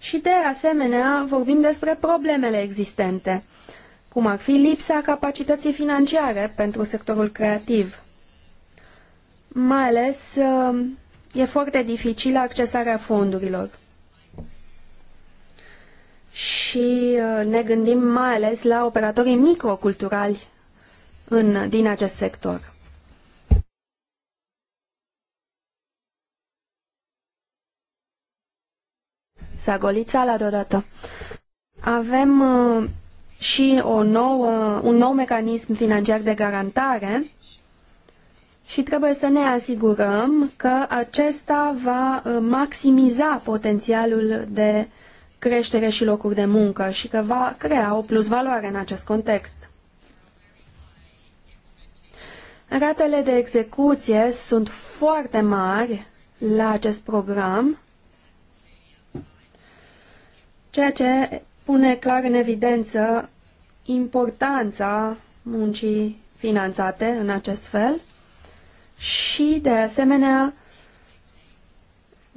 și, de asemenea, vorbim despre problemele existente, cum ar fi lipsa capacității financiare pentru sectorul creativ. Mai ales uh, e foarte dificil accesarea fondurilor. Și uh, ne gândim mai ales la operatorii microculturali în, din acest sector. Zagolița la deodată. Avem uh, și o nouă, un nou mecanism financiar de garantare și trebuie să ne asigurăm că acesta va uh, maximiza potențialul de creștere și locuri de muncă și că va crea o plusvaloare în acest context. Ratele de execuție sunt foarte mari la acest program ceea ce pune clar în evidență importanța muncii finanțate în acest fel și, de asemenea,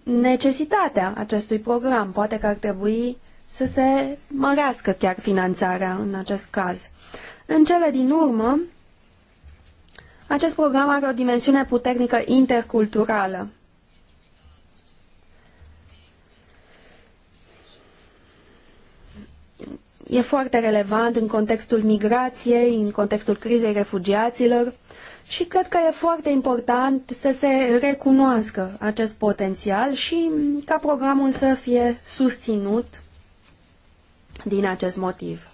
necesitatea acestui program. Poate că ar trebui să se mărească chiar finanțarea în acest caz. În cele din urmă, acest program are o dimensiune puternică interculturală. e foarte relevant în contextul migrației, în contextul crizei refugiaților și cred că e foarte important să se recunoască acest potențial și ca programul să fie susținut din acest motiv.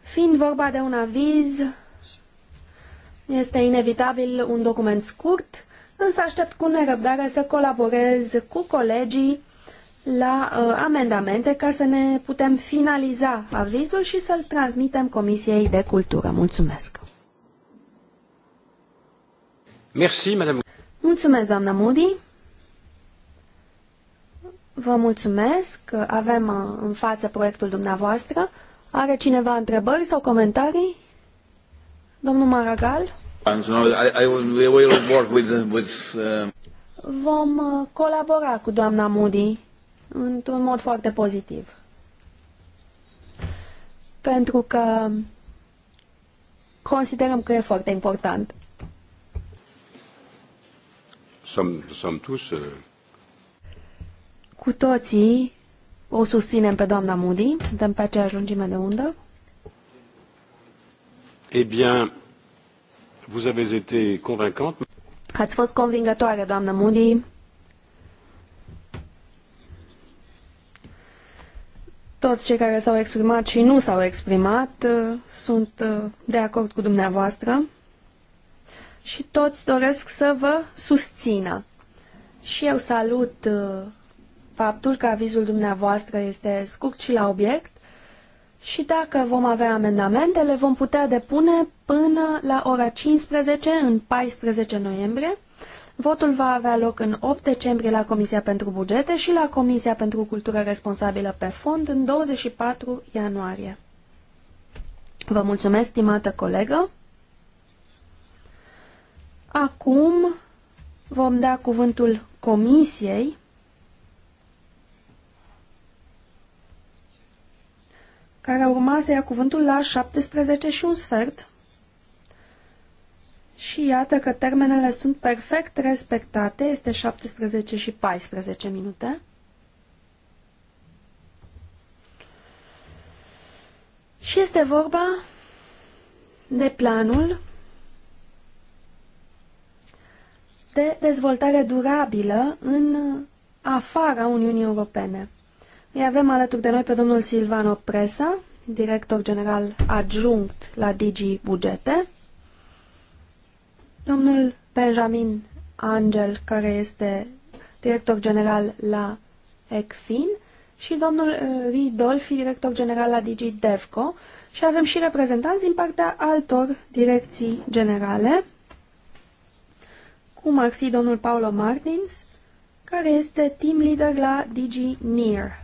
Fiind vorba de un aviz, este inevitabil un document scurt, însă aștept cu nerăbdare să colaborez cu colegii la uh, amendamente ca să ne putem finaliza avizul și să-l transmitem Comisiei de Cultură. Mulțumesc! Merci, madame. Mulțumesc, doamna Moody! Vă mulțumesc că avem uh, în față proiectul dumneavoastră. Are cineva întrebări sau comentarii? Domnul Maragal? Uh, Vom uh, colabora cu doamna Moody într-un mod foarte pozitiv. Pentru că considerăm că e foarte important. Euh, Cu toții o susținem pe doamna Moody, suntem pe aceeași lungime de undă. Eh bien, vous avez été convaincante. Ați fost convingătoare, doamnă Moody. Toți cei care s-au exprimat și nu s-au exprimat uh, sunt uh, de acord cu dumneavoastră și toți doresc să vă susțină. Și eu salut uh, faptul că avizul dumneavoastră este scurt și la obiect și dacă vom avea amendamente, le vom putea depune până la ora 15 în 14 noiembrie Votul va avea loc în 8 decembrie la Comisia pentru Bugete și la Comisia pentru Cultură Responsabilă pe Fond în 24 ianuarie. Vă mulțumesc, stimată colegă. Acum vom da cuvântul Comisiei. care urma să ia cuvântul la 17 și un sfert. Și iată că termenele sunt perfect respectate, este 17 și 14 minute. Și este vorba de planul de dezvoltare durabilă în afara Uniunii Europene. Îi avem alături de noi pe domnul Silvano Presa, director general adjunct la Digi Bugete, Domnul Benjamin Angel, care este director general la ECFIN, și domnul uh, Ridolfi, director general la DigiDevco, și avem și reprezentanți din partea altor direcții generale, cum ar fi domnul Paolo Martins, care este team leader la DigiNear.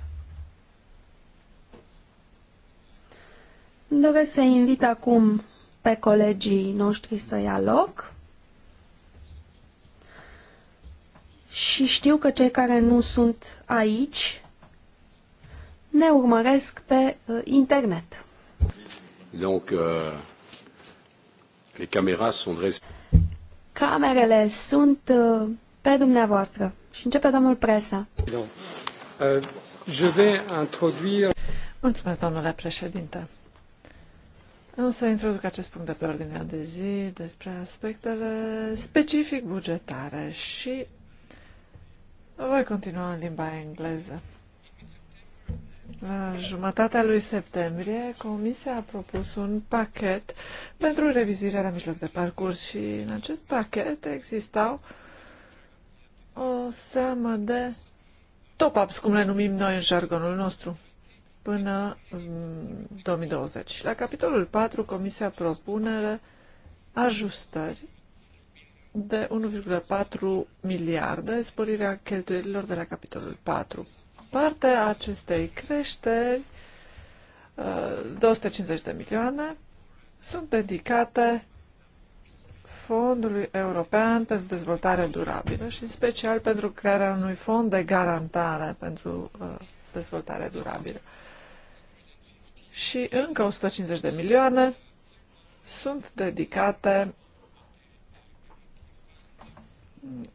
Doresc să invit acum pe colegii noștri să ia loc. și știu că cei care nu sunt aici ne urmăresc pe uh, internet. Donc, uh, les sont dressées. Camerele sunt uh, pe dumneavoastră. Și începe domnul Presa. No. Uh, je vais introduire... Mulțumesc, domnule președinte. O să introduc acest punct de pe ordinea de zi despre aspectele specific bugetare și voi continua în limba engleză. La jumătatea lui septembrie, Comisia a propus un pachet pentru revizuirea la mijloc de parcurs și în acest pachet existau o seamă de top-ups, cum le numim noi în jargonul nostru, până în 2020. La capitolul 4, Comisia propune ajustări de 1,4 miliarde, sporirea cheltuielilor de la capitolul 4. Partea acestei creșteri, 250 uh, de milioane, sunt dedicate Fondului European pentru Dezvoltare Durabilă și în special pentru crearea unui fond de garantare pentru uh, dezvoltare durabilă. Și încă 150 de milioane sunt dedicate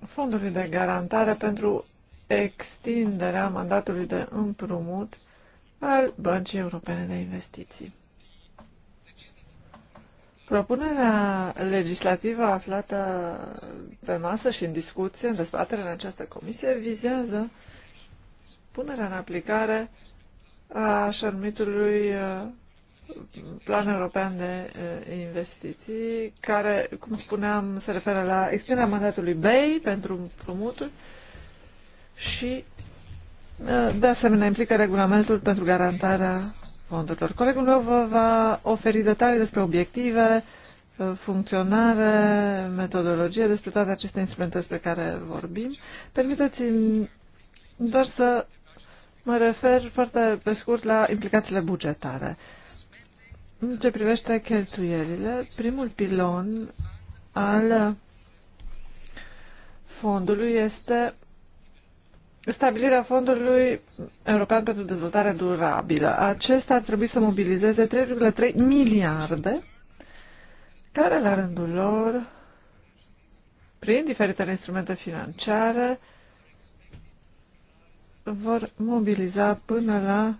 fondului de garantare pentru extinderea mandatului de împrumut al Băncii Europene de Investiții. Propunerea legislativă aflată pe masă și în discuție, în dezbatere în această comisie, vizează punerea în aplicare a așa numitului uh, plan european de eh, investiții, care, cum spuneam, se referă la extinderea mandatului BEI pentru împrumuturi și, eh, de asemenea, implică regulamentul pentru garantarea fondurilor. Colegul meu vă va oferi detalii despre obiective, eh, funcționare, metodologie, despre toate aceste instrumente despre care vorbim. Permiteți-mi doar să mă refer foarte pe scurt la implicațiile bugetare. Uh, în ce privește cheltuielile, primul pilon al fondului este stabilirea Fondului European pentru Dezvoltare Durabilă. Acesta ar trebui să mobilizeze 3,3 miliarde, care la rândul lor, prin diferitele instrumente financiare, vor mobiliza până la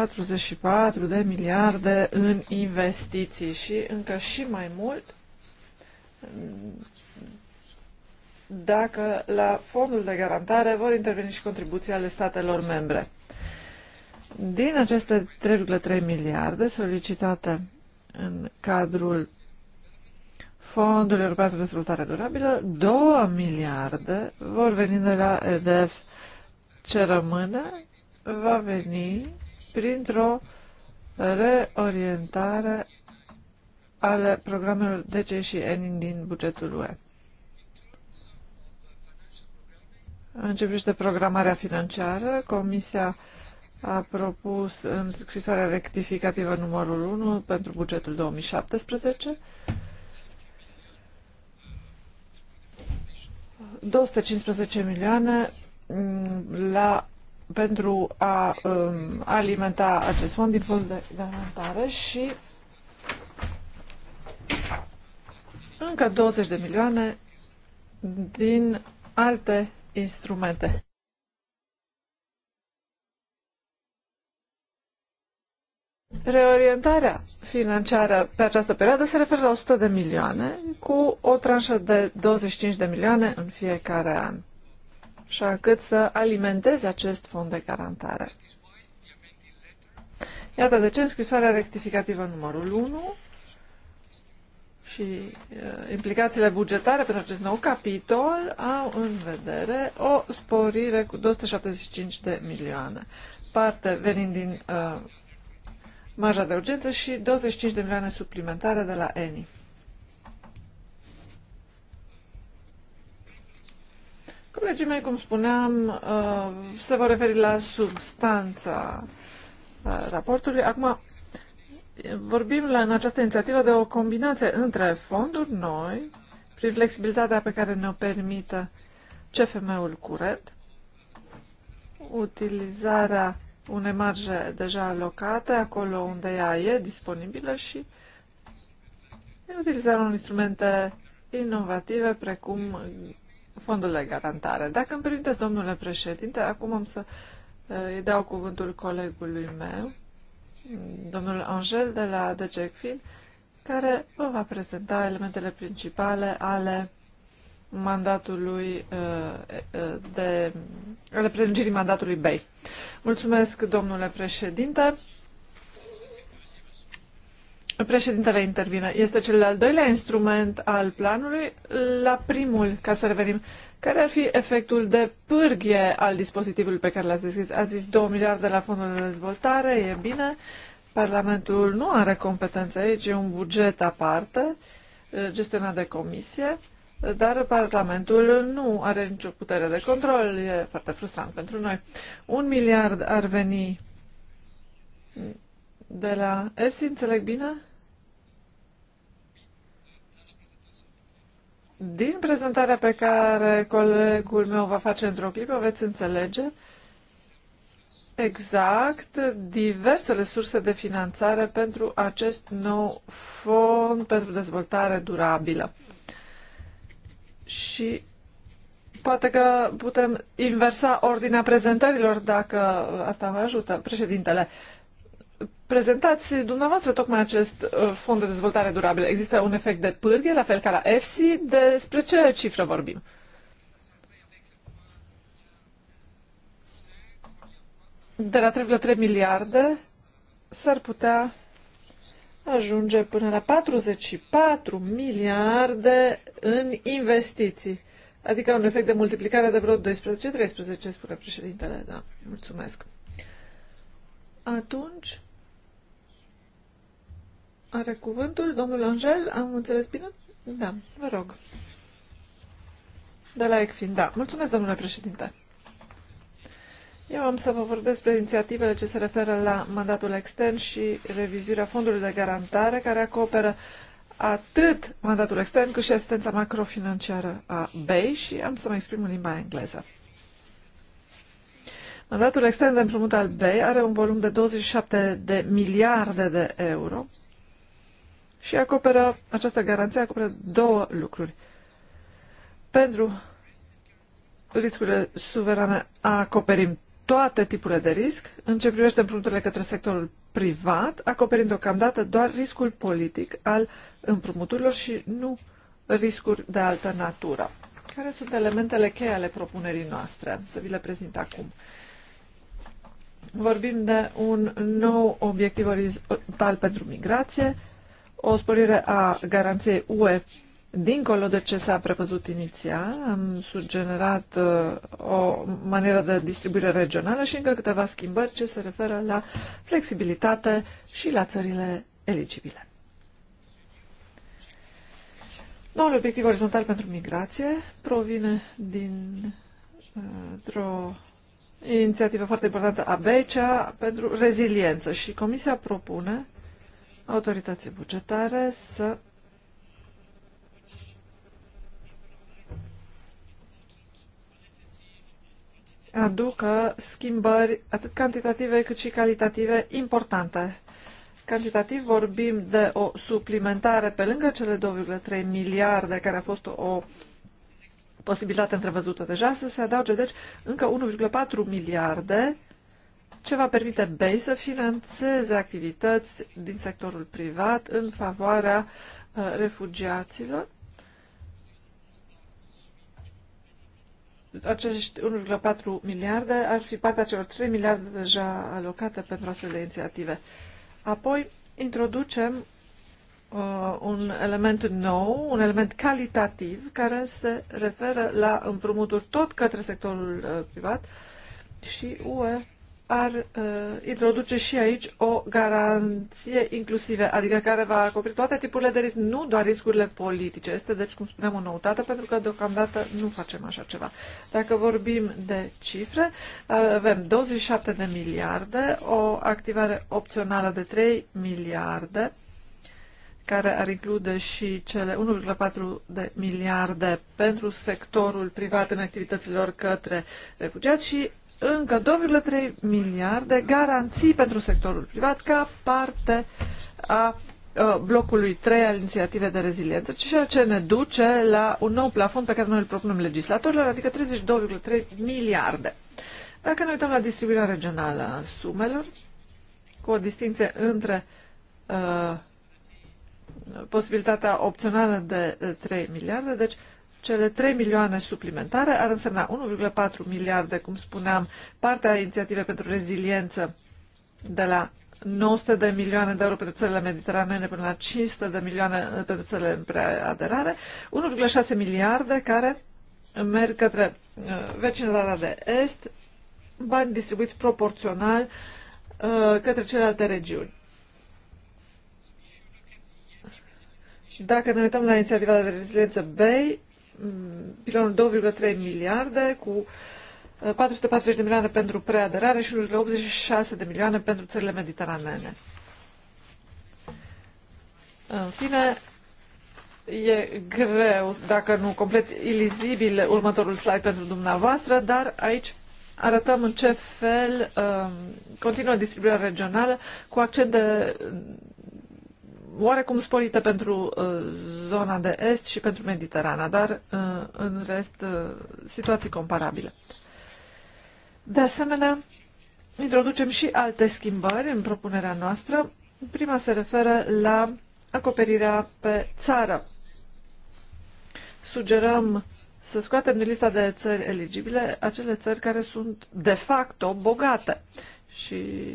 44 de miliarde în investiții și încă și mai mult dacă la fondul de garantare vor interveni și contribuții ale statelor membre. Din aceste 3,3 miliarde solicitate în cadrul fondului European de Dezvoltare Durabilă, 2 miliarde vor veni de la EDF. Ce rămâne va veni printr-o reorientare ale programelor DC și ENIN din bugetul UE. În ce privește programarea financiară, Comisia a propus în scrisoarea rectificativă numărul 1 pentru bugetul 2017 215 milioane la pentru a um, alimenta acest fond din fond de garantare și încă 20 de milioane din alte instrumente. Reorientarea financiară pe această perioadă se referă la 100 de milioane, cu o tranșă de 25 de milioane în fiecare an așa cât să alimenteze acest fond de garantare. Iată de ce în scrisoarea rectificativă numărul 1 și uh, implicațiile bugetare pentru acest nou capitol au în vedere o sporire cu 275 de milioane, parte venind din uh, marja de urgență și 25 de milioane suplimentare de la ENI. Colegii mei, cum spuneam, uh, se vor referi la substanța uh, raportului. Acum, vorbim la, în această inițiativă de o combinație între fonduri noi, prin flexibilitatea pe care ne-o permită CFM-ul curent, utilizarea unei marje deja alocate acolo unde ea e disponibilă și utilizarea unor instrumente inovative precum fondul de garantare. Dacă îmi permiteți, domnule președinte, acum am să uh, îi dau cuvântul colegului meu, domnul Angel de la DGECFIN, care vă va prezenta elementele principale ale mandatului uh, uh, de, ale prelungirii mandatului BEI. Mulțumesc, domnule președinte. Președintele intervine. Este cel de-al doilea instrument al planului la primul, ca să revenim. Care ar fi efectul de pârghie al dispozitivului pe care l-ați deschis? Ați zis 2 miliarde la fondul de dezvoltare, e bine. Parlamentul nu are competență aici, e un buget aparte, gestionat de comisie, dar Parlamentul nu are nicio putere de control, e foarte frustrant pentru noi. Un miliard ar veni de la EFSI, înțeleg bine? Din prezentarea pe care colegul meu va face într-o clipă, veți înțelege exact diversele surse de finanțare pentru acest nou fond pentru dezvoltare durabilă. Și poate că putem inversa ordinea prezentărilor dacă asta vă ajută, președintele. Uh, prezentați dumneavoastră tocmai acest uh, fond de dezvoltare durabilă. Există un efect de pârghie, la fel ca la EFSI. Despre ce cifră vorbim? De la 3,3 miliarde s-ar putea ajunge până la 44 miliarde în investiții. Adică un efect de multiplicare de vreo 12-13, spune președintele. Da, mulțumesc. Atunci, are cuvântul domnul Angel, am înțeles bine? Da, vă rog. De la ECFIN, da. Mulțumesc, domnule președinte. Eu am să vă vorbesc despre inițiativele ce se referă la mandatul extern și revizuirea fondului de garantare care acoperă atât mandatul extern cât și asistența macrofinanciară a BEI și am să mă exprim în limba engleză. Mandatul extern de împrumut al BEI are un volum de 27 de miliarde de euro și acoperă, această garanție acoperă două lucruri. Pentru riscurile suverane acoperim toate tipurile de risc. În ce privește împrumuturile către sectorul privat, acoperim deocamdată doar riscul politic al împrumuturilor și nu riscuri de altă natură. Care sunt elementele cheie ale propunerii noastre? Să vi le prezint acum. Vorbim de un nou obiectiv orizontal pentru migrație, o sporire a garanției UE dincolo de ce s-a prevăzut inițial. Am sugerat uh, o manieră de distribuire regională și încă câteva schimbări ce se referă la flexibilitate și la țările eligibile. Noul obiectiv orizontal pentru migrație provine din uh, o inițiativă foarte importantă a BCA pentru reziliență și Comisia propune autorității bugetare să aducă schimbări atât cantitative cât și calitative importante. Cantitativ vorbim de o suplimentare pe lângă cele 2,3 miliarde care a fost o posibilitate întrevăzută deja să se adauge, deci încă 1,4 miliarde ce va permite BEI să financeze activități din sectorul privat în favoarea uh, refugiaților. Acești 1,4 miliarde ar fi partea celor 3 miliarde deja alocate pentru astfel de inițiative. Apoi introducem uh, un element nou, un element calitativ, care se referă la împrumuturi tot către sectorul uh, privat și UE ar uh, introduce și aici o garanție inclusive, adică care va acoperi toate tipurile de risc, nu doar riscurile politice. Este, deci, cum spuneam, o noutate, pentru că deocamdată nu facem așa ceva. Dacă vorbim de cifre, avem 27 de miliarde, o activare opțională de 3 miliarde, care ar include și cele 1,4 de miliarde pentru sectorul privat în activităților către refugiați și încă 2,3 miliarde garanții pentru sectorul privat ca parte a uh, blocului 3 al inițiativei de reziliență, ceea ce ne duce la un nou plafon pe care noi îl propunem legislatorilor, adică 32,3 miliarde. Dacă ne uităm la distribuirea regională a sumelor, cu o distinție între uh, posibilitatea opțională de 3 uh, miliarde, deci uh, cele 3 milioane suplimentare ar însemna 1,4 miliarde, cum spuneam, partea inițiative pentru reziliență de la 900 de milioane de euro pentru țările mediteranene până la 500 de milioane uh, pentru țările în preaderare, 1,6 miliarde care merg către uh, vecinătatea de est, bani distribuiți proporțional uh, către celelalte regiuni. Dacă ne uităm la inițiativa de reziliență BEI, Mm, pilonul 2,3 miliarde cu 440 uh, de milioane pentru preaderare și 86 de milioane pentru țările mediteranene. În fine, e greu, dacă nu complet ilizibil, următorul slide pentru dumneavoastră, dar aici arătăm în ce fel um, continuă distribuirea regională cu accent de, oarecum sporite pentru uh, zona de est și pentru Mediterana, dar uh, în rest uh, situații comparabile. De asemenea, introducem și alte schimbări în propunerea noastră. Prima se referă la acoperirea pe țară. Sugerăm să scoatem din lista de țări eligibile acele țări care sunt de facto bogate. Uh, și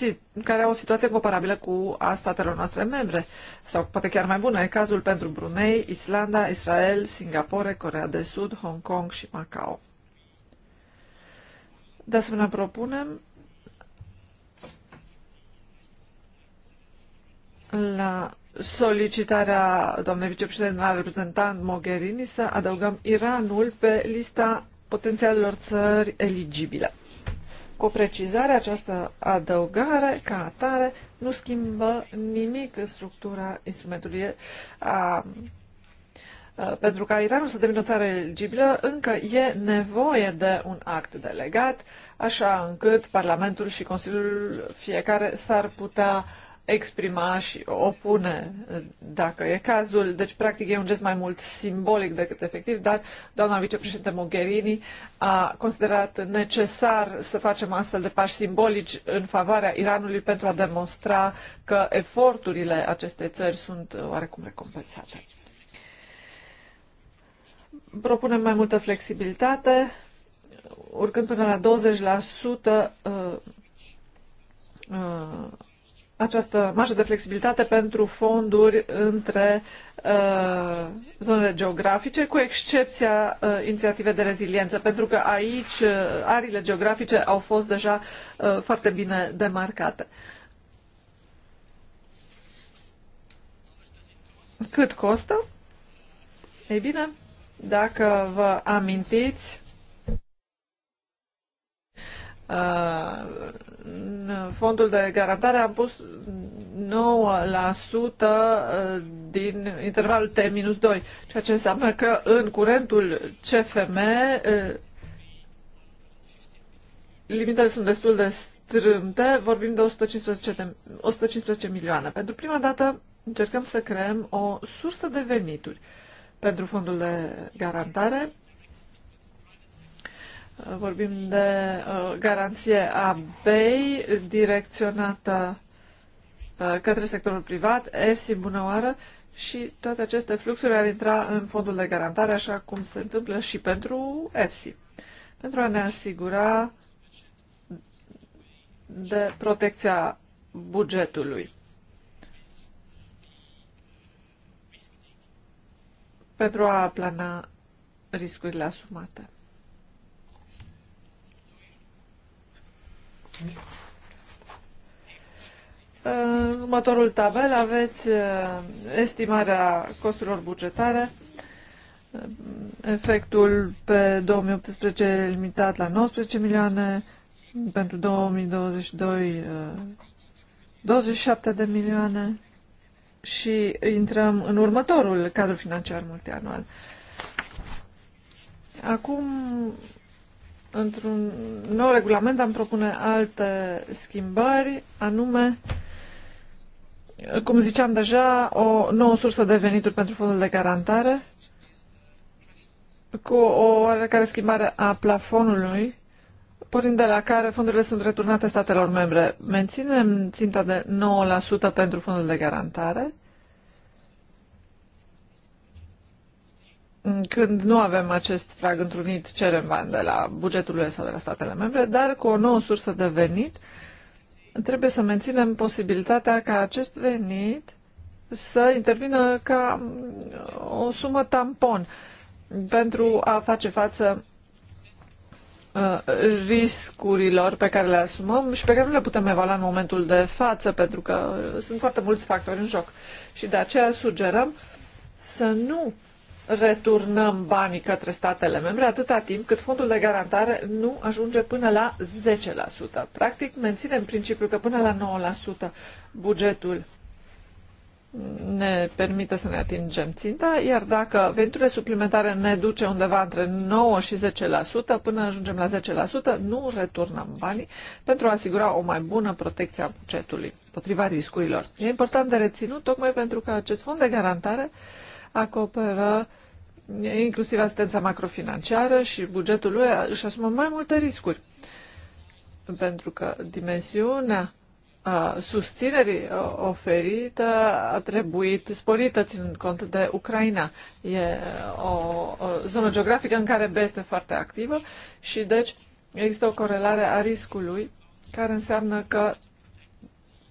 uh, care au o situație comparabilă cu a statelor noastre membre, sau poate chiar mai bună, e cazul pentru Brunei, Islanda, Israel, Singapore, Corea de Sud, Hong Kong și Macau. De asemenea, propunem la solicitarea doamnei vicepreședinte al reprezentant Mogherini să adăugăm Iranul pe lista potențialelor țări eligibile. Cu o precizare, această adăugare, ca atare, nu schimbă nimic în structura instrumentului. A, a, pentru ca Iranul să devină o țară eligibilă, încă e nevoie de un act delegat, așa încât Parlamentul și Consiliul fiecare s-ar putea uh, exprima și opune, dacă e cazul. Deci, practic, e un gest mai mult simbolic decât efectiv, dar doamna vicepreședinte Mogherini a considerat necesar să facem astfel de pași simbolici în favoarea Iranului pentru a demonstra că eforturile acestei țări sunt oarecum recompensate. Propunem mai multă flexibilitate, urcând până la 20% uh, uh, această marjă de flexibilitate pentru fonduri între uh, zonele geografice, cu excepția uh, inițiativei de reziliență, pentru că aici uh, arile geografice au fost deja uh, foarte bine demarcate. Cât costă? Ei bine, dacă vă amintiți, în fondul de garantare am pus 9% uh, din intervalul T-2, ceea ce înseamnă că în curentul CFM uh, limitele sunt destul de strâmte, vorbim de 115, de 115 milioane. Pentru prima dată încercăm să creăm o sursă de venituri pentru fondul de garantare Vorbim de uh, garanție a BEI direcționată uh, către sectorul privat, EFSI bună oară, și toate aceste fluxuri ar intra în fondul de garantare, așa cum se întâmplă și pentru EFSI, pentru a ne asigura de protecția bugetului. pentru a plana riscurile asumate. În următorul tabel aveți uh, estimarea costurilor bugetare, uh, efectul pe 2018 limitat la 19 milioane, pentru 2022 27 uh, de milioane și intrăm în următorul cadru financiar multianual. Acum Într-un nou regulament am propune alte schimbări, anume, cum ziceam deja, o nouă sursă de venituri pentru fondul de garantare, cu o oarecare schimbare a plafonului, pornind de la care fondurile sunt returnate statelor membre. Menținem ținta de 9% pentru fondul de garantare, când nu avem acest prag întrunit, cerem bani de la bugetul UE sau de la statele membre, dar cu o nouă sursă de venit trebuie să menținem posibilitatea ca acest venit să intervină ca mm, o sumă tampon pentru a face față uh, riscurilor pe care le asumăm și pe care nu le putem evalua în momentul de față, pentru că uh, sunt foarte mulți factori în joc. Și de aceea sugerăm să nu returnăm banii către statele membre atâta timp cât fondul de garantare nu ajunge până la 10%. Practic, menținem principiul că până la 9% bugetul ne permite să ne atingem ținta, iar dacă veniturile suplimentare ne duce undeva între 9 și 10%, până ajungem la 10%, nu returnăm banii pentru a asigura o mai bună protecție a bugetului potriva riscurilor. E important de reținut tocmai pentru că acest fond de garantare acoperă inclusiv asistența macrofinanciară și bugetul lui își asumă mai multe riscuri. Pentru că dimensiunea a susținerii oferită a trebuit sporită ținând cont de Ucraina. E o, o zonă geografică în care B este foarte activă și deci există o corelare a riscului care înseamnă că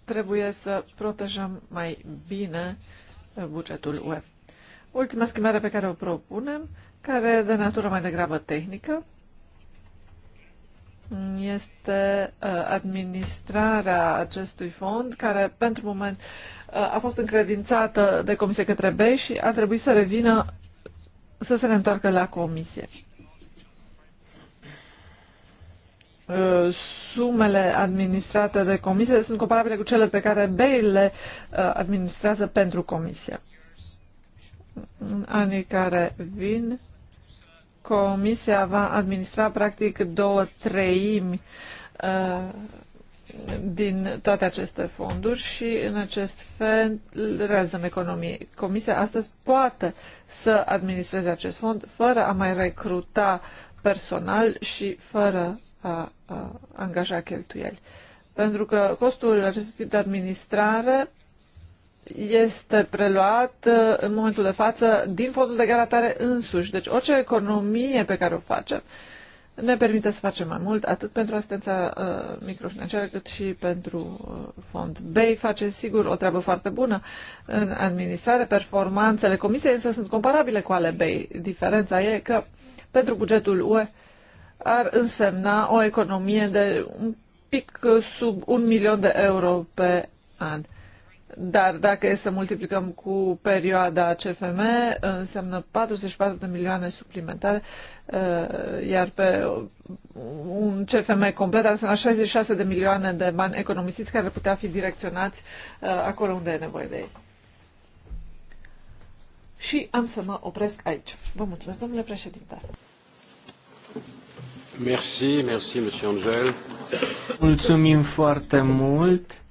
trebuie să protejăm mai bine bugetul UE. Ultima schimbare pe care o propunem, care de natură mai degrabă tehnică, este uh, administrarea acestui fond, care pentru moment uh, a fost încredințată de comisie către B și ar trebui să revină, să se întoarcă la comisie. Uh, sumele administrate de comisie sunt comparabile cu cele pe care BEI le administrează pentru comisie în anii care vin, Comisia va administra practic două treimi uh, din toate aceste fonduri și în acest fel realizăm economie. Comisia astăzi poate să administreze acest fond fără a mai recruta personal și fără a, a angaja cheltuieli. Pentru că costul acestui tip de administrare este preluat uh, în momentul de față din fondul de garantare însuși. Deci orice economie pe care o facem ne permite să facem mai mult, atât pentru asistența uh, microfinanciară, cât și pentru uh, fond. BEI face, sigur, o treabă foarte bună în administrare. Performanțele comisiei însă sunt comparabile cu ale BEI. Diferența e că pentru bugetul UE ar însemna o economie de un pic sub un milion de euro pe an. Uh, dar dacă e să multiplicăm cu perioada CFM, înseamnă 44 de milioane suplimentare, uh, iar pe un CFM complet ar însemna 66 de milioane de bani economisiți care putea fi direcționați uh, acolo unde e nevoie de ei. Și am să mă opresc aici. Vă mulțumesc, domnule președinte. Merci, merci, monsieur Angel. Mulțumim foarte mult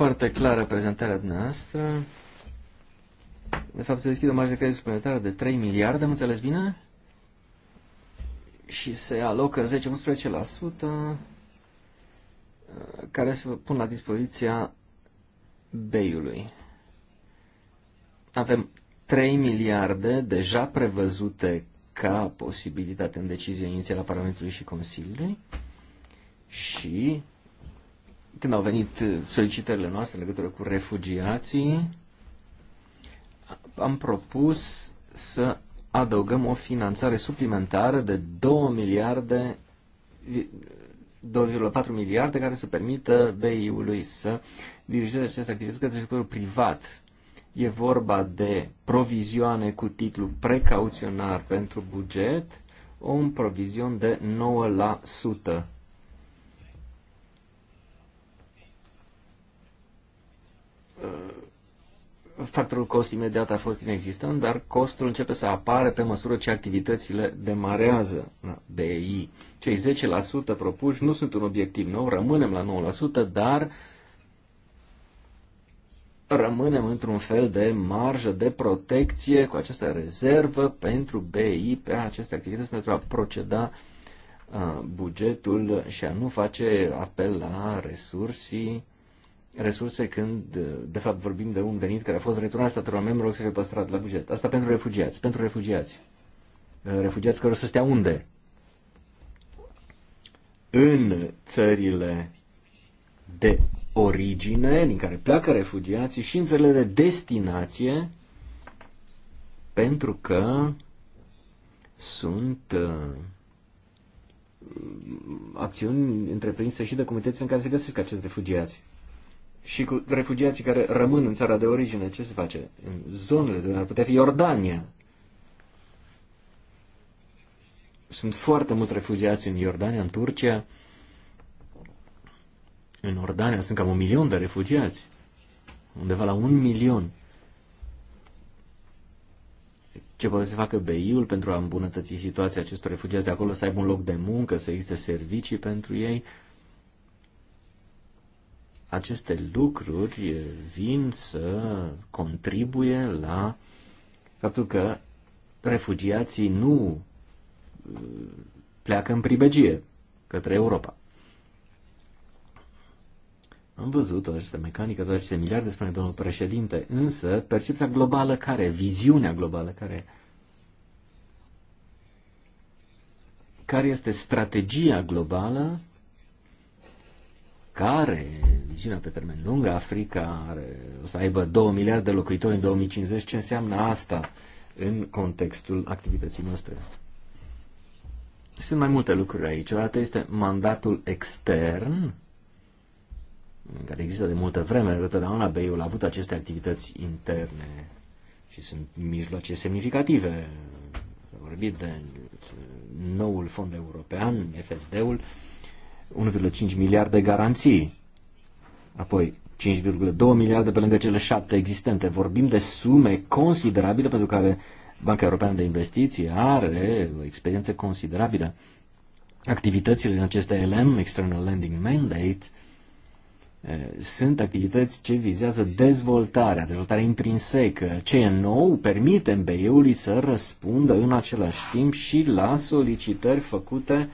foarte clară prezentarea dumneavoastră. De fapt, se deschide o marjă de credit suplimentară de 3 miliarde, am înțeles bine? Și se alocă 10-11% uh, care se pun la dispoziția beiului. Avem 3 miliarde deja prevăzute ca posibilitate în decizie inițială a Parlamentului și Consiliului și când au venit uh, solicitările noastre în legătură cu refugiații, am propus să adăugăm o finanțare suplimentară de 2 miliarde 2,4 miliarde care să permită BI-ului să dirigeze aceste activități către sectorul privat. E vorba de provizioane cu titlu precauționar pentru buget, un provizion de 9%. Uh, factorul cost imediat a fost inexistent, dar costul începe să apare pe măsură ce activitățile demarează de BEI. Cei 10% propuși nu sunt un obiectiv nou, rămânem la 9%, dar rămânem într-un fel de marjă de protecție cu această rezervă pentru BI pe aceste activități pentru a proceda uh, bugetul și a nu face apel la resursii resurse când, de fapt, vorbim de un venit care a fost returnat statelor membru să fie păstrat la buget. Asta pentru refugiați. Pentru refugiați. Uh, refugiați care o să stea unde? În țările de origine din care pleacă refugiații și în țările de destinație pentru că sunt uh, acțiuni întreprinse și de comunități în care se găsesc acești refugiați și cu refugiații care rămân în țara de origine. Ce se face în zonele de unde ar putea fi Iordania? Sunt foarte mulți refugiați în Iordania, în Turcia. În Iordania sunt cam un milion de refugiați. Undeva la un milion. Ce poate să facă BI-ul pentru a îmbunătăți situația acestor refugiați de acolo, să aibă un loc de muncă, să existe servicii pentru ei? Uh, aceste lucruri vin să contribuie la faptul că refugiații nu uh, pleacă în pribegie către Europa. Am văzut toate aceste mecanică, toate aceste miliarde, spune domnul președinte, însă percepția globală care, viziunea globală care, care este strategia globală care viziunea pe termen lung, Africa are, o să aibă 2 miliarde de locuitori în 2050, ce înseamnă asta în contextul activității noastre? Sunt mai multe lucruri aici. O dată este mandatul extern, în care există de multă vreme, de totdeauna BEI-ul a avut aceste activități interne și sunt mijloace semnificative. S-a vorbit de noul fond european, FSD-ul, 1,5 miliarde garanții. Apoi, 5,2 miliarde pe lângă cele șapte existente. Vorbim de sume considerabile pentru care Banca Europeană de Investiții are o experiență considerabilă. Activitățile în acest LM, External Lending Mandate, eh, sunt activități ce vizează dezvoltarea, dezvoltarea intrinsecă. Ce e nou permite MBE-ului să răspundă în același timp și la solicitări făcute uh,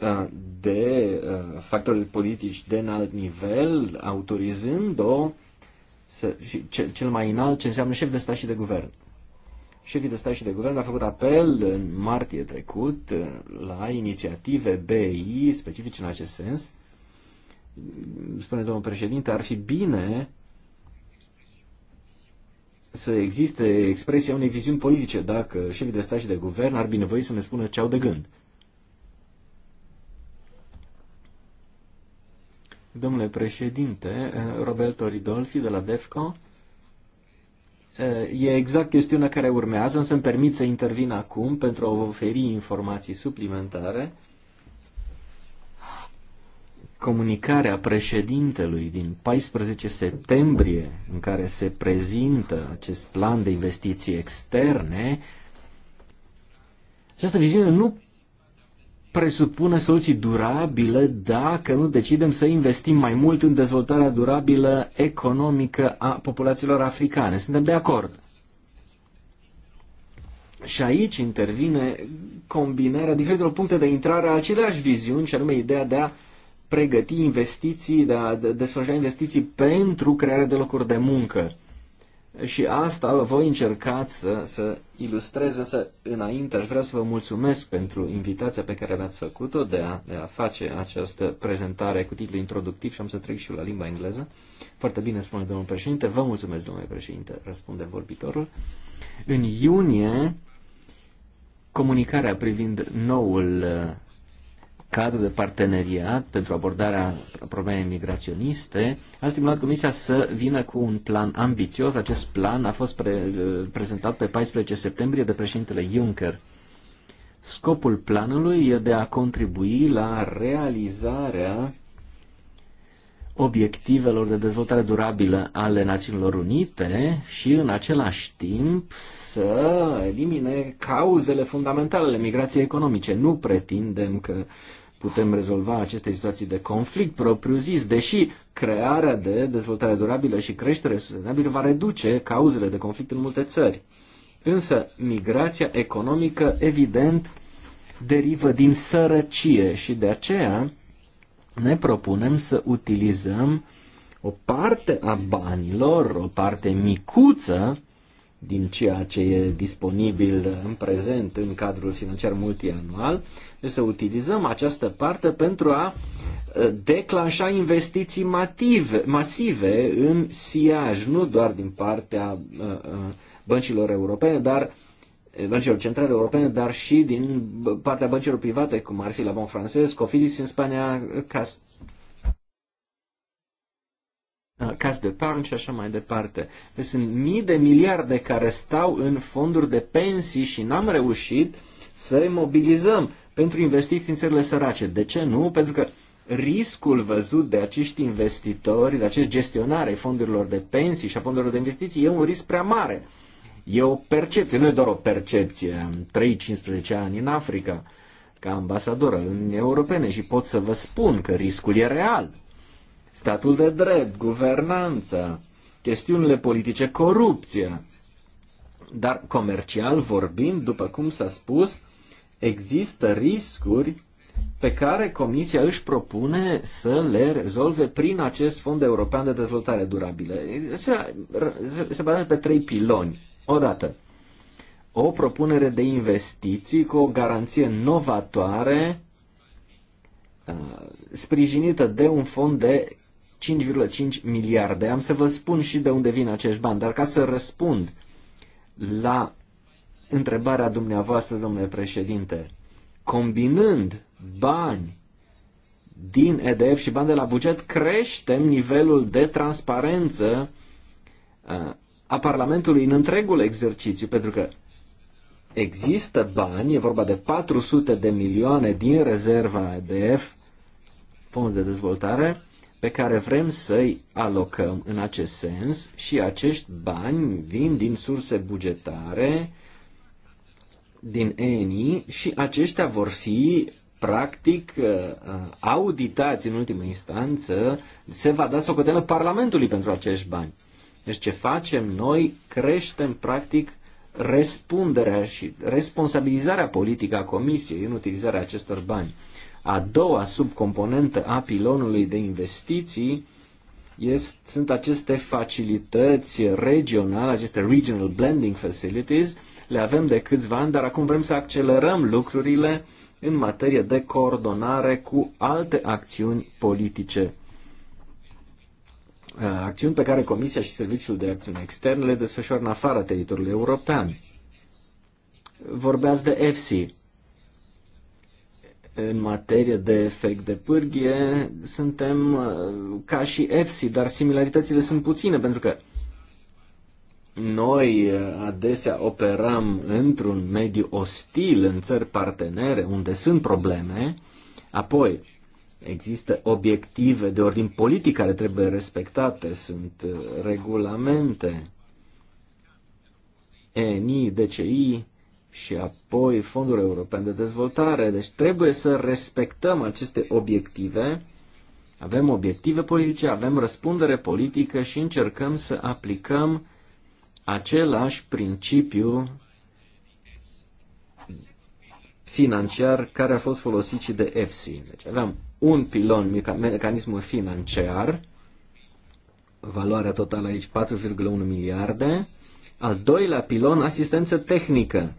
Uh, de uh, factori politici de înalt nivel, autorizând-o cel mai înalt ce înseamnă șef de stat și de guvern. Șefii de stat și de guvern a făcut apel în martie trecut uh, la inițiative BI specifice în acest sens. Spune domnul președinte, ar fi bine să existe expresia unei viziuni politice dacă șefii de stat și de guvern ar binevoi să ne spună ce au de gând. Domnule președinte, eh, Roberto Ridolfi de la DEFCO, eh, e exact chestiunea care urmează, însă îmi permit să intervin acum pentru a vă oferi informații suplimentare. Comunicarea președintelui din 14 septembrie, în care se prezintă acest plan de investiții externe, această viziune nu presupune soluții durabile dacă nu decidem să investim mai mult în dezvoltarea durabilă economică a populațiilor africane. Suntem de acord. Și aici intervine combinarea diferitelor puncte de intrare a aceleași viziuni, și anume ideea de a pregăti investiții, de a desfășura investiții pentru crearea de locuri de muncă. Și asta voi încerca să, să ilustrez, să înainte aș vrea să vă mulțumesc pentru invitația pe care mi-ați făcut-o de a, de a face această prezentare cu titlu introductiv și am să trec și la limba engleză. Foarte bine spune domnul președinte, vă mulțumesc domnule președinte, răspunde vorbitorul. În iunie, comunicarea privind noul cadru de parteneriat pentru abordarea problemei migraționiste a stimulat Comisia să vină cu un plan ambițios. Acest plan a fost pre- prezentat pe 14 septembrie de președintele Juncker. Scopul planului e de a contribui la realizarea obiectivelor de dezvoltare durabilă ale Națiunilor Unite și în același timp să elimine cauzele fundamentale ale migrației economice. Nu pretindem că putem rezolva aceste situații de conflict propriu-zis, deși crearea de dezvoltare durabilă și creștere sustenabilă va reduce cauzele de conflict în multe țări. Însă, migrația economică, evident, derivă din sărăcie și de aceea ne propunem să utilizăm o parte a banilor, o parte micuță din ceea ce e disponibil în prezent în cadrul financiar multianual, deci să utilizăm această parte pentru a declanșa investiții mative, masive în siaj, nu doar din partea băncilor europene, dar băncilor centrale europene, dar și din partea băncilor private, cum ar fi la Bon Francez, Cofidis în Spania, Cas Cas de Parn și așa mai departe. Deci sunt mii de miliarde care stau în fonduri de pensii și n-am reușit să mobilizăm pentru investiții în țările sărace. De ce nu? Pentru că riscul văzut de acești investitori, de acești gestionare ai fondurilor de pensii și a fondurilor de investiții e un risc prea mare. E o percepție, nu e doar o percepție. Am trăit 15 ani în Africa ca ambasador al Uniunii Europene și pot să vă spun că riscul e real. Statul de drept, guvernanța, chestiunile politice, corupția. Dar comercial vorbind, după cum s-a spus, există riscuri pe care Comisia își propune să le rezolve prin acest Fond European de Dezvoltare Durabilă. Se bazează pe trei piloni. Odată, o propunere de investiții cu o garanție novatoare uh, sprijinită de un fond de 5,5 miliarde. Am să vă spun și de unde vin acești bani, dar ca să răspund la întrebarea dumneavoastră, domnule președinte. Combinând bani din EDF și bani de la buget, creștem nivelul de transparență uh, a Parlamentului în întregul exercițiu, pentru că există bani, e vorba de 400 de milioane din rezerva EDF, fondul de dezvoltare, pe care vrem să-i alocăm în acest sens și acești bani vin din surse bugetare din ENI și aceștia vor fi practic uh, uh, auditați în ultimă instanță, se va da socoteală Parlamentului pentru acești bani. Deci ce facem noi? Creștem practic răspunderea și responsabilizarea politică a Comisiei în utilizarea acestor bani. A doua subcomponentă a pilonului de investiții este, sunt aceste facilități regionale, aceste Regional Blending Facilities, le avem de câțiva ani, dar acum vrem să accelerăm lucrurile în materie de coordonare cu alte acțiuni politice. Uh, acțiuni pe care Comisia și Serviciul de Acțiune Externe le desfășoară în afara teritoriului european. Vorbeați de EFSI. În materie de efect de pârghie, suntem uh, ca și EFSI, dar similaritățile sunt puține, pentru că noi eh, adesea operăm într-un mediu ostil în țări partenere unde sunt probleme, apoi există obiective de ordin politic care trebuie respectate, sunt eh, regulamente, ENI, DCI și apoi Fondul European de Dezvoltare. Deci trebuie să respectăm aceste obiective. Avem obiective politice, avem răspundere politică și încercăm să aplicăm același principiu financiar care a fost folosit și de EFSI. Deci aveam un pilon, mecanismul financiar, valoarea totală aici 4,1 miliarde, al doilea pilon, asistență tehnică.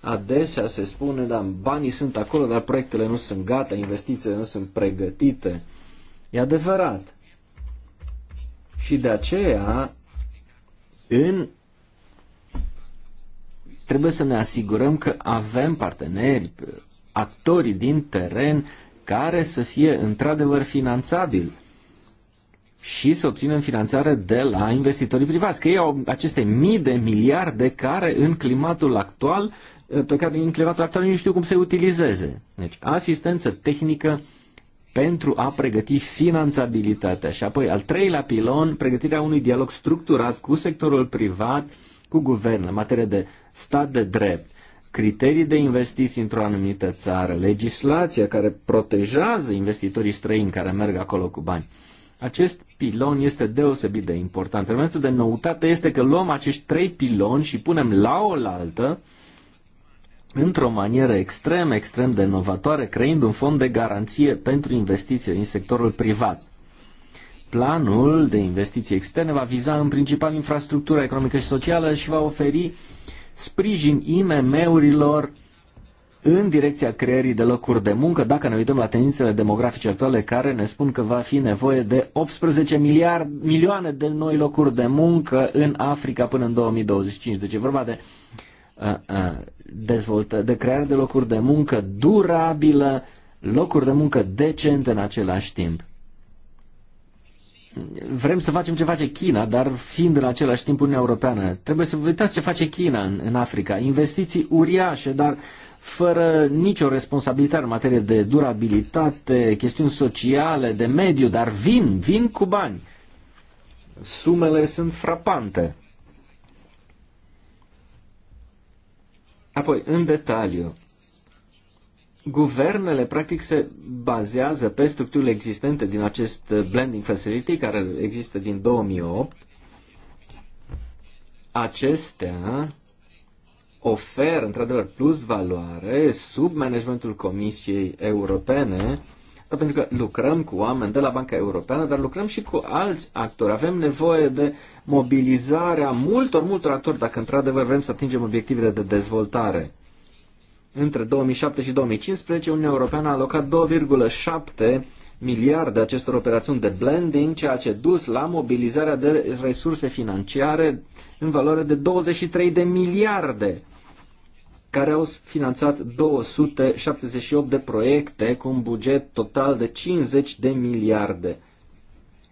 Adesea se spune, da, banii sunt acolo, dar proiectele nu sunt gata, investițiile nu sunt pregătite. E adevărat. Și de aceea în trebuie să ne asigurăm că avem parteneri, actorii din teren care să fie într-adevăr finanțabili și să obținem finanțare de la investitorii privați, că ei au aceste mii de miliarde care în climatul actual, pe care în climatul actual nu știu cum se utilizeze. Deci asistență tehnică uh, pentru a pregăti finanțabilitatea. Și apoi, al treilea pilon, pregătirea unui dialog structurat cu sectorul privat, cu guvern, în materie de stat de drept, criterii de investiții într-o anumită țară, legislația care protejează investitorii străini care merg acolo cu bani. Acest pilon este deosebit de important. Elementul de noutate este că luăm acești trei piloni și punem la oaltă într-o manieră extrem, extrem de inovatoare, creând un fond de garanție pentru investiții în sectorul privat. Planul de investiții externe va viza în principal infrastructura economică și socială și va oferi sprijin IMM-urilor în direcția creării de locuri de muncă, dacă ne uităm la tendințele demografice actuale care ne spun că va fi nevoie de 18 miliard, milioane de noi locuri de muncă în Africa până în 2025. Deci e vorba de uh, uh, dezvoltă, de creare de locuri de muncă durabilă, locuri de muncă decente în același timp. Vrem să facem ce face China, dar fiind în același timp Uniunea Europeană, trebuie să vă uitați ce face China în, în Africa. Investiții uriașe, dar fără nicio responsabilitate în materie de durabilitate, chestiuni sociale, de mediu, dar vin, vin cu bani. Sumele sunt frapante. Apoi, în detaliu, guvernele practic se bazează pe structurile existente din acest blending facility care există din 2008. Acestea oferă într-adevăr plus valoare sub managementul Comisiei Europene da, pentru că lucrăm cu oameni de la Banca Europeană, dar lucrăm și cu alți actori. Avem nevoie de mobilizarea multor, multor actori dacă într-adevăr vrem să atingem obiectivele de dezvoltare. Între 2007 și 2015, Uniunea Europeană a alocat 2,7 miliarde acestor operațiuni de blending, ceea ce dus la mobilizarea de resurse financiare în valoare de 23 de miliarde care au finanțat 278 de proiecte cu un buget total de 50 de miliarde.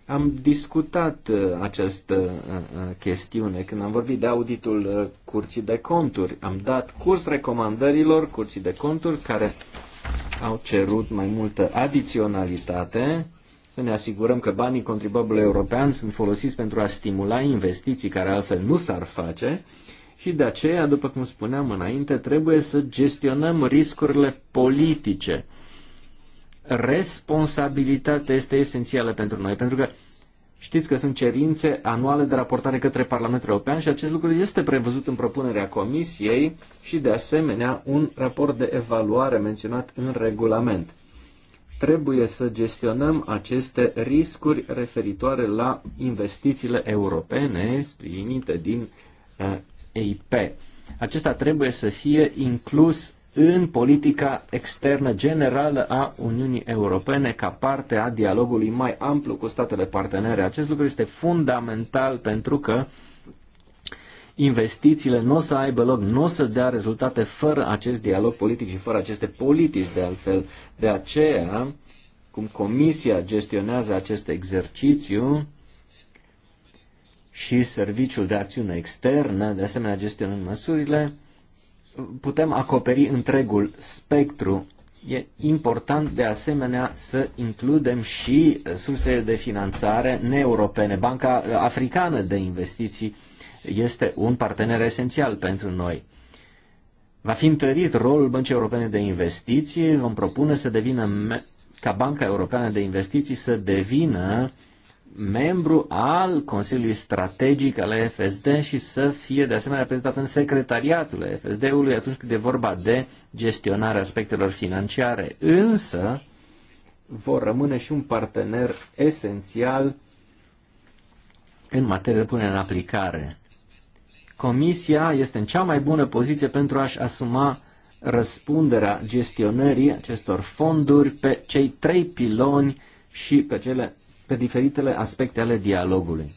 Am discutat uh, această uh, uh, chestiune când am vorbit de auditul Curții de Conturi. Am dat curs recomandărilor Curții de Conturi care au cerut mai multă adiționalitate, să ne asigurăm că banii contribuabilului european sunt folosiți pentru a stimula investiții care altfel nu s-ar face și de aceea, după cum spuneam înainte, trebuie să gestionăm riscurile politice. Responsabilitatea este esențială pentru noi, pentru că știți că sunt cerințe anuale de raportare către Parlamentul European și acest lucru este prevăzut în propunerea Comisiei și, de asemenea, un raport de evaluare menționat în regulament. Trebuie să gestionăm aceste riscuri referitoare la investițiile europene sprijinite din eh, EIP. Acesta trebuie să fie inclus în politica externă generală a Uniunii Europene ca parte a dialogului mai amplu cu statele partenere. Acest lucru este fundamental pentru că investițiile nu o să aibă loc, nu o să dea rezultate fără acest dialog politic și fără aceste politici de altfel. De aceea, cum Comisia gestionează acest exercițiu, și Serviciul de Acțiune Externă, de asemenea gestionând măsurile, putem acoperi întregul spectru. E important de asemenea să includem și surse de finanțare neeuropene. Banca Africană de Investiții este un partener esențial pentru noi. Va fi întărit rolul Băncii Europene de Investiții, vom propune să devină ca Banca Europeană de Investiții să devină uh, membru al Consiliului Strategic al FSD și să fie de asemenea reprezentat în secretariatul FSD-ului atunci când e vorba de gestionarea aspectelor financiare. Însă vor rămâne și un partener esențial în materie de punere în aplicare. Comisia este în cea mai bună poziție pentru a-și asuma răspunderea gestionării acestor fonduri pe cei trei piloni și pe cele pe diferitele aspecte ale dialogului.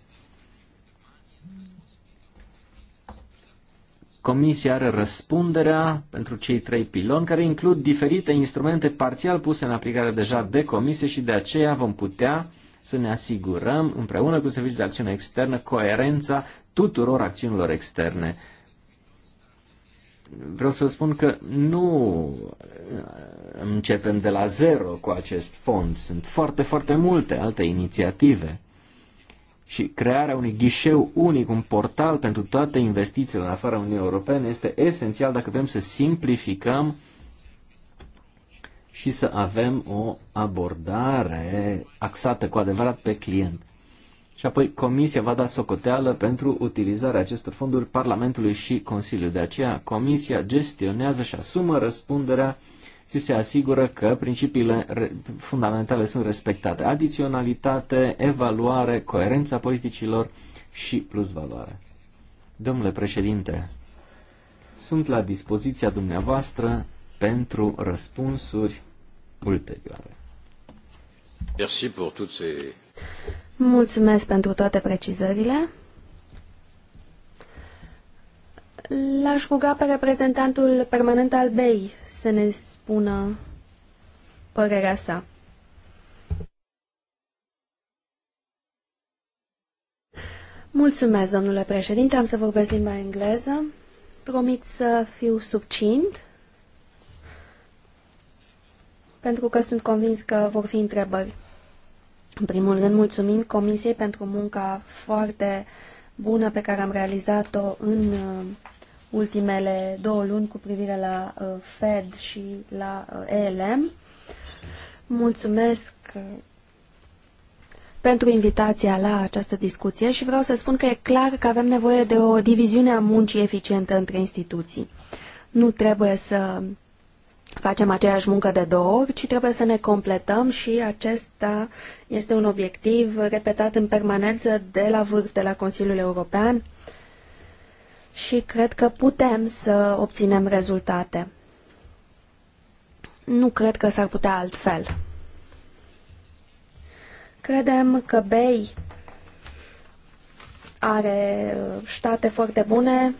Comisia are răspunderea pentru cei trei piloni, care includ diferite instrumente parțial puse în aplicare deja de comisie și de aceea vom putea să ne asigurăm împreună cu Serviciul de Acțiune Externă coerența tuturor acțiunilor externe vreau să spun că nu începem de la zero cu acest fond. Sunt foarte, foarte multe alte inițiative. Și crearea unui ghișeu unic, un portal pentru toate investițiile în afara Uniunii Europene este esențial dacă vrem să simplificăm și să avem o abordare axată cu adevărat pe client și apoi Comisia va da socoteală pentru utilizarea acestor fonduri Parlamentului și Consiliului. De aceea, Comisia gestionează și asumă răspunderea și se asigură că principiile fundamentale sunt respectate. Adiționalitate, evaluare, coerența politicilor și plus valoare. Domnule președinte, sunt la dispoziția dumneavoastră pentru răspunsuri ulterioare. Merci pour toutes ces... Mulțumesc pentru toate precizările. L-aș ruga pe reprezentantul permanent al BEI să ne spună părerea sa. Mulțumesc, domnule președinte, am să vorbesc limba engleză. Promit să fiu subcint, pentru că sunt convins că vor fi întrebări. În primul rând, mulțumim Comisiei pentru munca foarte bună pe care am realizat-o în uh, ultimele două luni cu privire la uh, Fed și la uh, ELM. Mulțumesc pentru invitația la această discuție și vreau să spun că e clar că avem nevoie de o diviziune a muncii eficientă între instituții. Nu trebuie să facem aceeași muncă de două ori, ci trebuie să ne completăm și acesta este un obiectiv repetat în permanență de la vârf, de la Consiliul European și cred că putem să obținem rezultate. Nu cred că s-ar putea altfel. Credem că BEI are state foarte bune,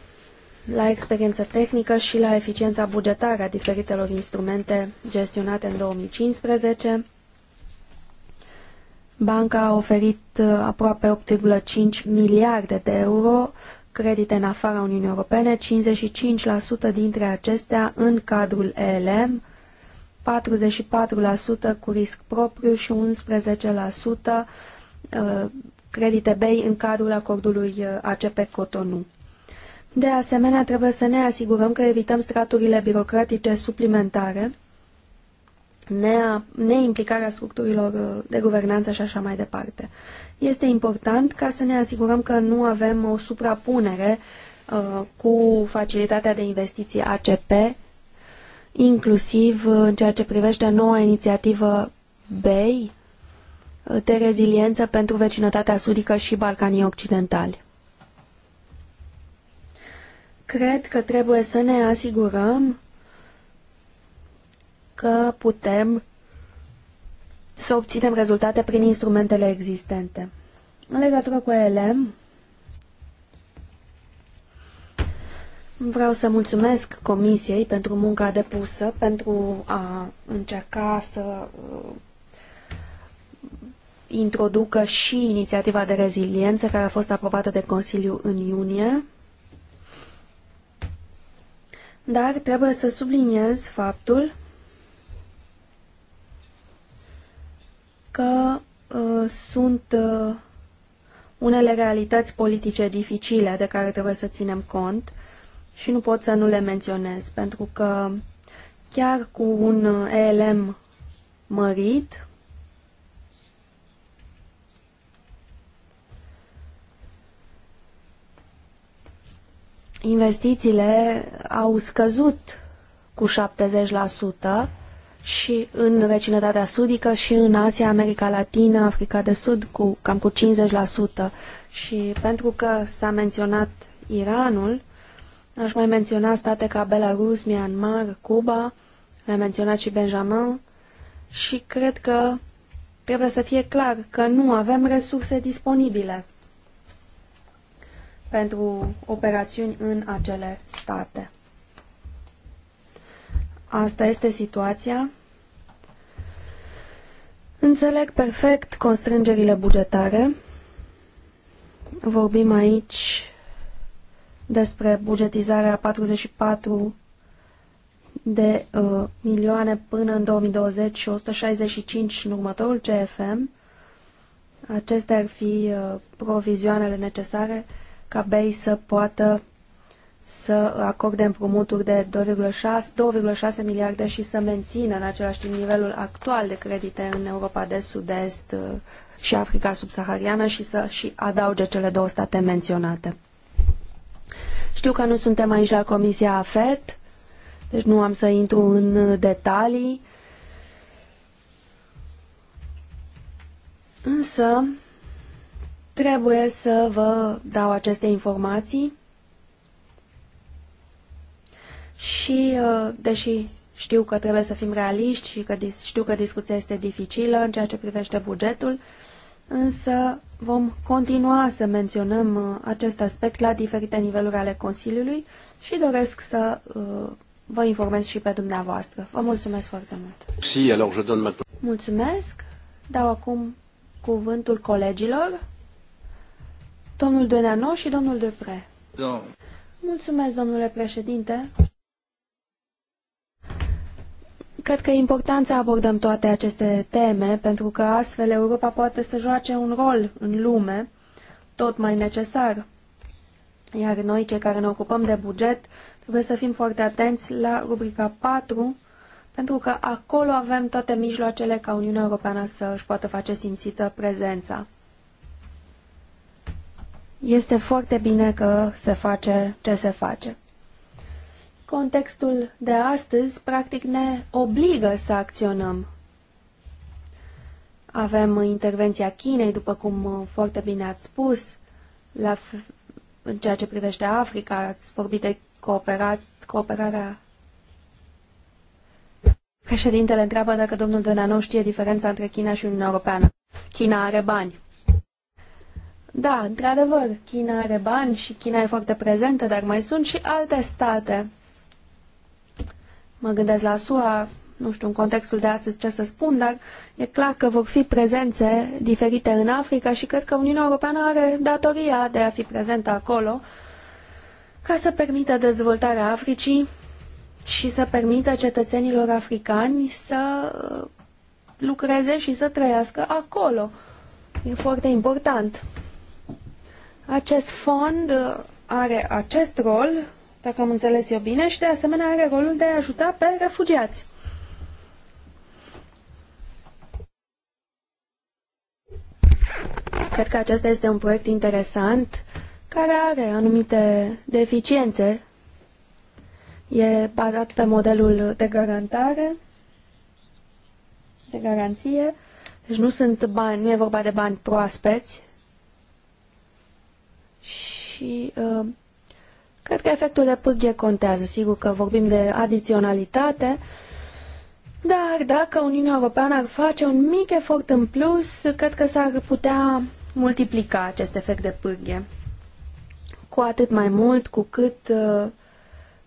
la experiență tehnică și la eficiența bugetară a diferitelor instrumente gestionate în 2015. Banca a oferit uh, aproape 8,5 miliarde de euro credite în afara Uniunii Europene, 55% dintre acestea în cadrul ELM, 44% cu risc propriu și 11% uh, credite BEI în cadrul acordului uh, ACP Cotonou. De asemenea, trebuie să ne asigurăm că evităm straturile birocratice suplimentare, neimplicarea structurilor uh, de guvernanță și așa mai departe. Este important ca să ne asigurăm că nu avem o suprapunere uh, cu facilitatea de investiții ACP, inclusiv uh, în ceea ce privește noua inițiativă BEI uh, de reziliență pentru vecinătatea sudică și Balcanii Occidentali. Cred că trebuie să ne asigurăm că putem să obținem rezultate prin instrumentele existente. În legătură cu ele, vreau să mulțumesc Comisiei pentru munca depusă, pentru a încerca să uh, introducă și inițiativa de reziliență care a fost aprobată de Consiliu în iunie dar trebuie să subliniez faptul că uh, sunt uh, unele realități politice dificile de care trebuie să ținem cont și nu pot să nu le menționez, pentru că chiar cu un uh, ELM mărit, investițiile au scăzut cu 70% și în vecinătatea sudică și în Asia, America Latină, Africa de Sud cu cam cu 50% și pentru că s-a menționat Iranul, aș mai menționa state ca Belarus, Myanmar, Cuba, l-a menționat și Benjamin și cred că trebuie să fie clar că nu avem resurse disponibile pentru operațiuni în acele state. Asta este situația. Înțeleg perfect constrângerile bugetare. Vorbim aici despre bugetizarea 44 de uh, milioane până în 2020 și 165 în următorul CFM. Acestea ar fi uh, provizioanele necesare uh, ca BEI să poată să acorde împrumuturi de 2,6 miliarde și să mențină în același timp nivelul actual de credite în Europa de Sud-Est uh, și Africa subsahariană și să și adauge cele două state menționate. Știu că nu suntem aici la Comisia AFET, deci nu am să intru în detalii, însă Trebuie să vă dau aceste informații și, uh, deși știu că trebuie să fim realiști și că știu că discuția este dificilă în ceea ce privește bugetul, însă vom continua să menționăm uh, acest aspect la diferite niveluri ale Consiliului și doresc să uh, vă informez și pe dumneavoastră. Vă mulțumesc foarte mult. Si, alors je donne maintenant. Mulțumesc. Dau acum cuvântul colegilor. Domnul Denano și domnul Depre. Domn. Da. Mulțumesc, domnule președinte. Cred că e important să abordăm toate aceste teme, pentru că astfel Europa poate să joace un rol în lume tot mai necesar. Iar noi, cei care ne ocupăm de buget, trebuie să fim foarte atenți la rubrica 4, pentru că acolo avem toate mijloacele ca Uniunea Europeană să își poată face simțită prezența. Este foarte bine că se face ce se face. Contextul de astăzi, practic, ne obligă să acționăm. Avem intervenția Chinei, după cum foarte bine ați spus, la, în ceea ce privește Africa, ați vorbit de cooperat, cooperarea. Președintele întreabă dacă domnul nu știe diferența între China și Uniunea Europeană. China are bani. Da, într-adevăr, China are bani și China e foarte prezentă, dar mai sunt și alte state. Mă gândesc la SUA, nu știu în contextul de astăzi ce să spun, dar e clar că vor fi prezențe diferite în Africa și cred că Uniunea Europeană are datoria de a fi prezentă acolo ca să permită dezvoltarea Africii și să permită cetățenilor africani să lucreze și să trăiască acolo. E foarte important. Acest fond are acest rol, dacă am înțeles eu bine, și de asemenea are rolul de a ajuta pe refugiați. Cred că acesta este un proiect interesant care are anumite deficiențe. E bazat pe modelul de garantare, de garanție, deci nu sunt bani, nu e vorba de bani proaspeți, și uh, cred că efectul de pârghie contează. Sigur că vorbim de adiționalitate, dar dacă Uniunea Europeană ar face un mic efort în plus, cred că s-ar putea multiplica acest efect de pârghie. Cu atât mai mult cu cât, uh,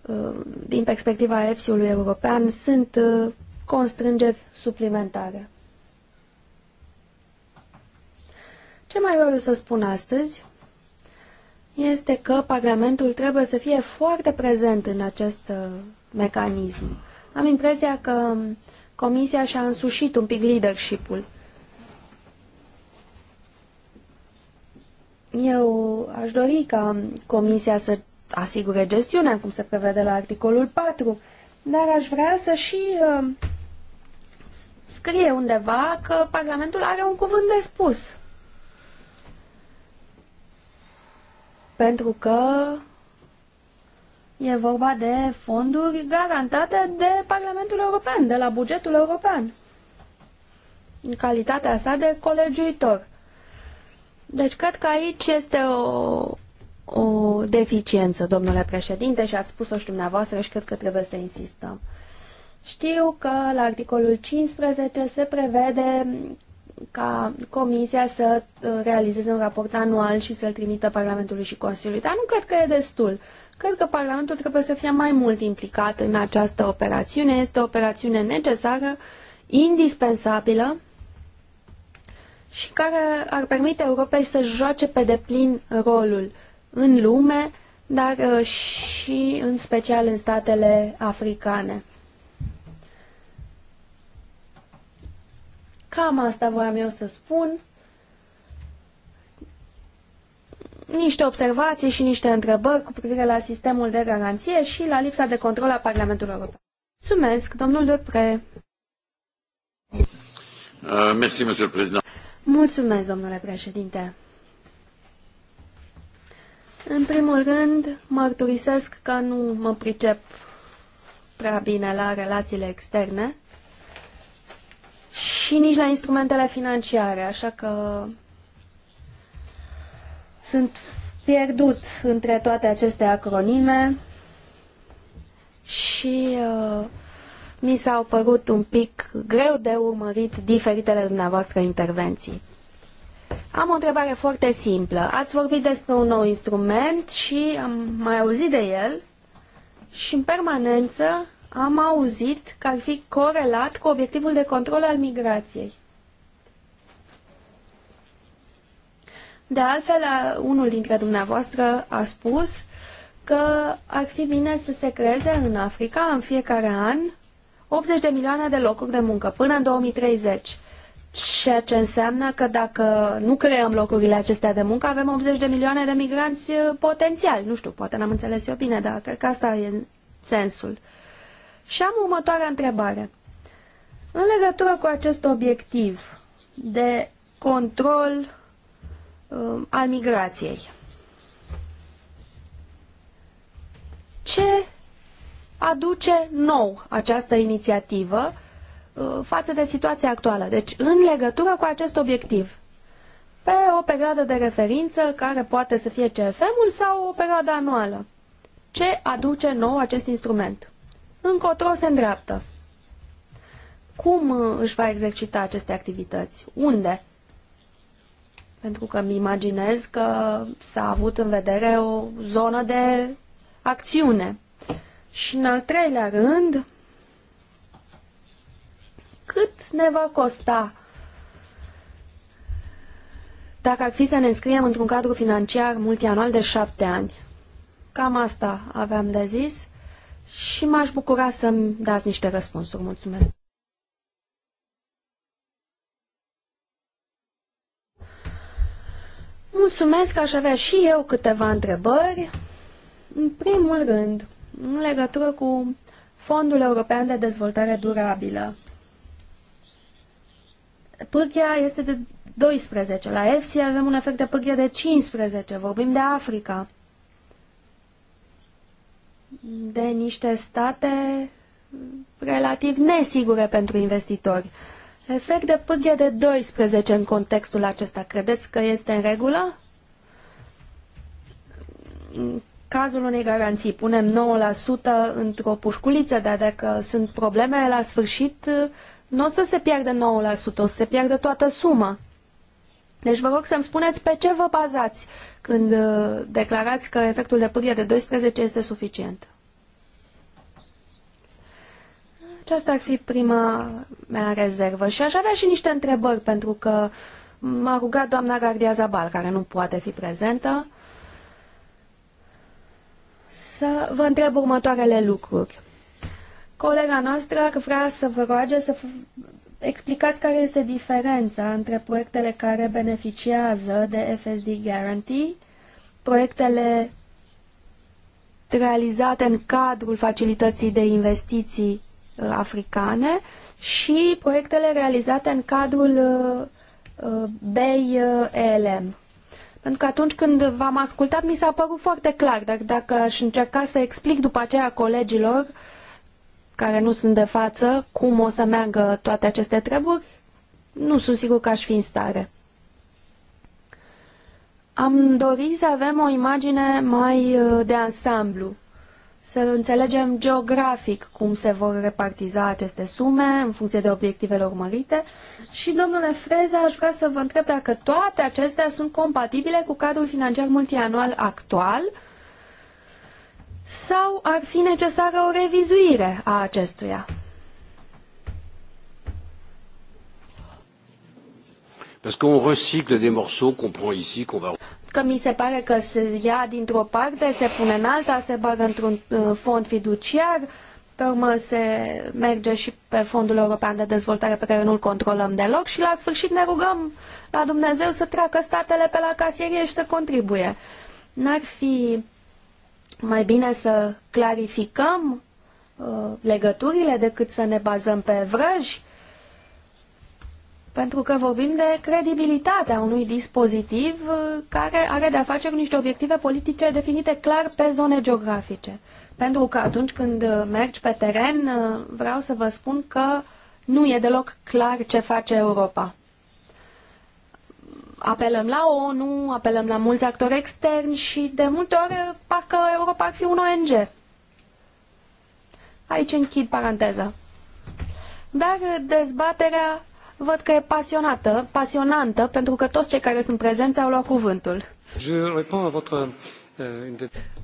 uh, din perspectiva EFSI-ului european, sunt uh, constrângeri suplimentare. Ce mai vreau să spun astăzi? este că Parlamentul trebuie să fie foarte prezent în acest uh, mecanism. Am impresia că Comisia și-a însușit un pic leadership-ul. Eu aș dori ca Comisia să asigure gestiunea, cum se prevede la articolul 4, dar aș vrea să și uh, scrie undeva că Parlamentul are un cuvânt de spus. pentru că e vorba de fonduri garantate de Parlamentul European, de la bugetul european, în calitatea sa de colegiuitor. Deci cred că aici este o, o deficiență, domnule președinte, și ați spus-o și dumneavoastră și cred că trebuie să insistăm. Știu că la articolul 15 se prevede ca Comisia să uh, realizeze un raport anual și să-l trimită Parlamentului și Consiliului. Dar nu cred că e destul. Cred că Parlamentul trebuie să fie mai mult implicat în această operațiune. Este o operațiune necesară, indispensabilă și care ar permite Europei să joace pe deplin rolul în lume, dar uh, și în special în statele africane. Cam asta voiam eu să spun. Niște observații și niște întrebări cu privire la sistemul de garanție și la lipsa de control a Parlamentului European. Mulțumesc, domnul Dupre. Uh, Mulțumesc, domnule președinte. În primul rând, mărturisesc că nu mă pricep prea bine la relațiile externe și nici la instrumentele financiare, așa că sunt pierdut între toate aceste acronime și uh, mi s-au părut un pic greu de urmărit diferitele dumneavoastră intervenții. Am o întrebare foarte simplă. Ați vorbit despre un nou instrument și am mai auzit de el și în permanență am auzit că ar fi corelat cu obiectivul de control al migrației. De altfel, unul dintre dumneavoastră a spus că ar fi bine să se creeze în Africa în fiecare an 80 de milioane de locuri de muncă până în 2030. Ceea ce înseamnă că dacă nu creăm locurile acestea de muncă, avem 80 de milioane de migranți eh, potențiali. Nu știu, poate n-am înțeles eu bine, dar cred că asta e sensul. Uh, și am următoarea întrebare. În legătură cu acest obiectiv de control um, al migrației, ce aduce nou această inițiativă uh, față de situația actuală? Deci, în legătură cu acest obiectiv, pe o perioadă de referință care poate să fie CFM-ul sau o perioadă anuală, ce aduce nou acest instrument? încotro se îndreaptă. Cum uh, își va exercita aceste activități? Unde? Pentru că îmi imaginez că s-a avut în vedere o zonă de acțiune. Și în al treilea rând, cât ne va costa dacă ar fi să ne înscriem într-un cadru financiar multianual de șapte ani? Cam asta aveam de zis și m-aș bucura să-mi dați niște răspunsuri. Mulțumesc! Mulțumesc, că aș avea și eu câteva întrebări. În primul rând, în legătură cu Fondul European de Dezvoltare Durabilă. Pârghia este de 12. La EFSI avem un efect de pârghie de 15. Vorbim de Africa de niște state relativ nesigure pentru investitori. Efect de pârghie de 12 în contextul acesta, credeți că este în regulă? În cazul unei garanții, punem 9% într-o pușculiță, dar dacă sunt probleme la sfârșit, nu o să se piardă 9%, o să se piardă toată suma. Deci vă rog să-mi spuneți pe ce vă bazați când uh, declarați că efectul de pârghie de 12 este suficient. Aceasta ar fi prima mea rezervă și aș avea și niște întrebări pentru că m-a rugat doamna Gardia Zabal, care nu poate fi prezentă, să vă întreb următoarele lucruri. Colega noastră vrea să vă roage să explicați care este diferența între proiectele care beneficiază de FSD Guarantee, proiectele realizate în cadrul facilității de investiții uh, africane și proiectele realizate în cadrul uh, uh, BEI Pentru că atunci când v-am ascultat mi s-a părut foarte clar, dar dacă aș încerca să explic după aceea colegilor, uh, care nu sunt de față, cum o să meargă toate aceste treburi, nu sunt sigur că aș fi în stare. Am dorit să avem o imagine mai uh, de ansamblu, să înțelegem geografic cum se vor repartiza aceste sume în funcție de obiectivele urmărite și, domnule Freza, aș vrea să vă întreb dacă toate acestea sunt compatibile cu cadrul financiar multianual actual sau ar fi necesară o revizuire a acestuia? Parce qu'on recycle des morceaux qu'on prend ici, qu'on va... Că mi se pare că se ia dintr-o parte, se pune în alta, se bagă într-un uh, fond fiduciar, pe urmă se merge și pe Fondul European de Dezvoltare pe care nu-l controlăm deloc și la sfârșit ne rugăm la Dumnezeu să treacă statele pe la casierie și să contribuie. N-ar fi mai bine să clarificăm uh, legăturile decât să ne bazăm pe vrăji, pentru că vorbim de credibilitatea unui dispozitiv uh, care are de-a face cu niște obiective politice definite clar pe zone geografice. Pentru că atunci când uh, mergi pe teren, uh, vreau să vă spun că nu e deloc clar ce face Europa apelăm la ONU, apelăm la mulți actori externi și de multe ori parcă Europa ar fi un ONG. Aici închid paranteza. Dar dezbaterea văd că e pasionată, pasionantă, pentru că toți cei care sunt prezenți au luat cuvântul. Euh,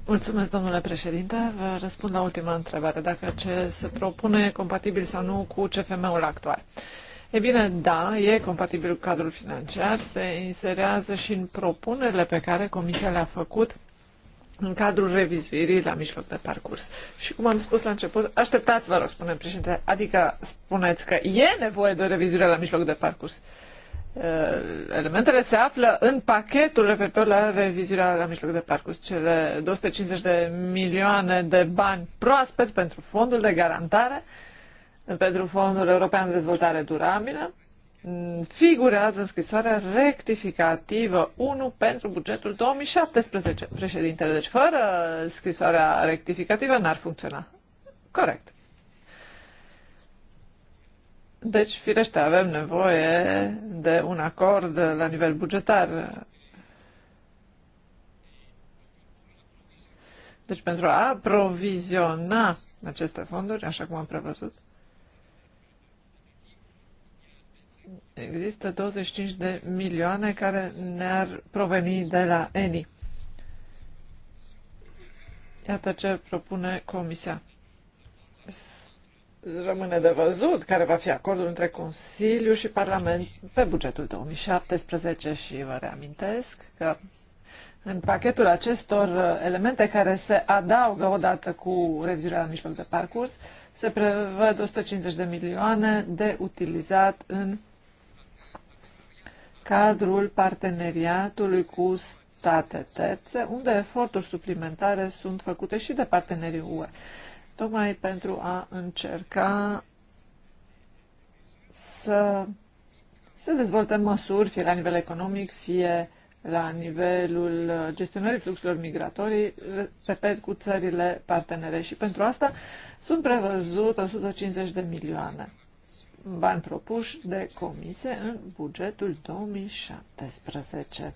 Mulțumesc, domnule președinte. Vă răspund la ultima întrebare, dacă ce se propune e compatibil sau nu cu CFM-ul actual. Uh, E bine, da, e compatibil cu cadrul financiar, se inserează și în propunerile pe care Comisia le-a făcut în cadrul revizuirii la mijloc de parcurs. Și cum am spus la început, așteptați, vă rog, spune președinte, adică spuneți că e nevoie de o revizuire la mijloc de parcurs. Uh, elementele se află în pachetul referitor la revizuirea la mijloc de parcurs, cele 250 de milioane de bani proaspeți pentru fondul de garantare, pentru Fondul European de Dezvoltare Durabilă figurează în scrisoarea rectificativă 1 pentru bugetul 2017, președintele. Deci fără scrisoarea rectificativă n-ar funcționa. Corect. Deci, firește, avem nevoie de un acord la nivel bugetar. Deci, pentru a aproviziona aceste fonduri, așa cum am prevăzut, există 25 de milioane care ne-ar proveni de la ENI. Iată ce propune Comisia. Rămâne de văzut care va fi acordul între Consiliu și Parlament pe bugetul 2017 și vă reamintesc că în pachetul acestor elemente care se adaugă odată cu revizuirea la mijloc de parcurs, se prevăd 150 de milioane de utilizat în cadrul parteneriatului cu state terțe, unde eforturi suplimentare sunt făcute și de partenerii UE, tocmai pentru a încerca să se dezvolte măsuri, fie la nivel economic, fie la nivelul gestionării fluxurilor migratorii, repet, cu țările partenere. Și pentru asta sunt prevăzut 150 de milioane bani propuși de comisie în bugetul 2017.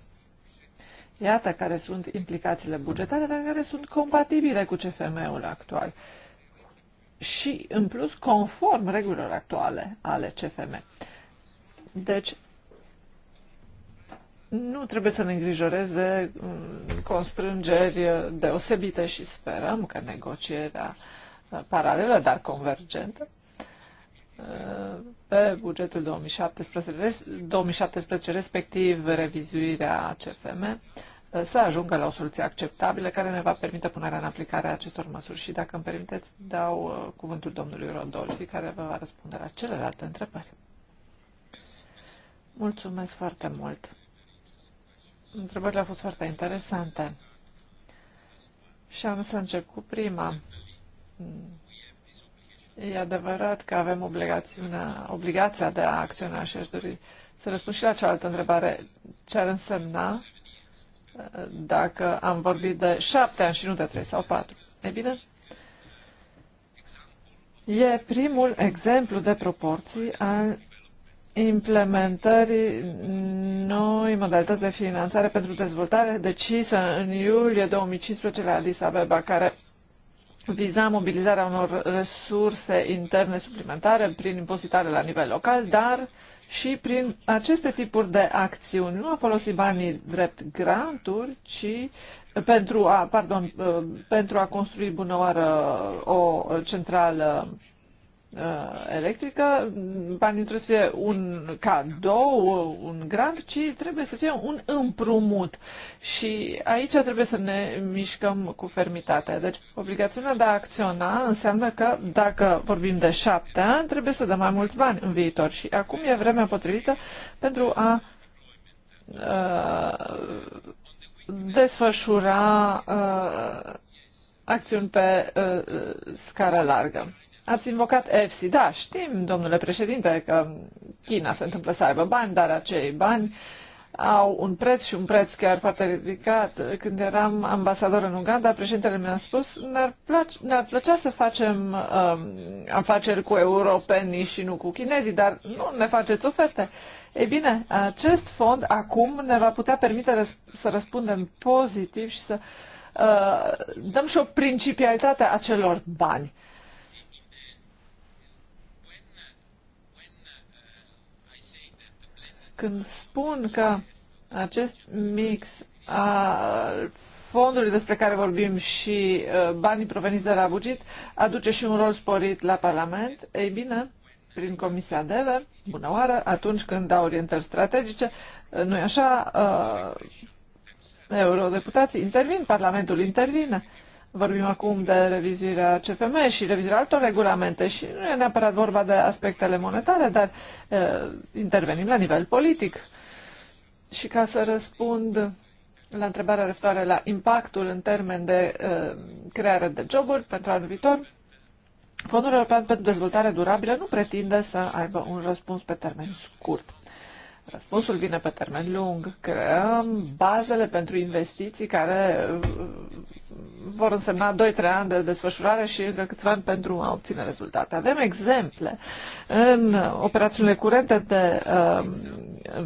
Iată care sunt implicațiile bugetare, dar care sunt compatibile cu csm ul actual și, în plus, conform regulilor actuale ale CFM. Deci, nu trebuie să ne îngrijoreze mm, constrângeri deosebite și sperăm că negocierea uh, paralelă, dar convergentă, pe bugetul 2017, 2017, respectiv revizuirea CFM, uh, să ajungă la o soluție acceptabilă care ne va permite punerea în aplicare a acestor măsuri. Și dacă îmi permiteți, dau uh, cuvântul domnului Rodolfi, care vă va răspunde la celelalte întrebări. Mulțumesc foarte mult. Întrebările au fost foarte interesante. Și am să încep cu prima E adevărat că avem obligațiunea, obligația de a acționa și aș dori să răspund și la cealaltă întrebare. Ce ar însemna uh, dacă am vorbit de șapte ani și nu de trei sau patru? E bine, e primul exemplu de proporții al implementării noi modalități de finanțare pentru dezvoltare decisă în iulie 2015 la Addis Abeba, care viza mobilizarea unor resurse interne suplimentare prin impozitare la nivel local, dar și prin aceste tipuri de acțiuni. Nu a folosit banii drept granturi, ci pentru a, pardon, pentru a construi bunăoară o centrală Uh, electrică, banii trebuie să fie un cadou, un grant, ci trebuie să fie un împrumut. Și aici trebuie să ne mișcăm cu fermitate. Deci, obligațiunea de a acționa înseamnă că dacă vorbim de șapte ani, trebuie să dăm mai mulți bani în viitor. Și acum e vremea potrivită pentru a uh, desfășura uh, acțiuni pe uh, scară largă. Ați invocat EFSI. Da, știm, domnule președinte, că China se întâmplă să aibă bani, dar acei bani au un preț și un preț chiar foarte ridicat. Când eram ambasador în Uganda, președintele mi-a spus, ne-ar, ne plăcea să facem um, afaceri cu europenii și nu cu chinezii, dar nu ne faceți oferte. Ei bine, acest fond acum ne va putea permite răs- să răspundem pozitiv și să uh, dăm și o principialitate a celor bani. Când spun că acest mix al fondului despre care vorbim și uh, banii proveniți de la buget aduce și un rol sporit la Parlament, ei bine, prin Comisia DEVE, bună oară, atunci când dau orientări strategice, uh, nu-i așa, uh, eurodeputații intervin, Parlamentul intervine. Uh, Vorbim acum de revizuirea CFM și revizuirea altor regulamente și nu e neapărat vorba de aspectele monetare, dar uh, intervenim la nivel politic. Și ca să răspund la întrebarea referitoare la impactul în termen de uh, creare de joburi pentru anul viitor, Fondul European pentru Dezvoltare Durabilă nu pretinde să aibă un răspuns pe termen scurt. Răspunsul vine pe termen lung. Creăm bazele pentru investiții care uh, vor însemna 2-3 ani de desfășurare și încă câțiva ani pentru a obține rezultate. Avem exemple în operațiunile curente de uh,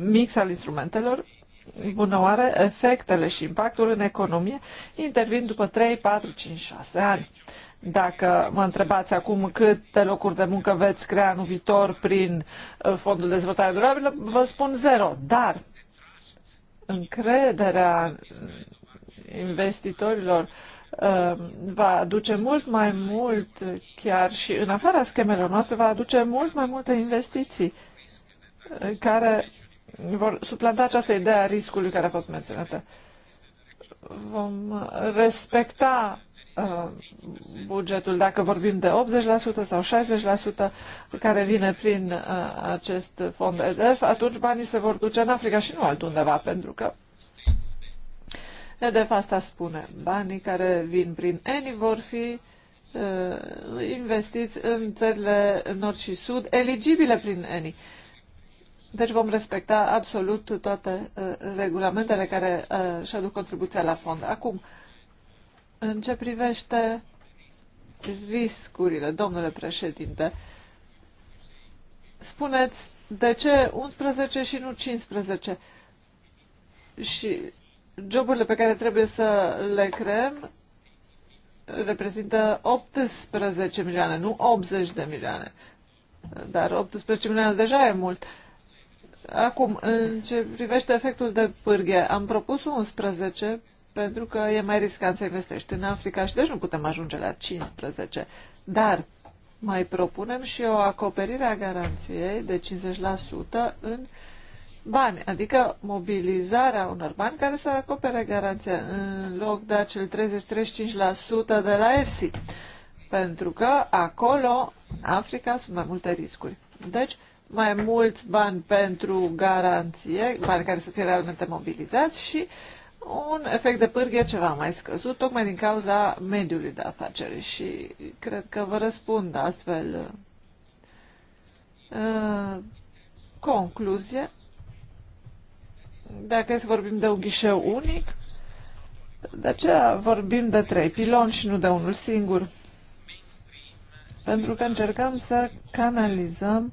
mix al instrumentelor. Bună oare, efectele și impactul în economie intervin după 3, 4, 5, 6 ani. Dacă mă întrebați acum câte locuri de muncă veți crea în viitor prin uh, Fondul de Dezvoltare Durabilă, vă spun zero. Dar încrederea investitorilor uh, va aduce mult mai mult, chiar și în afara schemelor noastre, va aduce mult mai multe investiții uh, care vor suplanta această idee a riscului care a fost menționată. Vom respecta Uh, bugetul, dacă vorbim de 80% sau 60% care vine prin uh, acest fond EDF, atunci banii se vor duce în Africa și nu altundeva, pentru că EDF asta spune. Banii care vin prin ENI vor fi uh, investiți în țările nord și sud, eligibile prin ENI. Deci vom respecta absolut toate uh, regulamentele care uh, și aduc contribuția la fond. Acum, uh, în ce privește riscurile, domnule președinte, spuneți de ce 11 și nu 15? Și joburile pe care trebuie să le creăm reprezintă 18 milioane, nu 80 de milioane. Dar 18 milioane deja e mult. Acum, în ce privește efectul de pârghie, am propus 11 pentru că e mai riscant să investești în Africa și deci nu putem ajunge la 15. Dar mai propunem și o acoperire a garanției de 50% în bani, adică mobilizarea unor bani care să acopere garanția în loc de acel 30-35% de la EFSI. Pentru că acolo, în Africa, sunt mai multe riscuri. Deci, mai mulți bani pentru garanție, bani care să fie realmente mobilizați și uh, un efect de pârghie ceva mai scăzut, tocmai din cauza mediului de afaceri și cred că vă răspund astfel. Uh, concluzie, dacă să vorbim de un ghișeu unic, de aceea vorbim de trei piloni și nu de unul singur. Pentru că încercăm să canalizăm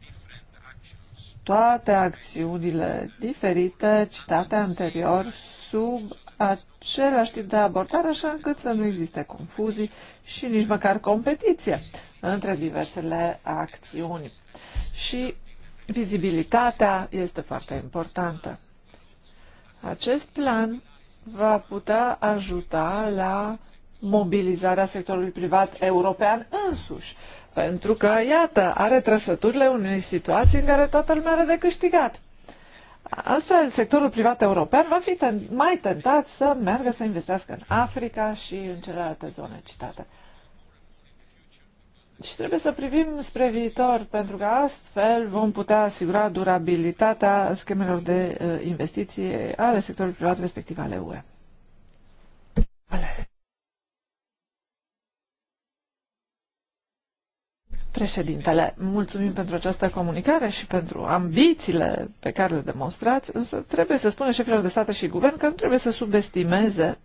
toate acțiunile diferite citate anterior sub același tip de abordare, așa încât să nu existe confuzii și nici măcar competiție între diversele acțiuni. Și vizibilitatea este foarte importantă. Acest plan va putea ajuta la mobilizarea sectorului privat european însuși, pentru că, iată, are trăsăturile unei situații în care toată lumea are de câștigat. Astfel, sectorul privat european va fi ten- mai tentat să meargă să investească în Africa și în celelalte zone citate. Și trebuie să privim spre viitor, pentru că astfel vom putea asigura durabilitatea schemelor de uh, investiții ale sectorului privat, respectiv ale UE. Ale. Președintele, mulțumim pentru această comunicare și pentru ambițiile pe care le demonstrați, însă trebuie să spună șefilor de state și guvern că nu trebuie să subestimeze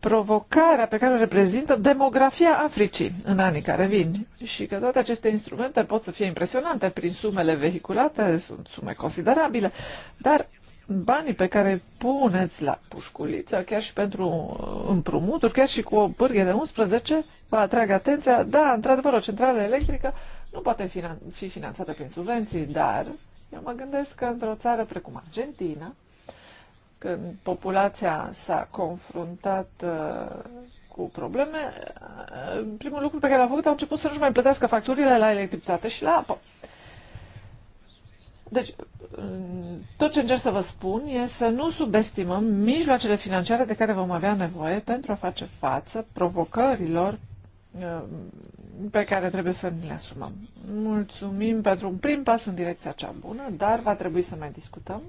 provocarea pe care o reprezintă demografia Africii în anii care vin și că toate aceste instrumente pot să fie impresionante prin sumele vehiculate, sunt sume considerabile, dar banii pe care îi puneți la pușculiță, chiar și pentru uh, împrumuturi, chiar și cu o pârghie de 11, vă atrag atenția, da, într-adevăr, o centrală electrică nu poate finan- fi finanțată prin subvenții, dar eu mă gândesc că într-o țară precum Argentina, când populația s-a confruntat uh, cu probleme, uh, primul lucru pe care l-a făcut, au început să nu-și mai plătească facturile la electricitate și la apă. Uh, deci, tot ce încerc să vă spun e să nu subestimăm mijloacele financiare de care vom avea nevoie pentru a face față provocărilor uh, pe care trebuie să ne le asumăm. Mulțumim pentru un prim pas în direcția cea bună, dar va trebui să mai discutăm.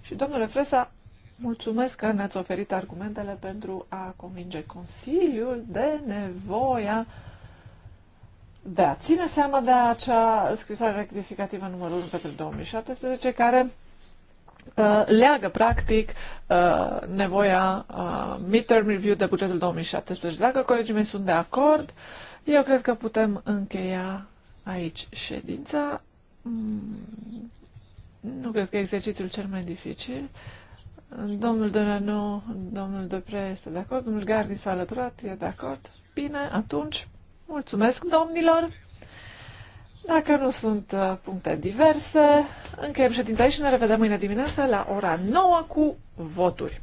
Și, domnule Fresa, mulțumesc că ne-ați oferit argumentele pentru a convinge Consiliul de nevoia da, ține seama de acea scrisoare rectificativă numărul 1 pentru 2017, care uh, leagă, practic, uh, nevoia uh, midterm review de bugetul 2017. Dacă colegii mei sunt de acord, eu cred că putem încheia aici ședința. Mm, nu cred că exercițiul cel mai dificil. Domnul Delano, domnul Depre este de acord, domnul Gardi s-a alăturat, e de acord. Bine, atunci Mulțumesc, domnilor! Dacă nu sunt uh, puncte diverse, încheiem ședința aici și ne revedem mâine dimineață la ora 9 cu voturi.